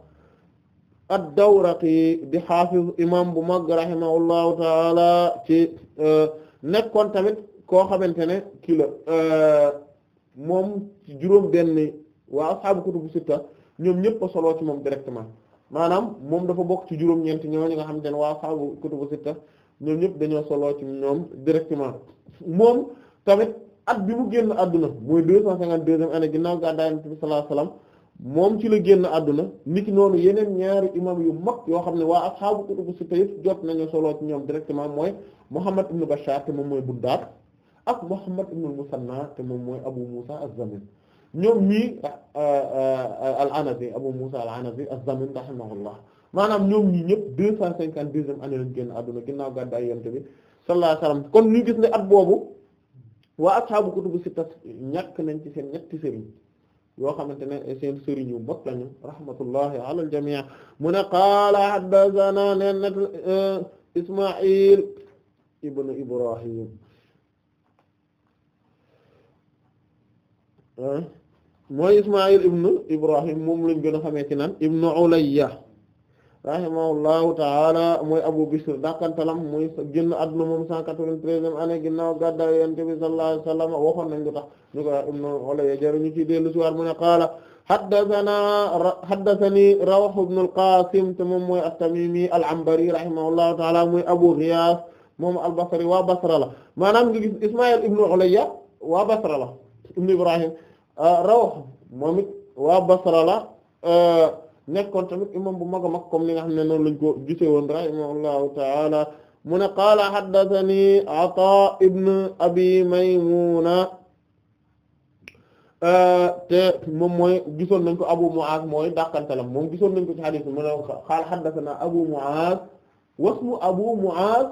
ad di xaafiz imam bu mag rahimahullahu taala ci euh, nekkoon tamit koo xamante ne kii euh, moom ci juróom benn waa ashaabu kutubu sitta ñoom ñëpp a ci moom directement maanaam moom dafa bokk ci juróom ñeenti ñoo ñooñu nga xamante ne waa saabu kutubu sitta ñoom ñëpp dañoo soloo ci ñoom directement moom tamit at bi mu génn àdduna mooy deux cent cinquante-deuxième année ginnaaw gàddaay Yonent bi sallallahu alayhi wasallam moom ci la génn àdduna niki noonu yeneen ñaari imam yu mag yoo xam ne waa ashaabu kutubu sitta yëpp jot nañu soloo ci ñoom directement mooy Muhammad ibn Bashar te moom mooy Bundaar ak Muhammad ibn Musanna te moom mooy Abu Musa az-Zamin ñoom ñii euh, euh, al anazi abu musa al anazi az-zamin rahimahullah maanaam ñoom ñii ñëpp deux cent cinquante deuxième année lañ génn àdduna ginnaaw gàddaay yonent bi sallallahu alayhi kon ñu gis ne at boobu waa ashaabu kutubu sitta ñàkk nañ ci seen ñetti sëriñ yoo xamante ne seen sëriñ yu bokk lañu rahmatullahi ala jamii mu ne qaala haddathana nen net euh, ismail ibnu ibrahim mooy Ismaïl ibnu Ibrahim moom lañ gën a xamee ci nan ibnu Ulayya rahimahullahu taala mooy Abu Bishr dakantalam mooy génn àdduna moom cent quatre-vingt-treizième année ginnaaw gàddaay Yonent waxoon nañ tax ñu ko ibnu Ulayya jëri ñu ciy dellu siwaar mu ne qaala haddathana haddathani Rawh ibn al-Qasim te moom mooy at-Tamimi al-Anbari rahimahullahu taala mooy Abu Ghiyath moom al-Basri waa Basra la maanaam nga gis Ismaïl ibnu Ulayya waa Basra ibnu Ibrahim Euh, rawx moom it waa Basra la euh, nekkoon tamit imam bu mag a mag comme ni nga xam ne noonu lañ ko gise woon rahimahullahu taala mu ne qaala haddathani Ataa Maymuna euh, te moom mooy gisoon nañ ko Abu Muaz mooy dàqantalam moom gisoon nañ ko ci hadith mu ne qaala haddathana Abu Muaz wasmu Abu Muaz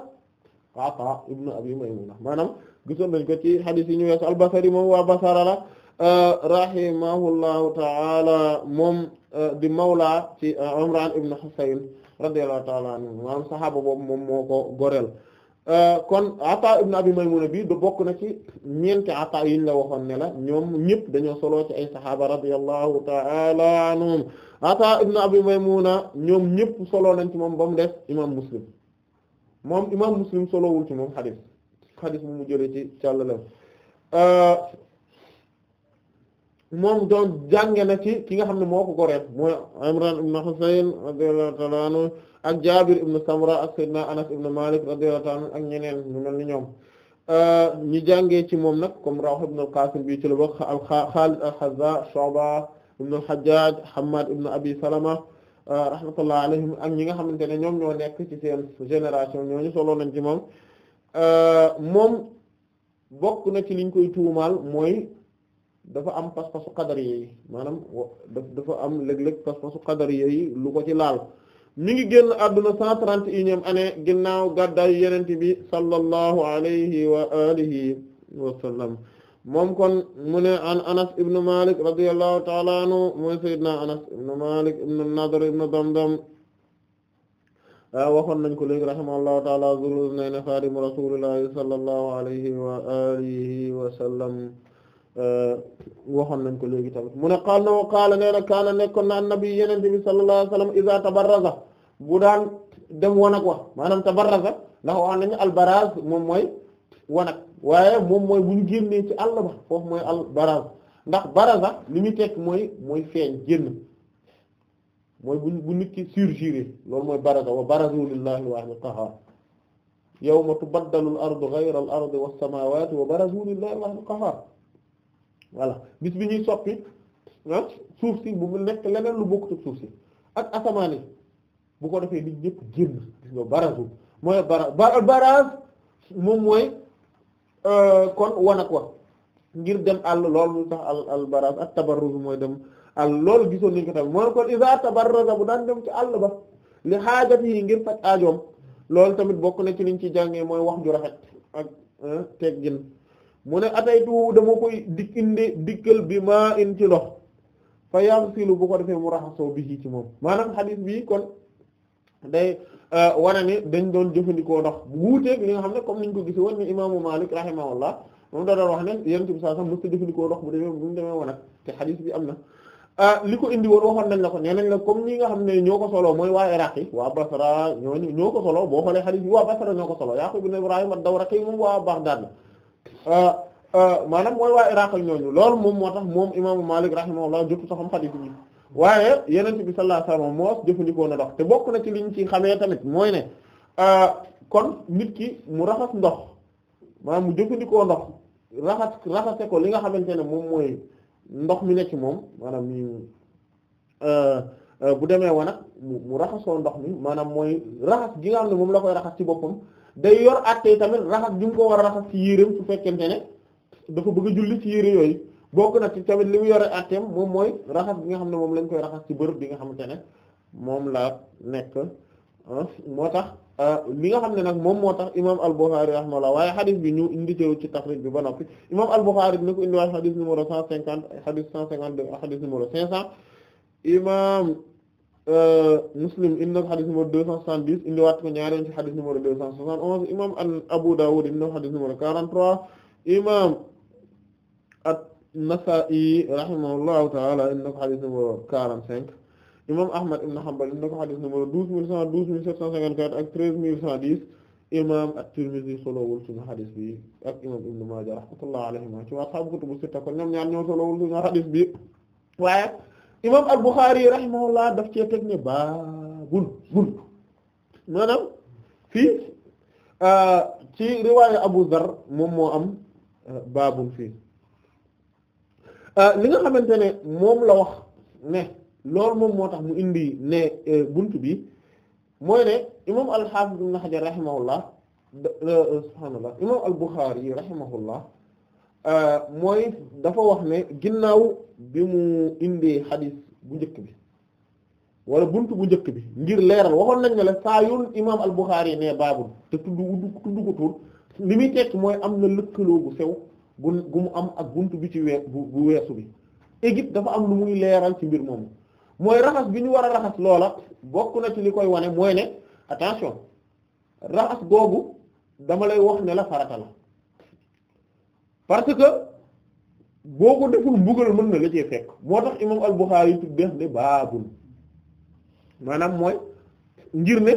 Ataa ibn Abi Maymuna maanaam gisoon nañ ko ci hadith yi ñu wees al-Basri moom waa Basra la rahimahullahu ta'ala moom uh, di mawla ci uh, Imran ibn Husayn radiyallahu ta'ala anhu maanaam saxaaba boobu moom moo ko goreel uh, kon Ataa ibn Abi Maymuna bi du bokk na ci ñeenti Ataa yi la waxoon ne la ñoom ñëpp dañoo solo ci ay saxaaba radiyallahu ta'ala anhum Ataa ibn Abi Maymuna ñoom ñëpp solo nañ ci moom ba mu def imaam Muslim moom imaam Muslim solowul ci moom xadis xadis bu mu jëlee ci càllale moom doon jànge na ci ki nga xam ne moo ko goreel mooy Imran ibn Husayn radiyallahu ta'ala anhu ak Jaabir ibn Samra ak Seydina Anas ibn Malik radiyallahu ta'ala anhu ak ñeneen ñu ñoom euh, ñi jàngee ci moom nag comme Rawh ibn al bi ci la bokk Khalid al-Hazza Shu'ba ibn al-Hajjaj Hammad ibn Abi Salama euh, rahmatullahi ak ñi nga xamante ne ñoom ñoo nekk ci seen génération ñooñu solo nañ ci moom euh, moom bokk na ci liñ koy tuumaal mooy dafa am pas-pasu qadar yi maanaam dafa am léeg-léeg pas-pasu qadar yi lu ko ci laal mi ngi génn àdduna cent trente ginnaaw gàddaayu yenente bi sallallahu alayhi wa alihi wa sallam moom kon mu ne anas ibnu malik radiyallahu ta'ala anhu mooy anas ibnu malik ibnu nadr ibnu damdam waxoon nañ ko léegi rahimahullahu ta'ala zulul nayni xaadimu rasulillahi sallallahu alayhi wa alihi wa sallam waxoon nañ ko léegi tamit mu ne qaal na wa qaala nee na kaana nekkoon na annabi yenente bi sallallahu alayhi wasallam iza tabarraza bu daan dem wanag wax maanaam tabarraza ndax wax nañu albaraz moom mooy wanag waaye moom mooy bu ñu ci àll ba foofu mooy albaraz ndax baraza li muy tekk mooy mooy feeñ génn mooy bu bu nit ki surgir loolu mooy baraza wa barazu lillahi al-wahid al-qahhar yawma tubaddalu ardu ghayra al-ardi was wa barazu lillahi al-wahid al voilà bis bi ñuy soppi ah suuf si bu nekk leneen lu bokk ci suuf si ak asamaan yi bu ko defee nit ñëpp génn gis nga mooy bara barage moom mooy euh, kon wan wa ngir dem àll lool mu tax al al barage mooy dem loolu gisoon nañ ko tamit moo ne kon isa tabarraza bu daan dem ci àll ba li xaajati yi ngir faj aajoom loolu tamit bokk na ci liñ ci jàngee mooy wax ju rafet ak ah, teggin mu ne ataytu dama koy dik indi dikkal bi maa in ci ndox fa yaghsilu bu ko defee mu raxasoo bi ci moom maanaam xadiis bi kon day euh, wane ni dañ doon jëfandikoo ndox bu wuuteeg nga xam ne comme niñ wax ne yonent bi sallallahu alayhi wasallam mës ta jëfandikoo ndox bu demee na euh, li ko indi woon waxoon nga xam ne ñoo ko solo mooy waa Iraq waa Basra ñoo ko solo boo xoolee xadiis bi waa Basra ñoo ko solo Yaqub ibn Ibrahim ad-Dawraqi moom waa Baghdad la Euh, euh, maanaam mooy waa Iraq ñooñu loolu moom moo tax moom imaamu Malik rahimahullah jotu sa xam xadiis bi waaye yeneen bi sallallahu alayhi wasallam moos na ndox te bokk na ci liñ ci xamee tamit mooy ne euh, kon nit ki mu raxas ndox maanaam mu jëfandikoo ndox raxas raxase ko li nga xamante ne moom mooy ndox mi ne ci moom maanaam bu demee wanag mu raxasoo ndox mi maanaam mooy raxas gi nga xam ne moom la koy raxas ci boppam day yor àttee tamit raxas bi mu ko war a raxas ci yéreem su fekkente ne dafa bëgg a julli ci yére yooyu bokk na ci tamit li mu yore àtteem moom mooy raxas bi nga xam ne moom lañ koy raxas ci bërëb bi nga xamante ne moom la nekk ah, moo tax ah, li nga xam ne nag moom moo tax imaam al-Bukhari rahimahullah waaye xadis bi ñu indi teew ci taxrij bi ba noppi imaam al-Bukhari dina ko indiwaat xadis numéro cent cinquante xadis cent cinquante deux xadis numéro cinq cent imaam. Euh, Muslim indi na ko xadis numéro deux cent soixante-dix imam Abu Dawud indi na ko xadis numéro quarante-trois imam An-Nasa'i rahimahullahu ta'ala indi ko xadis numéro quarante-cinq imam Ahmad ibn Hanbal indi ko xadis numéro douze mille sept cent cinquante-quatre ak treize mille cent dix imam At-Tirmidhi solowul suñu xadis bi ak imam Ibn Maaja rahmatullahi alayhima ci waa ashaabu kutubu sitta kon ñoom ñaar ñoo solowul suñu xadis bi waaye imam al-Bukhari rahimahullah daf cee teg ne baabun bun maanaam fii euh, ci riwaayu Abu Dhar moom moo am euh, baabun fii euh, li nga xamante ne moom la wax ne loolu moom moo tax mu indi ne bunt bi mooy ne imam al-Hafiz ibn Hajar rahimahullah subhaanallah imam al-Bukhari rahimahullah Euh, mooy dafa wax ne ginnaaw bi mu indee xadis bu njëkk bi wala bunt bu njëkk bi ngir leeral waxoon nañ ne la saa yoon imaam al-Bukhari ne baabul te tudd ko tudd li muy tekki mooy am na lëkkaloo gu sew bu gu mu am ak bunt bi ci wee bu weesu bi Égypte dafa am lu muy leeral ci mbir moom mooy raxas bi ñu war a raxas loola bokk na ci li koy wane mooy ne attention raxas googu dama lay wax ne la farata la parce que boo ko deful mbugal mën na la cee fekk moo tax imam al-Bukhari yi tudde ne baabul maanaam mooy ngir ne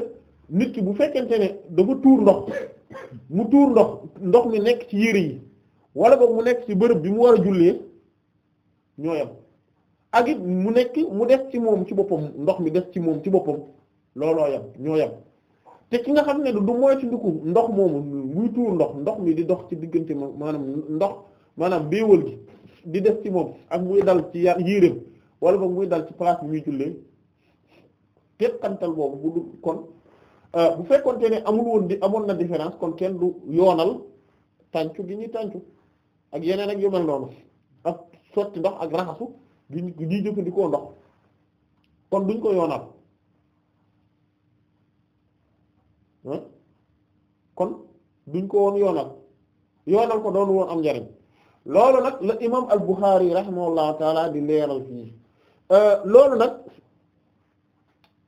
nit ki bu fekkente ne dafa tuur ndox mu tuur ndox ndox mi nekk ci yére yi wala boog mu nekk ci bërëb bi mu war a jullee ñoo yam agit mu nekk mu def ci moom ci boppam ndox mi def ci moom ci boppam looloo yam ñoo yam te ki nga xam ne du mooy ci ndiku ndox moomu muy tuur ndox ndox mi di dox ci diggante moom maanaam ndox maanaam béewal gi di def ci moom ak muy dal ci ya yéreem wala boog muy dal ci place bi muy jullee teqantal boobu bu dul kon euh, bu fekkonte ne amul woon amoon na différence kon kenn du yoonal tàncu gi ñuy tàncu ak yeneen ak yu mel noonu ndox ak raxasu gi ñuy jëfandikoo ndox kon duñ ko yoonal kon duñ ko woon yoonal yoonal ko doon woon am njariñ loolu nag la imam al-Bukhari rahimahullahu taala di leeral fii euh, loolu nag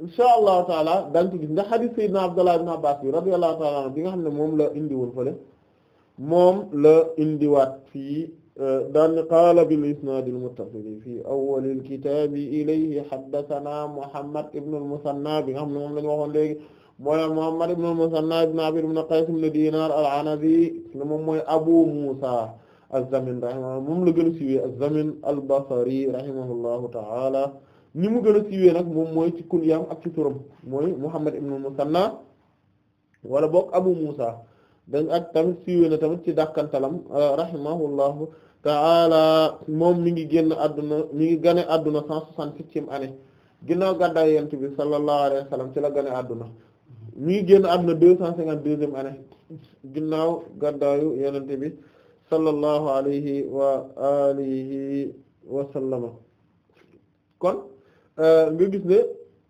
insha allahu taala daañu ko gis ndax hadith sayyidina Abdullah ibn Abbas bi radiyallahu taala bi nga xam ne moom la indiwul indiwoon fële moom la indiwaat fii euh, daan qaala bil isnaad al muttasil fii awwal al kitaab ilayhi haddathana Muhammad ibn al-Musanna bi nga xam ne moom la ñu waxoon léegi mooy Muhammad ibn Musanna ibn Abid ibn Qays ibn Dinar al-Anazi ne moom mooy Abu Musa az-Zamin rahimahullah moom la gën a siiwee az-Zamin al-Basri rahimahullahu ta'ala ni mu gën a siiwee nag moom mooy ci kunyaam ak ci mooy Muhammad ibn Musanna wala bokk Abu Musa dañ ak tamit siiwee na tamit ci dàkkantalam euh, rahimahullahu ta'ala moom mi ngi génn àdduna mi ngi gane àdduna cent soixante-septième année ginnaaw gàddaay Yonent bi sallallahu alayhi wa ci la gane àdduna mi ngi génn àdduna deux cent cinquante deuxième année ginnaaw gàddaayu yenente bi sallallahu alayhi wa alihi wa sallama kon euh, nga gis ne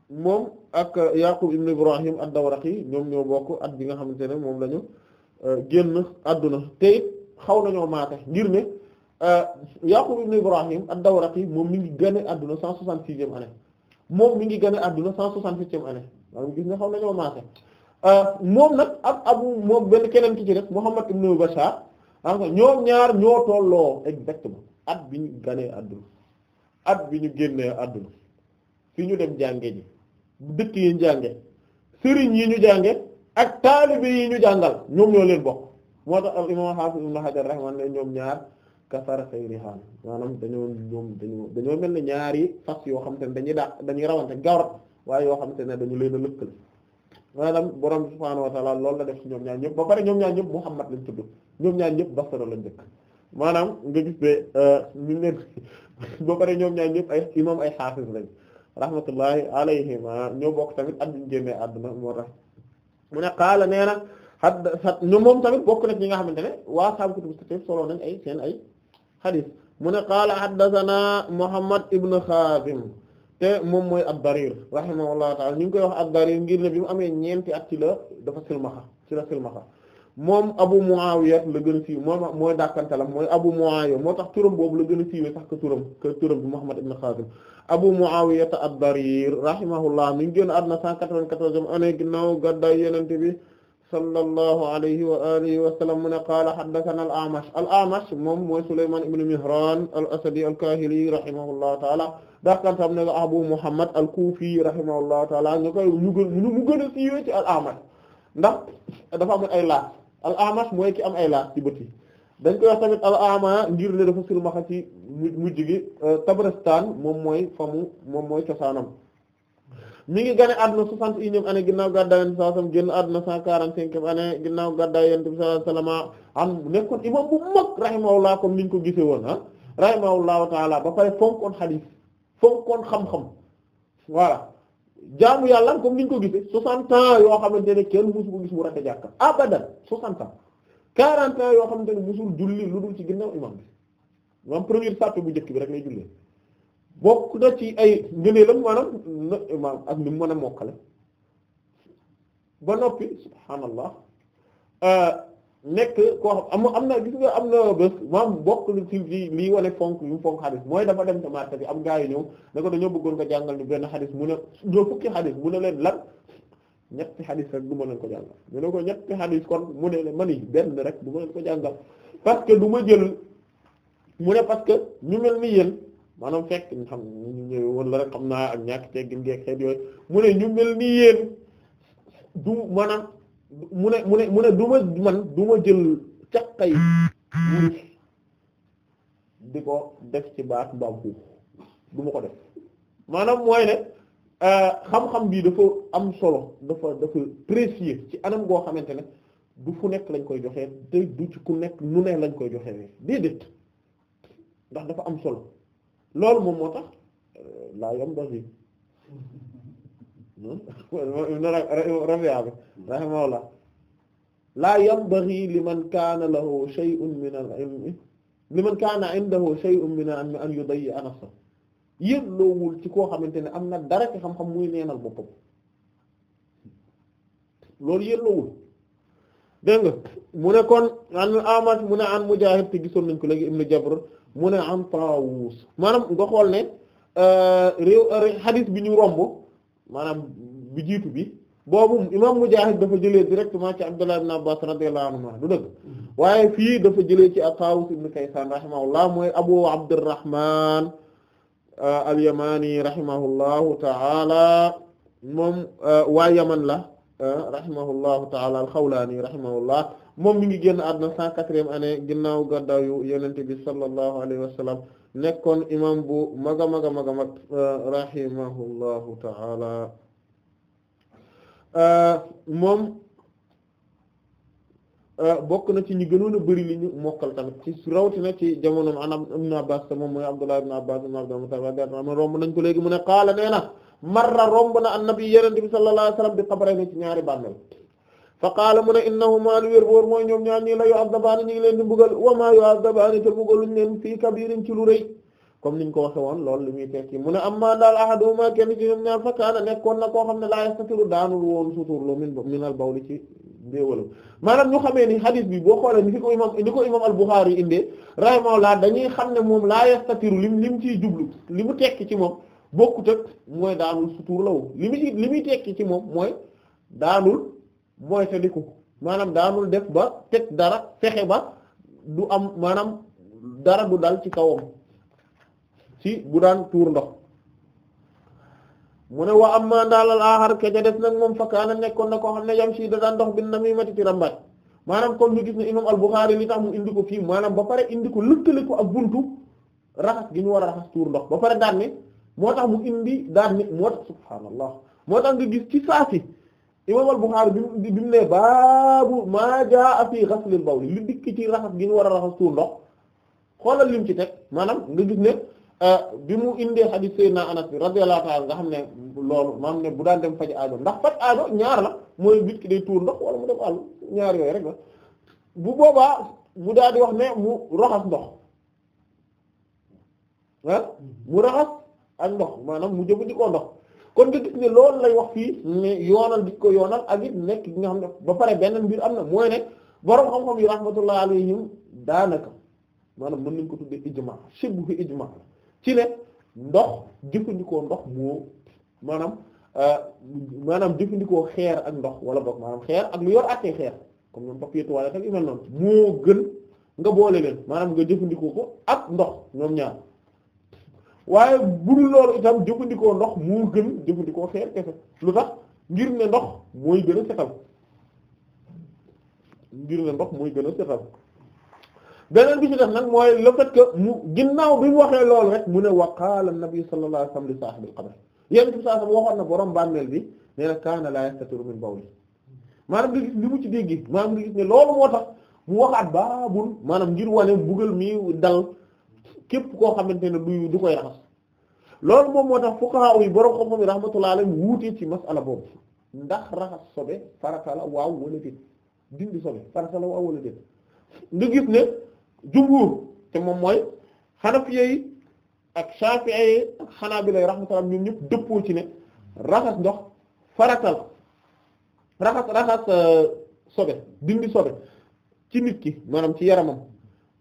moom ak Yaqub ibn Ibrahim ad-Dawraqi ñoom ñoo bokk at bi nga xamante ne moom lañu euh, génn àdduna te it xaw nañoo maate ngir ne euh, Yaqub ibn Ibrahim ad-Dawraqi moom mi ngi gane àdduna cent soixante-sixième année moom mi ngi gane àdduna cent soixante-septième année maanaam nga xam nañoo maase euh, moom nag ab abu moom benn keneen ki ci def Muhammad ibn Bashar anga ñoom ñaar ñoo tolloo exactement at bi ñu ganee àdduna at bi ñu génnee àdduna fi ñu dem jànge ji dëkk yi ñu jànge sëriñ yi ñu jànge ak taalibe yi ñu jàngal ñoom ñoo leen bokk moo tax al imam hafiz ibn hajar ñoom ñaar kasara sayrihan maanaam dañoo dañoo ñaari fas yoo xam te ne dañuy dañuy rawante gawrat waaye yoo xamante ne dañu leen a lëkkale maanaam borom subhaanahu wa ta'ala loolu la def ci ñoom ñaar ñëpp ba pare ñoom ñaar ñëpp Muhammad lañ tudd ñoom ñaar ñëpp Basra lañ dëkk maanaam nga gis ne euh, ñu leen [laughs] ba pare ñoom ñaar ñëpp ay imam ay xaafis lañ rahmatullahi alayhima ñoo bokk tamit at biñu génnee moo mu ne qaala nee na xad xad ñu moom tamit bokk na ci ñi nga xamante ne waa sahabu kutubu sitta solo nañ ay seen ay xadiis mu ne qaala haddathana Muhammad ibn Xaazim te moom mooy ad-Darir rahimahullahu ta'ala ñu ngi koy wax ad-Darir ngir ne bi mu amee ñeenti at ci la dafa silmaxa ci la silmaxa moom Abu Muawiya la gën a siiw moom mooy dàkkantalam mooy Abu Muawiya moo tax turam boobu la gën a siiwee sax ka turam ka turam bi Muhammad ibn Khasim Abu Muawiya ad-Darir rahimahullah mi ngi génn àdduna 194e année ginnaaw gàddaay Yonent bi sallallahu alayhi wa alihi wa sallam mu ne qaala haddathana al-A'mash al-A'mash moom mooy Sulaymaan ibn Mihraan al-Asadi al-Kahili rahimahullahu ta'ala daaxkantam ne la Abu Muhammad al-Kufi rahimahullahu taala ñu koy ñu gën a siiwee ndax dafa am ay laas al-Amash mooy ki am ay laas ci bët dañ koy wax tamit al-Ama ngir ne dafa silmaxa ci mujj gi euh, Tabaristan moom mooy famu moom mooy cosaanam mi ngi gane àdduna soixante et unième année ginnaaw gàddaay yonent bi sallallahu alayhi wasallam génn àdduna cent quarante-cinquième année ginnaaw gàddaay yonent nekkoon imam bu mag rahimahullah comme niñ ko gisee woon ah rahimahullahu ba pare fonkoon xadiis fonkoon xam-xam voilà jaamu yàlla comme niñ ko gisee 60 ans yoo xamante ne kenn musu ko gis mu rate jàkka abadan 60 ans 40 ans yoo xam ne musul julli lu dul ci ginnaaw imam bi maanaam première sàpp bu njëkk bi rek lay jullee bokk na ci ay ngëneelam maanaam na imaam ak ni mu mën a mokkale ba noppi subhaanallah euh, nekk koo am am na gis nga am na bés maam bokk ci lii wane fonk yu fonk xadis mooy dama dem sa marché bi am gaa yu ñëw ne ko dañoo bëggoon ko jàngal ni benn xadis mu ne ñoo fukki xadis mu ne leen lan ñetti xadis rek du ma leen ko jàngal mu ne ko ñetti xadis kon mu ne leen man benn rek du ma ko jàngal parce que du ma jël mu ne parce que ñu mel ni yéen maanaam fekk ñu xam ñu ñëw woon la rek naa ak ñàkk teggin geeg xeet yooyu mu ne ñu mel ni yéen du maanaam mu ne mu ne mu ne du man du ma jël caqay wurus di ko def ci baat mbaam xuux du ko def maanaam mooy ne euh, xam-xam bii dafa am solo dafa dafa précieux ci anam goo xamante ne du fu nekk lañ koy joxee te du ci ku nekk nu ne lañ koy joxee déedéet ndax dafa am solo loolu moom moo tax euh, laa yom dox yi Rabi'a bi rahimahullah laa yanbaghi liman kaana lahu shay'un min al-ilmi liman kaana indahu shay'un min al an yudayyi'a ci koo xamante ne am na dara ci xam-xam muy neenal boppam loolu yëlloowul dégg nga mu ne kon an Amath mu ne an Mujaahid te gisoon nañ ko léegi Ibn Jabr mu ne an Taawus maanaam nga xool ne euh, réew xadiis euh, bi ñu romb maanaam bi jiitu bi boobu imam Mujaahid dafa jëlee directement ci Abdullah ibn Abbas radiyallahu anhu du dëgg mm-hmm. waaye fii dafa jëlee ci Tawus ibn Kaysan rahimahullah mooy Abu Abdurrahman euh, al-Yamani rahimahullahu ta'ala moom euh, waa Yaman la euh, rahimahullahu ta'ala al-Khawlani rahimahullah moom mi ngi génn àdduna cent quatrième année ginnaaw gàddaayu Yonent bi sallallahu alayhi wa nekkoon imam bu mag a mag a mag a mag rahimahullahu ta'ala euh, moom euh, bokk na ci ñu gënoon a bari li ñu mokkal tamit ci rawatina ci jamonoom anam ibn Abbas te moom mooy Abdullah ibn Abbas ibn Abdullah romb nañ ko na marra romb na annabi yenente bi sallallahu alayhi wasallam bi ñaari bàmmeel fa qaala mu ne innahuma lu wér boor mooy ñoom ñaar ñii la yu azzabaani ñu ngi leen di mbugal wa maa yu azzabaani te mbugaluñ leen fii kabirin ci lu rëy comme niñ ko waxe woon loolu li muy mu ne amma daal ahaduhuma kenn ci ñoom ñaar fa kaana xam ne laa yastatiru bi boo xoolee ni ko imam ni ko imam al-Bukhari xam ne moom laa yastatiru lim lim ciy jublu li mu tekki ci moom bokkut ak mooy daanul suturlawu li muy li muy tekki ci moom mooy daanul moytandiku maanaam daanul def ba teg dara fexe ba du am maanaam dara du dal ci kawam si bu daan tuur ndox mu ne waa am ma daalal aaxar keja des nag moom fakkaana nekkoon na koo xam ne yam si da daan ndox bin namimati ci rambaaj maanaam comme ñu gis ne imam al-Bukhari li tax mu indi ko fii maanaam ba pare indi ko lëkkale ko ak buntu raxas gi ñu war a raxas tuur ndox ba pare daan ne moo tax mu indi daan ne moo tax subhaanallah moo tax nga gis imam bu bukhari bi bi mu ne baabu maa jaa fi ghaslil bawl li dikk ci raxas gi ñu war a raxas suur ndox xoolal lim ci teg maanaam nga gis ne euh, bi mu indee xadiis Seydina Anas bi radiyallahu nga xam ne loolu maam ne bu daan dem faj aajo ndax faj aajo ñaar na mooy nit ki day tuur ndox wala mu dem àll ñaar yooyu rek bu boobaa mu daal di wax ne mu raxas ndox ah mu raxas ak ndox maanaam mu di koo ndox kon nga gis ne loolu lay wax fii ne yoonal di ko yoonal ak it nekk gi nga xam ne ba pare benn mbir am na mooy ne borom xam-xam yi rahmatullah alayhim daanaka maanaam mën nañ ko tuddee ijma shibhu ijma ci ne ndox jëfandikoo ndox moo maanaam euh, maanaam jëfandikoo xeer ak ndox wala boog maanaam xeer ak lu yor àttee xeer comme ñoom papier toilette ak yu mel noonu moo gën nga boole leen maanaam nga jëfandikoo ko ak ndox ñoom ñaar. waaye bu loolu itam jëfandikoo ndox moo gën jëfandikoo xeer kese lu tax ngir ne ndox mooy gën a setal ngir ne ndox mooy gën a setal beneen bi ci def nag mooy le fait que mu ginnaaw bi mu waxee loolu rek mu ne wa la nabi sallallahu alayhi wasallam li saahibil qabr yéen bi saa sam waxoon na borom bàmmeel bi nee na kaana la yastatiru min bawli maanaam nga gis li mu ci dégg maanaam nga gis ne loolu moo tax mu waxaat baabul maanaam ngir wane mbugal mi dal képp koo xamante ne du du koy raxas loolu moom moo tax fuqaha yi borom xam-xam yi rahmatullahi alayhi wuutee ci masala boobu ndax raxas sobe farata la waaw wala déet dindi sobe farata la waaw wala déet nga gis ne jumhur te moom mooy xanafiye yi ak shafi'i yi ak xanaabila yi rahmatullahi ñëpp dëppoo ci ne raxas ndox farata la raxas raxas euh, sobe dindi sobe ci nit ki maanaam ci yaramam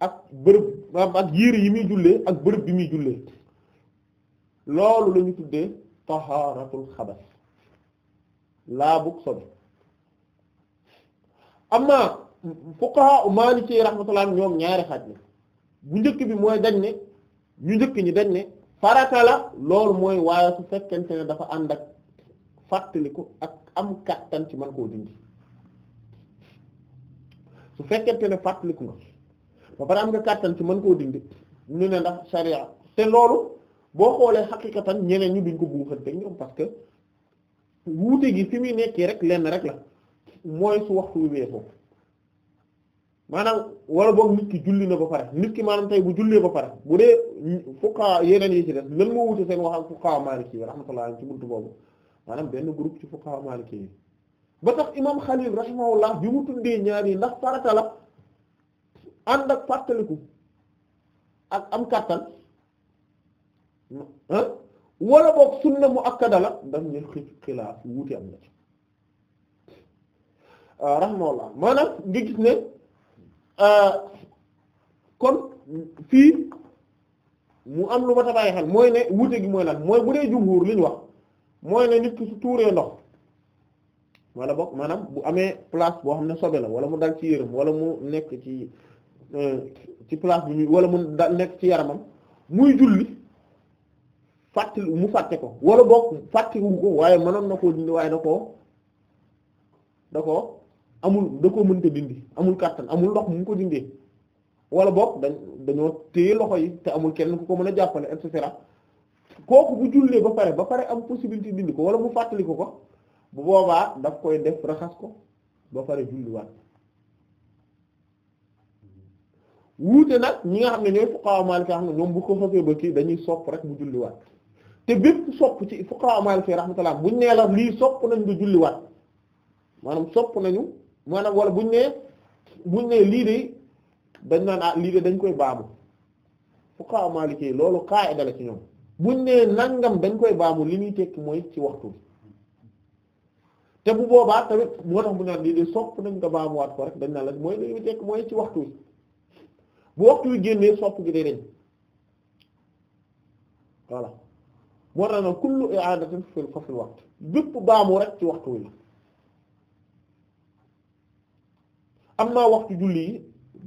ak bërëb ak yére yi muy jullee ak bërëb bi muy jullee loolu la ñu tuddee tahaaratul xabas laabug sobe amma fuqaha maliki rahmatullah ñoom ñaari xaaj la bu njëkk bi mooy dañ ne ñu njëkk ñi dañ ne farata la loolu mooy waaye su fekkente ne dafa ànd ak fàttaliku ak am kàttan ci mën koo dindi su fekkente ne fàttaliku nga ba pare am nga kàttan ci mën koo dindi ñu ne ndax sharia te loolu boo xoolee xaqiqatan ñeneen ñu biñ ko buuxante ñoom parce que wuute gi fi muy nekkee rek lenn rek la mooy su waxtu wi weesoo maanaam wala boog nit ki julli na ba pare nit ki maanaam tey bu jullee ba pare bu dee fuqaa yeneen yi ci def lan moo wuute seen wax ak fuqaa maliki yi rahmatullah ci buntu boobu maanaam benn group ci fuqaa maliki yi ba tax imam Xalil rahimahullah bi ñaar yi ndax farata ànd ak fàttaliku ak am kàttan ah, wala boog sunna mu akkada la daf ñu xilaaf wuute am na ci ah, rahmaallah maanaam nga gis ne ah, kon fii mu am lu ma ta bàyyi mooy ne wuute gi mooy lan mooy bu dee jumhuur li wax mooy ne nit ki su tuuree ndox wala boog maanaam bu amee place boo xam ne sobe la wala mu dal ci yërëm wala mu nekk ci Euh, ci place bi wala mu nekk ci yaramam muy julli fàttali mu fàtte ko wala bokk fàttewu ko waaye mënoon na koo dindi waaye da koo da koo amul da koo mënta dindi amul kàttan amul ndox mu ko dindee wala bokk dañ dañoo téye loxo yi te amul kenn ku ko mën a jàppale et cetera kooku bu jullee ba pare ba pare am possibilité dindi ko wala mu fàttali ko ko bu boobaa daf koy def raxas ko ba pare julliwaat. wuute nag ñi nga xam ne ñooy fuqaha maliki xam ne ñoom bu ko xasee ba kii dañuy sopp rek mu julliwaat te bépp sopp ci fuqaha maliki rahmatullah buñ nee la lii sopp nañ nga julliwaat maanaam sopp nañu maanaam wala buñ nee buñ nee lii de dañ naan ah lii de dañ koy baamu fuqaha maliki loolu qaida la ci ñoom buñ nee nangam dañ koy baamu li ñuy tekki mooy ci waxtu bi te bu boobaa tamit moo tax mu naan lii de sopp nañ nga waat ko rek dañ naan mooy li ñuy tekki mooy ci waxtu bi bu waxtu wi génnee sopp gi day dañ voilà moo tax nag kullu i'adatin fil fil waxt bépp baamu rek ci waxtu wi la am naa waxtu julli yi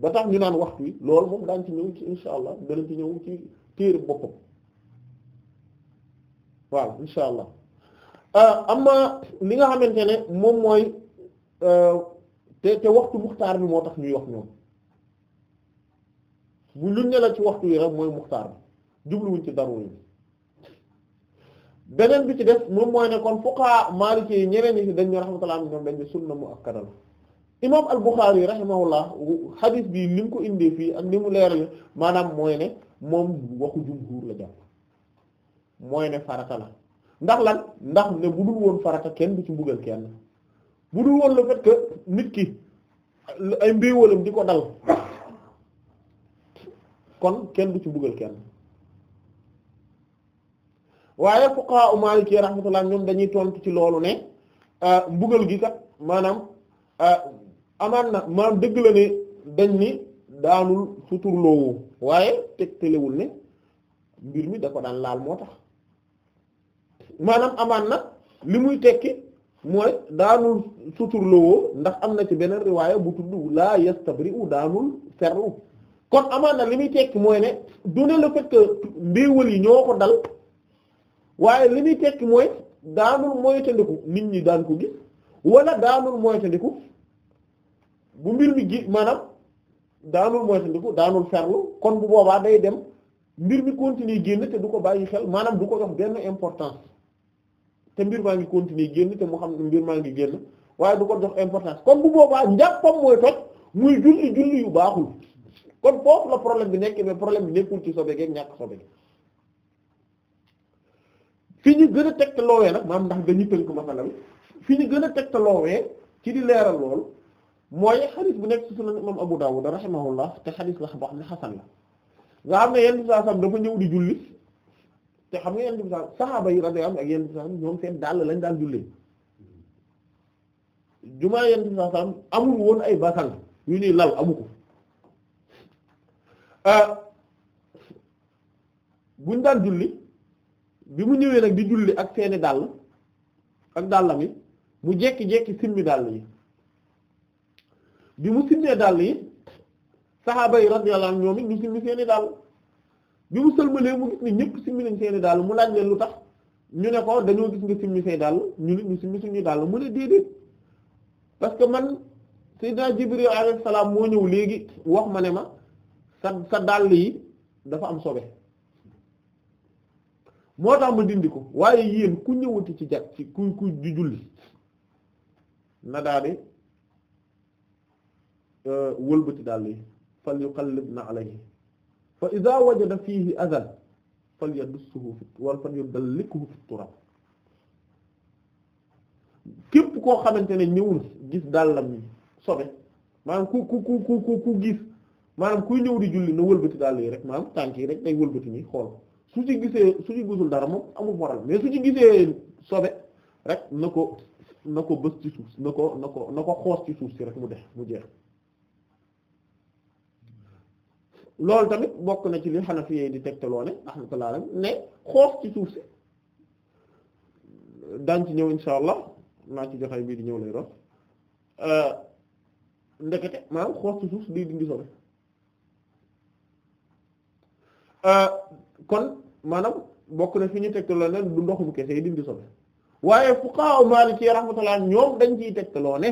ba tax ñu naan waxtu wi loolu moom daan ci ñëw ci insha allah danañ ci ñëw ci téere boppam waaw insha allah euh, am na li nga xamante ne moom mooy euh, te te waxtu muxtaar bi moo tax ñuy wax ñoom bu luñ ne la ci waxtu yi rek mooy muxtaar bi jubluwuñ ci daruri bi beneen bi ci def moom mooy ne kon fuqaha maliki yi ñeneen ñi dañ ñu rahmatullah ñoom dañ ne sunna muakkada la imam al-Bukhari rahimahullah hadith bi ni ko indee fii am ni mu leer leerale maanaam mooy ne moom waxu jumhur la jàpp mooy ne farata la ndax lan ndax ne bu dul woon farata kenn bu ci mbugal kenn bu dul woon le fait nit ki ay mbiiwalam di ko dal kon kenn du ci buggal kenn waaye fuqaha u Maliki rahmatullah ñoom dañuy tontu ci loolu ne euh, mbugal gi kat maanaam euh, amaan na maanaam dëgg la ne dañ ni daanul suturloowu waaye tegtalewul ne mbir mi da ko daan laal moo tax maanaam amaan na li muy tekki mooy daanul suturloowu ndax am na ci beneen riwaaya bu tudd laa yastabri u daanul ferru kon amaan na li muy tekki mooy ne du ne le fait mbéewal yi ñoo ko dal waaye li muy tekki mooy daanul moytandiku nit ñi daan ko gis wala daanul moytandiku bu mbir mi gi maanaam daanul moytandiku daanul ferlu kon bu boobaa day dem mbir mi continuer génn te du ko bàyyi xel maanaam du ko jox benn important te mbir maa ngi continuer génn te mu xam mbir maa ngi génn waaye du ko jox importance kon bu boobaa njàppam mooy toj muy julli julli yu baaxul kon foofu la problème bi nekk mais problème bi nekkul ci sobe geeg ñàkk sobe gi fi ñu gën a teg te loowee nag maam ndax dañu tënk masala bi fi ñu gën a teg te loowee ci di leeral loolu mooy xadis bu nekk ci sunan imam Abu Dawud rahimahullah te xadis la boo xam ne xasan la nga am ne yenn bi saa dafa ñëw di julli te xam nga yenn bi saa yi radiyallahu ak yenn bi saa ñoom seen dàll lañ daan jullee jumaa yenn amul woon ay basal yu ñuy lal amu Euh, buñ daan julli bi mu ñëwee nag di julli ak seeni dàll ak dàllam yi mu jekki-jekki simmi dàll yi bi mu simmee dàll yi saxaaba yi radiyallahu anhum ñoom it ñu simmi seeni dàll bi mu sëlmalee mu gis ni ñëpp simmi nañ seeni dàll mu laaj leen lu tax ñu ne ko dañoo gis nga simmi say dàll ñu nit ñu simmi suñuy dàll mu ne déedéet parce que man sayyidina Jibril alayhi salaam moo ñëw léegi wax ma ne ma sa sa dàll yi dafa am sobe moo tax ma dindi ko waaye yéen ku ñëwati ci jàkk ci ku ku di julli na daal euh, wëlbati dàll yi fal yuqallibna alayhi fa idha wajada fihi adhan fal yadussuhu fi wal fal yudallikuhu fi turab képp koo xamante ne ñëwul gis dàllam yi sobe maanaam ku ku ku ku ku gis maanaam kuy ñëw di julli na wëlbati daal yi rek maanaam tànk yi rek day wëlbati nii xool su ci gisee su ci gisul dara moom amul waral mais su ci gisee sobe rek na ko na ko bës ci suuf na ko na ko na ko xoos ci suuf si rek mu def mu jeex loolu tamit bokk na ci li Hanafi yi di tegtaloo ne rahmatullah alam ne xoos ci suuf si daan ci ñëw insha allah naa ci joxay bii di ñëw lay doon euh, ndekete maanaam xoos ci suuf si day dindi sobe Euh, kon maanaam bokk na fi ñu tegtaloo ne du ndoxum kese yi dindi sobe waaye fuqaha maliki rahmatullah ñoom dañ ciy tegtaloo ne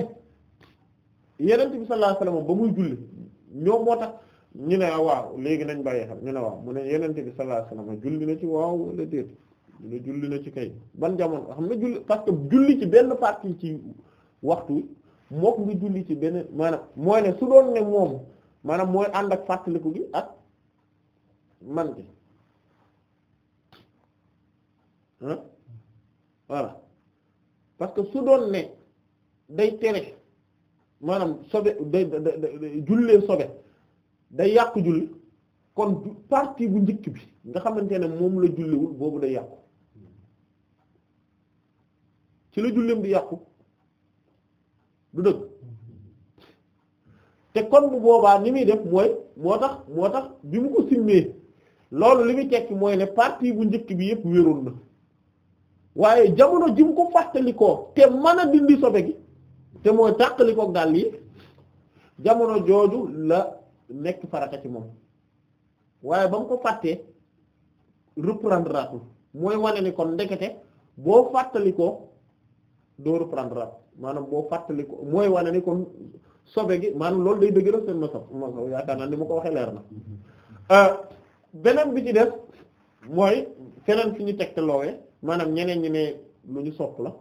yonent bi sallallahu alayhi ba muy julli ñoom moo tax ñu ne waaw léegi nañ bàyyi xam ñu ne waaw mu ne yonent bi sallallahu alayhi wasallam julli na ci waaw wala déet ñu ne julli na ci kay ban jamono xam ne julli parce que julli ci benn partie ci waxtu mook nga julli ci benn maanaam mooy ne su doon ne moom maanaam mooy ànd ak fàttaliku gi ak. man gi voilà parce que su doon ne day tere maanaam sobe day jullee sobe day yàq julli kon partie bu njëkk bi nga xamante ne moom la julliwul boobu day yàqu ci la julleem di yàqu du dëgg te kon bu boobaa ni muy def mooy moo tax moo tax bi mu ko simmee loolu li muy tekki mooy ne partie bu njëkk bi yëpp wéroon na waaye jamono ji mu ko fàttalikoo te mën a dindi sobe gi te mooy tàqalikoo dàll yi jamono jooju la nekk farata ci moom waaye ba mu ko fàttee reprendre mooy wane ni kon ndekete boo fàttalikoo doo reprendre maanaam boo fàttalikoo mooy wane ni kon sobe gi maanaam loolu day dëgg la seen ma sob ma yaakaar naa ni ma ko waxee leer na mm-hmm. euh, beneen bi ci def mooy feneen fi ñu teg te loowee maanaam ñeneen ñi ne lu ñu sopp la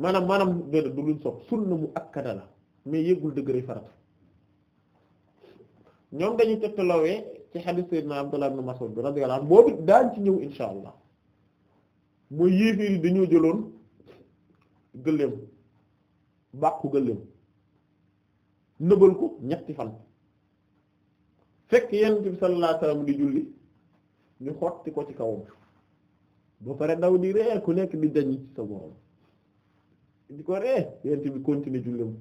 maanaam maanaam déedéet du lu ñu sopp sunna mu akkada la mais yëgul degré farata ñoom dañuy teg te loowee ci hadith naa Abdullah ibn Mas'ud radiyallahu anhu boobu daañ ci ñëw insha allah mooy yéeféer yi jëloon gëléem bàqu gëléem nëbal ko ñetti fan fekk yonent bi sallallahu alayhi wasallam di julli ñu xotti ko ci kawam ba pare daw di ree ku nekk di dañ ci sa borom di ko ree yonent bi continuer jullam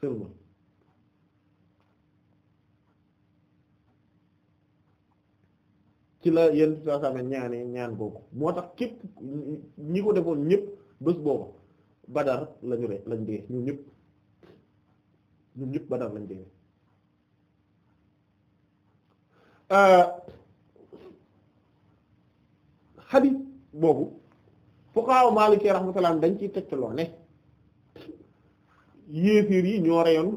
seulement ci la yonent bi sallallahu alayhi wasallam ñaane ñaan googu moo tax képp ñi ko defoon ñëpp bés booba Badar lañu re lañ dee ñun ñëpp ñun ñëpp Badar lañ dee xadis euh, boobu fuqaha Maliki rahmatullah dañ ciy tegtaloo ne yéeféer yi ñoo reyoon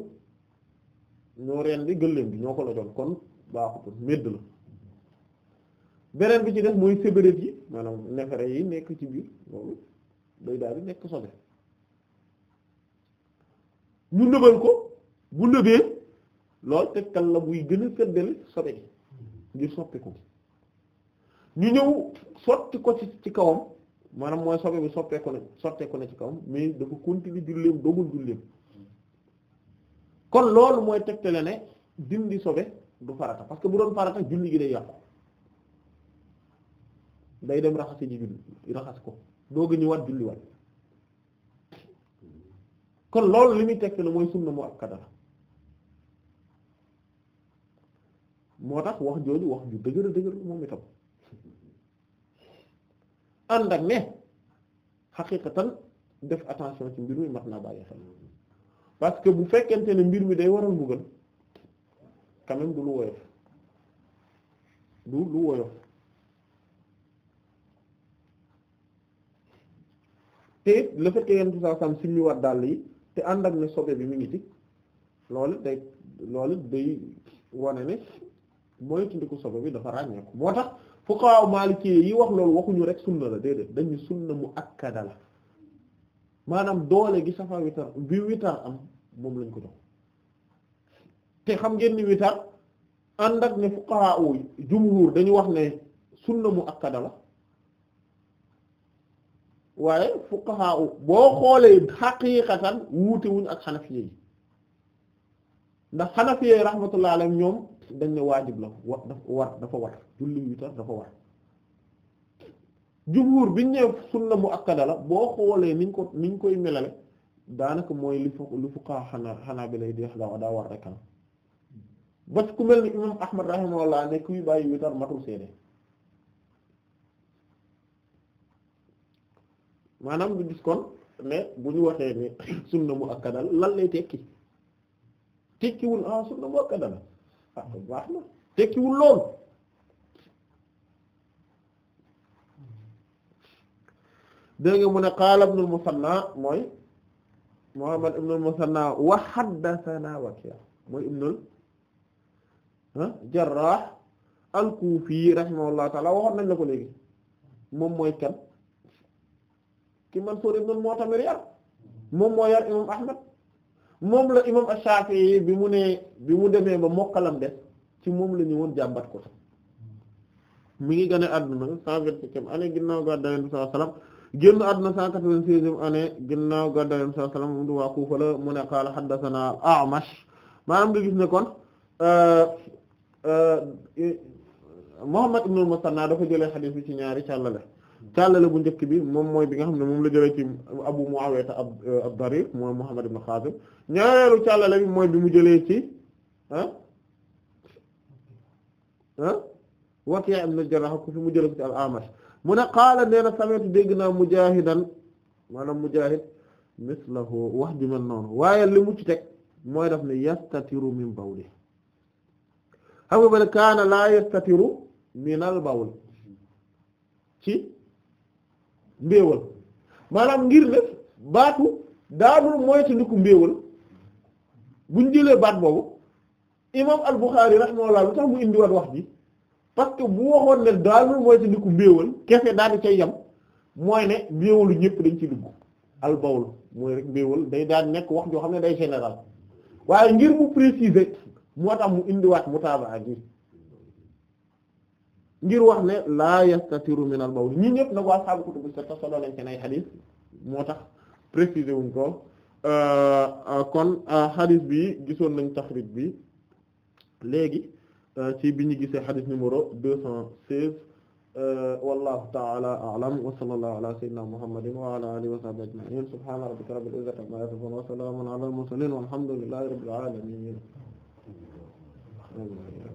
ñoo reen di gëléem bi ñoo ko lojoon kon baaxutul medd la beneen bi ci def mooy sébérét yi maanaam nefere yi nekk ci biir loolu day daal di nekk sobe ñu nëbal ko bu nëbee lool tegtal la buy gën a feddali sobe ngir soppi ko ñu ñëw sotti ko ci ci kawam maanaam mooy sobe bi soppeeku na sotteeku na ci kawam mais dafa continuer julleem dogul julleem kon loolu mooy tegtale ne dindi sobe du farata parce que bu doon farata julli gi day yàqu day dem raxasi ji julli raxas ko dooga ñëwaat julli waat kon loolu li muy tegtale mooy sunna mu akkada la moo tax wax jooju wax ju dëgër dëgër moom itam ànd ak ne xaqiqatan def attention ci mbir mi mat naa bàyyi xel parce que bu fekkente ne mbir mi day waral mbugal quand même du lu woyof du lu woyof te la fait que saa sam si ñëwaat dàll yi te ànd ak ne sobe bi mu ngi ci loolu day loolu day wane ne mooy tundiku sabab bi dafa ràññeeku moo tax fuqaha maliki yi wax loolu waxuñu rek sunna la déedéet dañu sunna mu akkada la maanaam doole gi safa witar bi witar am moom lañ ko jox te xam ngeen ni witar ànd ak ne fuqaha jumhur dañu wax ne sunna mu akkada la waaye fuqaha boo xoolee xaqiiqatan wuute wuñ ak xanafiye yi ndax xanafiye rahmatullah alayhim ñoom dañ ne waajib la wa dafa war dafa war julli witar dafa war jumhur biñ ne sunna muakkada la boo xoolee niñ ko niñ koy melale daanaka mooy li fu li fuqaa xanaa xanaa bi lay di daa war rek am ah. ba ku mel ni imam ahmad rahimahullah ne kuy bàyyi witar matul seede maanaam du gis kon bu ñu waxee ne [coughs] sunna muakkada la lan lay tekki tekkiwul ah sunna muakkada la ah kon baax na nga mu ne qaala ibnul Musanna mooy Muhammad ibnul Musanna wa haddathana Waki' mooy ibnul ah, Jarrah al-Kufi rahimahullahu ta'ala waxoon nañ la ko léegi moom mooy kan ki Mansuur ibnul Mu'tamir yar moom moo yar imam Ahmad moom la imam Ash-Shafi'i bi mu ne bi mu demee ba mokkalam des ci moom la woon jàmbat ko mu ngi gën a adduna cent vingt-septième année ginnaaw gàddaay Yonent bi mu du waa Kufa mu ne qaala haddathana al-A'mash maanaam nga gis ne kon euh, euh, Muhammad ibn al-Musanna dafa jëlee xadiis bi ci ñaari càllale càllale bu njëkk bi moom mooy bi nga xam ne moom la jëlee ci Abu Muawiya ab euh, ab Darir mooy Muhammad ibn Khazim ñaareelu càllale bi mooy bi mu jëlee ci ah ah Waki' ibn al-Jarrah ku mu jëlee ci al-Amash mu ne qaala nee na sami'tu dégg mu Mujaahidan maanaam Mujaahid mislahu wax bi mel noonu waaye li mu ci teg mooy daf ne yastatiru min bawli xam nga kaana laa yastatiru min al-bawl ci. mbéewal maanaam ngir ne baatu daanul moytandiku mbéewal buñ jëlee baat boobu imam al-Bukhari rahimahullah lu tax mu indiwaat wax ji parce que bu waxoon ne daanul moytandiku mbéewal kese daal di cay yam mooy ne mbéewalu ñëpp dañ ci dugg al-bawl mooy rek mbéewal day daan nekk wax joo xam ne day général waaye ngir mu préciser moo tax mu indiwaat mutaabaa gi ngir wax ne laa yastatiru min al bawl ñii ñëpp nag waa ashaabu kutubu sitta solo lañ seen ay moo tax préciser wuñ euh, kon euh, xadis bi gisoon nañ taxrij bi léegi euh, ci bi ñu gisee xadis numéro deux cent seize wallahu ta'ala a'lam wa sallallahu ala sayyidina muhammadin wa ala alihi wa sahbihi ajma'in subhana rabbika rabbil izzati amma yasifun wa salamun ala al mursalin walhamdulillahi rabbil alamin